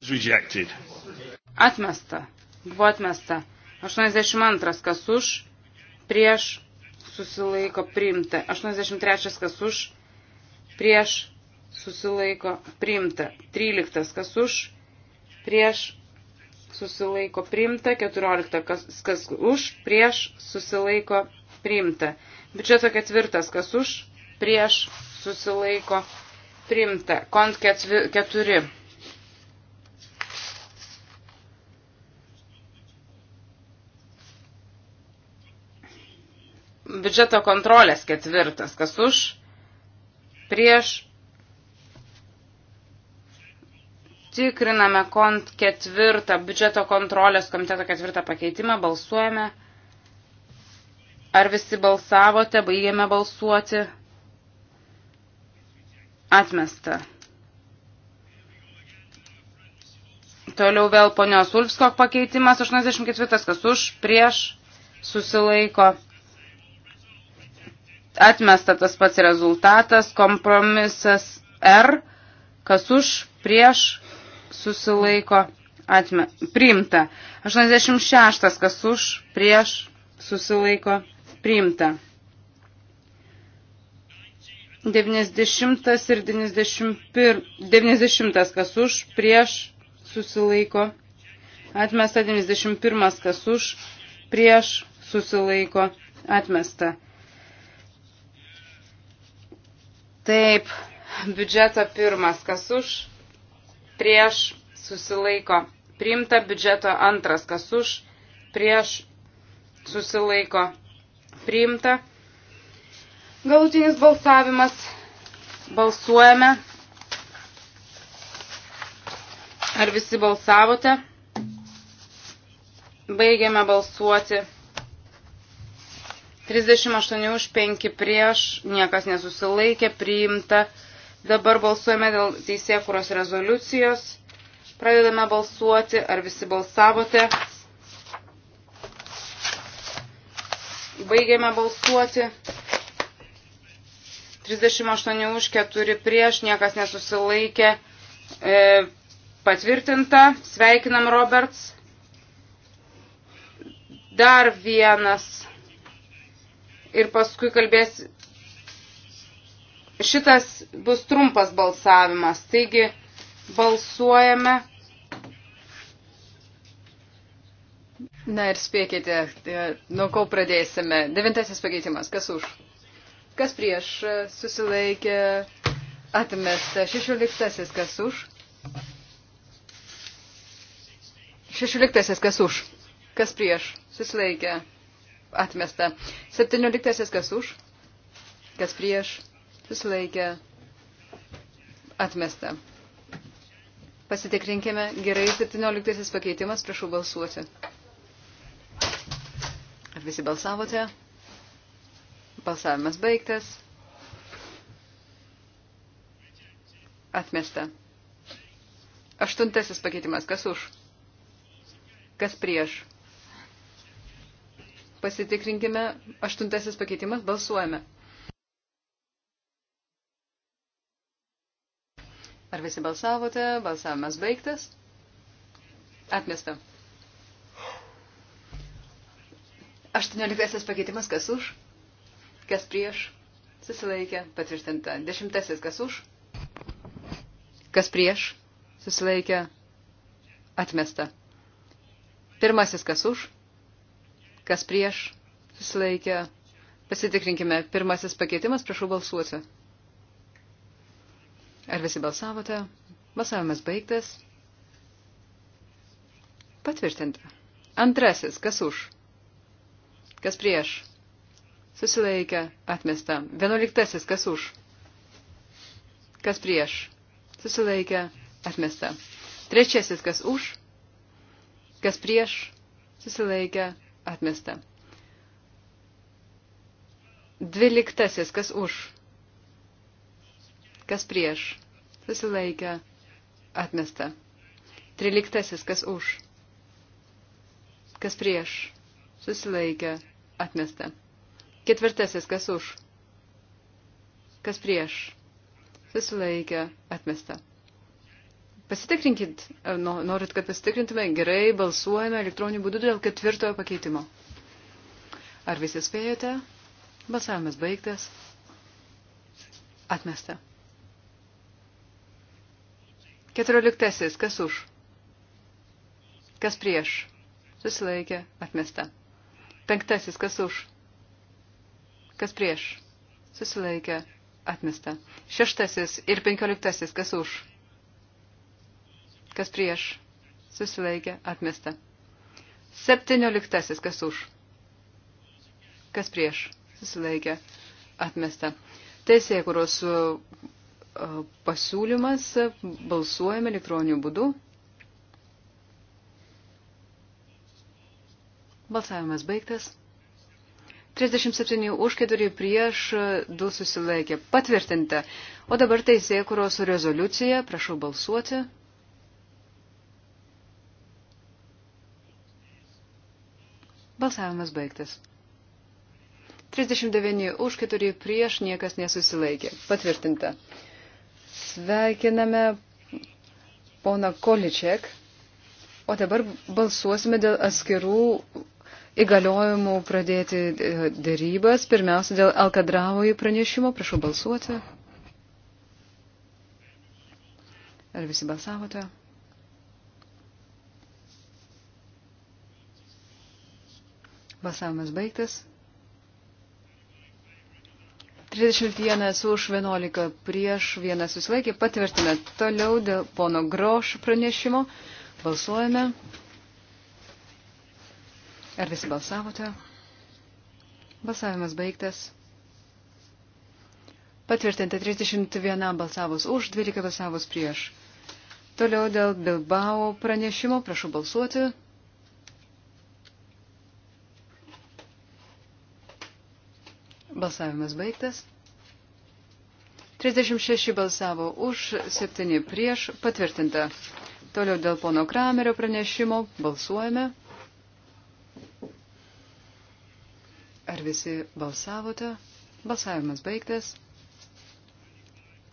Rejected. Atmesta. Buvo atmesta. 82 kas už, prieš, susilaiko priimta. 83 kas už, prieš susilaiko priimta. 13 kas už, prieš susilaiko priimta. 14 kas, kas už, prieš susilaiko priimta. Biudžeto ketvirtas kas už, prieš susilaiko priimta. Kont ketvi, keturi biudžeto kontrolės ketvirtas. Kas už? Prieš. Tikriname kont ketvirtą biudžeto kontrolės komiteto ketvirtą pakeitimą. Balsuojame. Ar visi balsavote? Baigėme balsuoti. Atmesta. Toliau vėl ponios Ulfskog pakeitimas 84. Kas už? Prieš. Susilaiko atmesta tas pats rezultatas, kompromisas R, kas už, prieš, susilaiko, atme, priimta. 86, kas už, prieš, susilaiko, priimta. 90 ir 91, 90 kas už, prieš, susilaiko, atmesta 91 kas už, prieš, susilaiko, atmesta. Taip, biudžeto pirmas, kas už, prieš, susilaiko. Priimta biudžeto antras, kas už, prieš, susilaiko. Priimta. Galutinis balsavimas. Balsuojame. Ar visi balsavote? Baigiame balsuoti. 38 už 5 prieš, niekas nesusilaikė, priimta. Dabar balsuojame dėl teisėkuros rezoliucijos. Pradedame balsuoti, ar visi balsavote. Baigiame balsuoti. 38 už 4 prieš, niekas nesusilaikė. E, patvirtinta. Sveikinam Roberts. Dar vienas ir paskui kalbės. Šitas bus trumpas balsavimas, taigi balsuojame. Na ir spėkite, tai nuo ko pradėsime. Devintasis pakeitimas. Kas už? Kas prieš? Susilaikė. Atmesta. Šešioliktasis. Kas už? Šešioliktasis. Kas už? Kas prieš? Susilaikė atmesta. 17 kas už, kas prieš, susilaikė, atmesta. Pasitikrinkime gerai 17 pakeitimas, prašau balsuoti. Ar visi balsavote? Balsavimas baigtas. Atmesta. Aštuntasis pakeitimas, kas už, kas prieš, Pasitikrinkime. Aštuntasis pakeitimas. Balsuojame. Ar visi balsavote? Balsavimas baigtas. Atmesta. Aštuonioliktasis pakeitimas. Kas už? Kas prieš? Susilaikė. Patvirtinta. Dešimtasis. Kas už? Kas prieš? Susilaikė. Atmesta. Pirmasis. Kas už? Kas prieš? Susilaikė. Pasitikrinkime. Pirmasis pakeitimas, prašau balsuoti. Ar visi balsavote? Balsavimas baigtas. Patvirtinta. Antrasis, kas už? Kas prieš? Susilaikė, atmesta. Vienuoliktasis, kas už? Kas prieš? Susilaikė, atmesta. Trečiasis, kas už? Kas prieš? Susilaikė, atmesta. Dvyliktasis, kas už, kas prieš, susilaikę, atmesta. Tryliktasis, kas už, kas prieš, susilaikę, atmesta. Ketvirtasis, kas už, kas prieš, susilaikę, atmesta. Pasitikrinkit, e, norit, kad pasitikrintume, gerai, balsuojame elektroniniu būdu dėl ketvirtojo pakeitimo. Ar visi spėjote? Balsavimas baigtas. Atmesta. Keturioliktasis, kas už? Kas prieš? Susilaikė, atmesta. Penktasis, kas už? Kas prieš? Susilaikė, atmesta. Šeštasis ir penkioliktasis, kas už? Kas prieš? Susilaikė. Atmesta. Septynioliktasis. Kas už? Kas prieš? Susilaikė. Atmesta. Teisėje, kurios e, pasiūlymas balsuojame elektroniniu būdu. Balsavimas baigtas. 37 už 4 prieš 2 susilaikė. Patvirtinta. O dabar teisė, kurios rezoliucija. Prašau balsuoti. Balsavimas baigtas. 39 už 4 prieš niekas nesusilaikė. Patvirtinta. Sveikiname pona Količek. O dabar balsuosime dėl atskirų įgaliojimų pradėti e, dėrybas. Pirmiausia, dėl Alkadravoje pranešimo. Prašau balsuoti. Ar visi balsavote? Balsavimas baigtas. 31 už 11 prieš, vienas susilaikė, patvirtina. Toliau dėl pono Groš pranešimo. Balsuojame. Ar visi balsavote? Balsavimas baigtas. Patvirtinta 31 balsavus už, 12 balsavus prieš. Toliau dėl Bilbao pranešimo. Prašau balsuoti. Balsavimas baigtas. 36 balsavo už, 7 prieš, patvirtinta. Toliau dėl pono Kramerio pranešimo balsuojame. Ar visi balsavote? Balsavimas baigtas.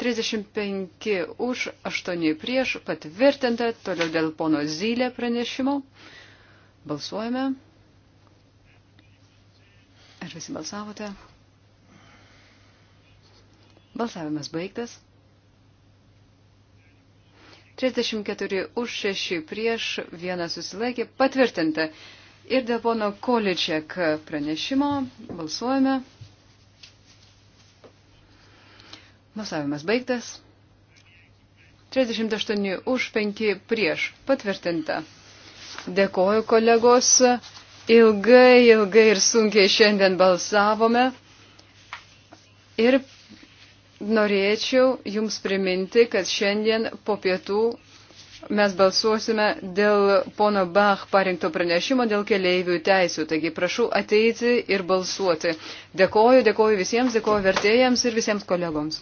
35 už, 8 prieš, patvirtinta. Toliau dėl pono Zylė pranešimo. Balsuojame. Ar visi balsavote? Balsavimas baigtas. 34 už 6 prieš, vienas susilaikė, patvirtinta. Ir dėl pono Količiak pranešimo balsuojame. Balsavimas baigtas. 38 už 5 prieš, patvirtinta. Dėkoju kolegos, ilgai, ilgai ir sunkiai šiandien balsavome. Ir norėčiau Jums priminti, kad šiandien po pietų mes balsuosime dėl pono Bach parinkto pranešimo dėl keleivių teisų. Taigi prašau ateiti ir balsuoti. Dėkoju, dėkoju visiems, dėkoju vertėjams ir visiems kolegoms.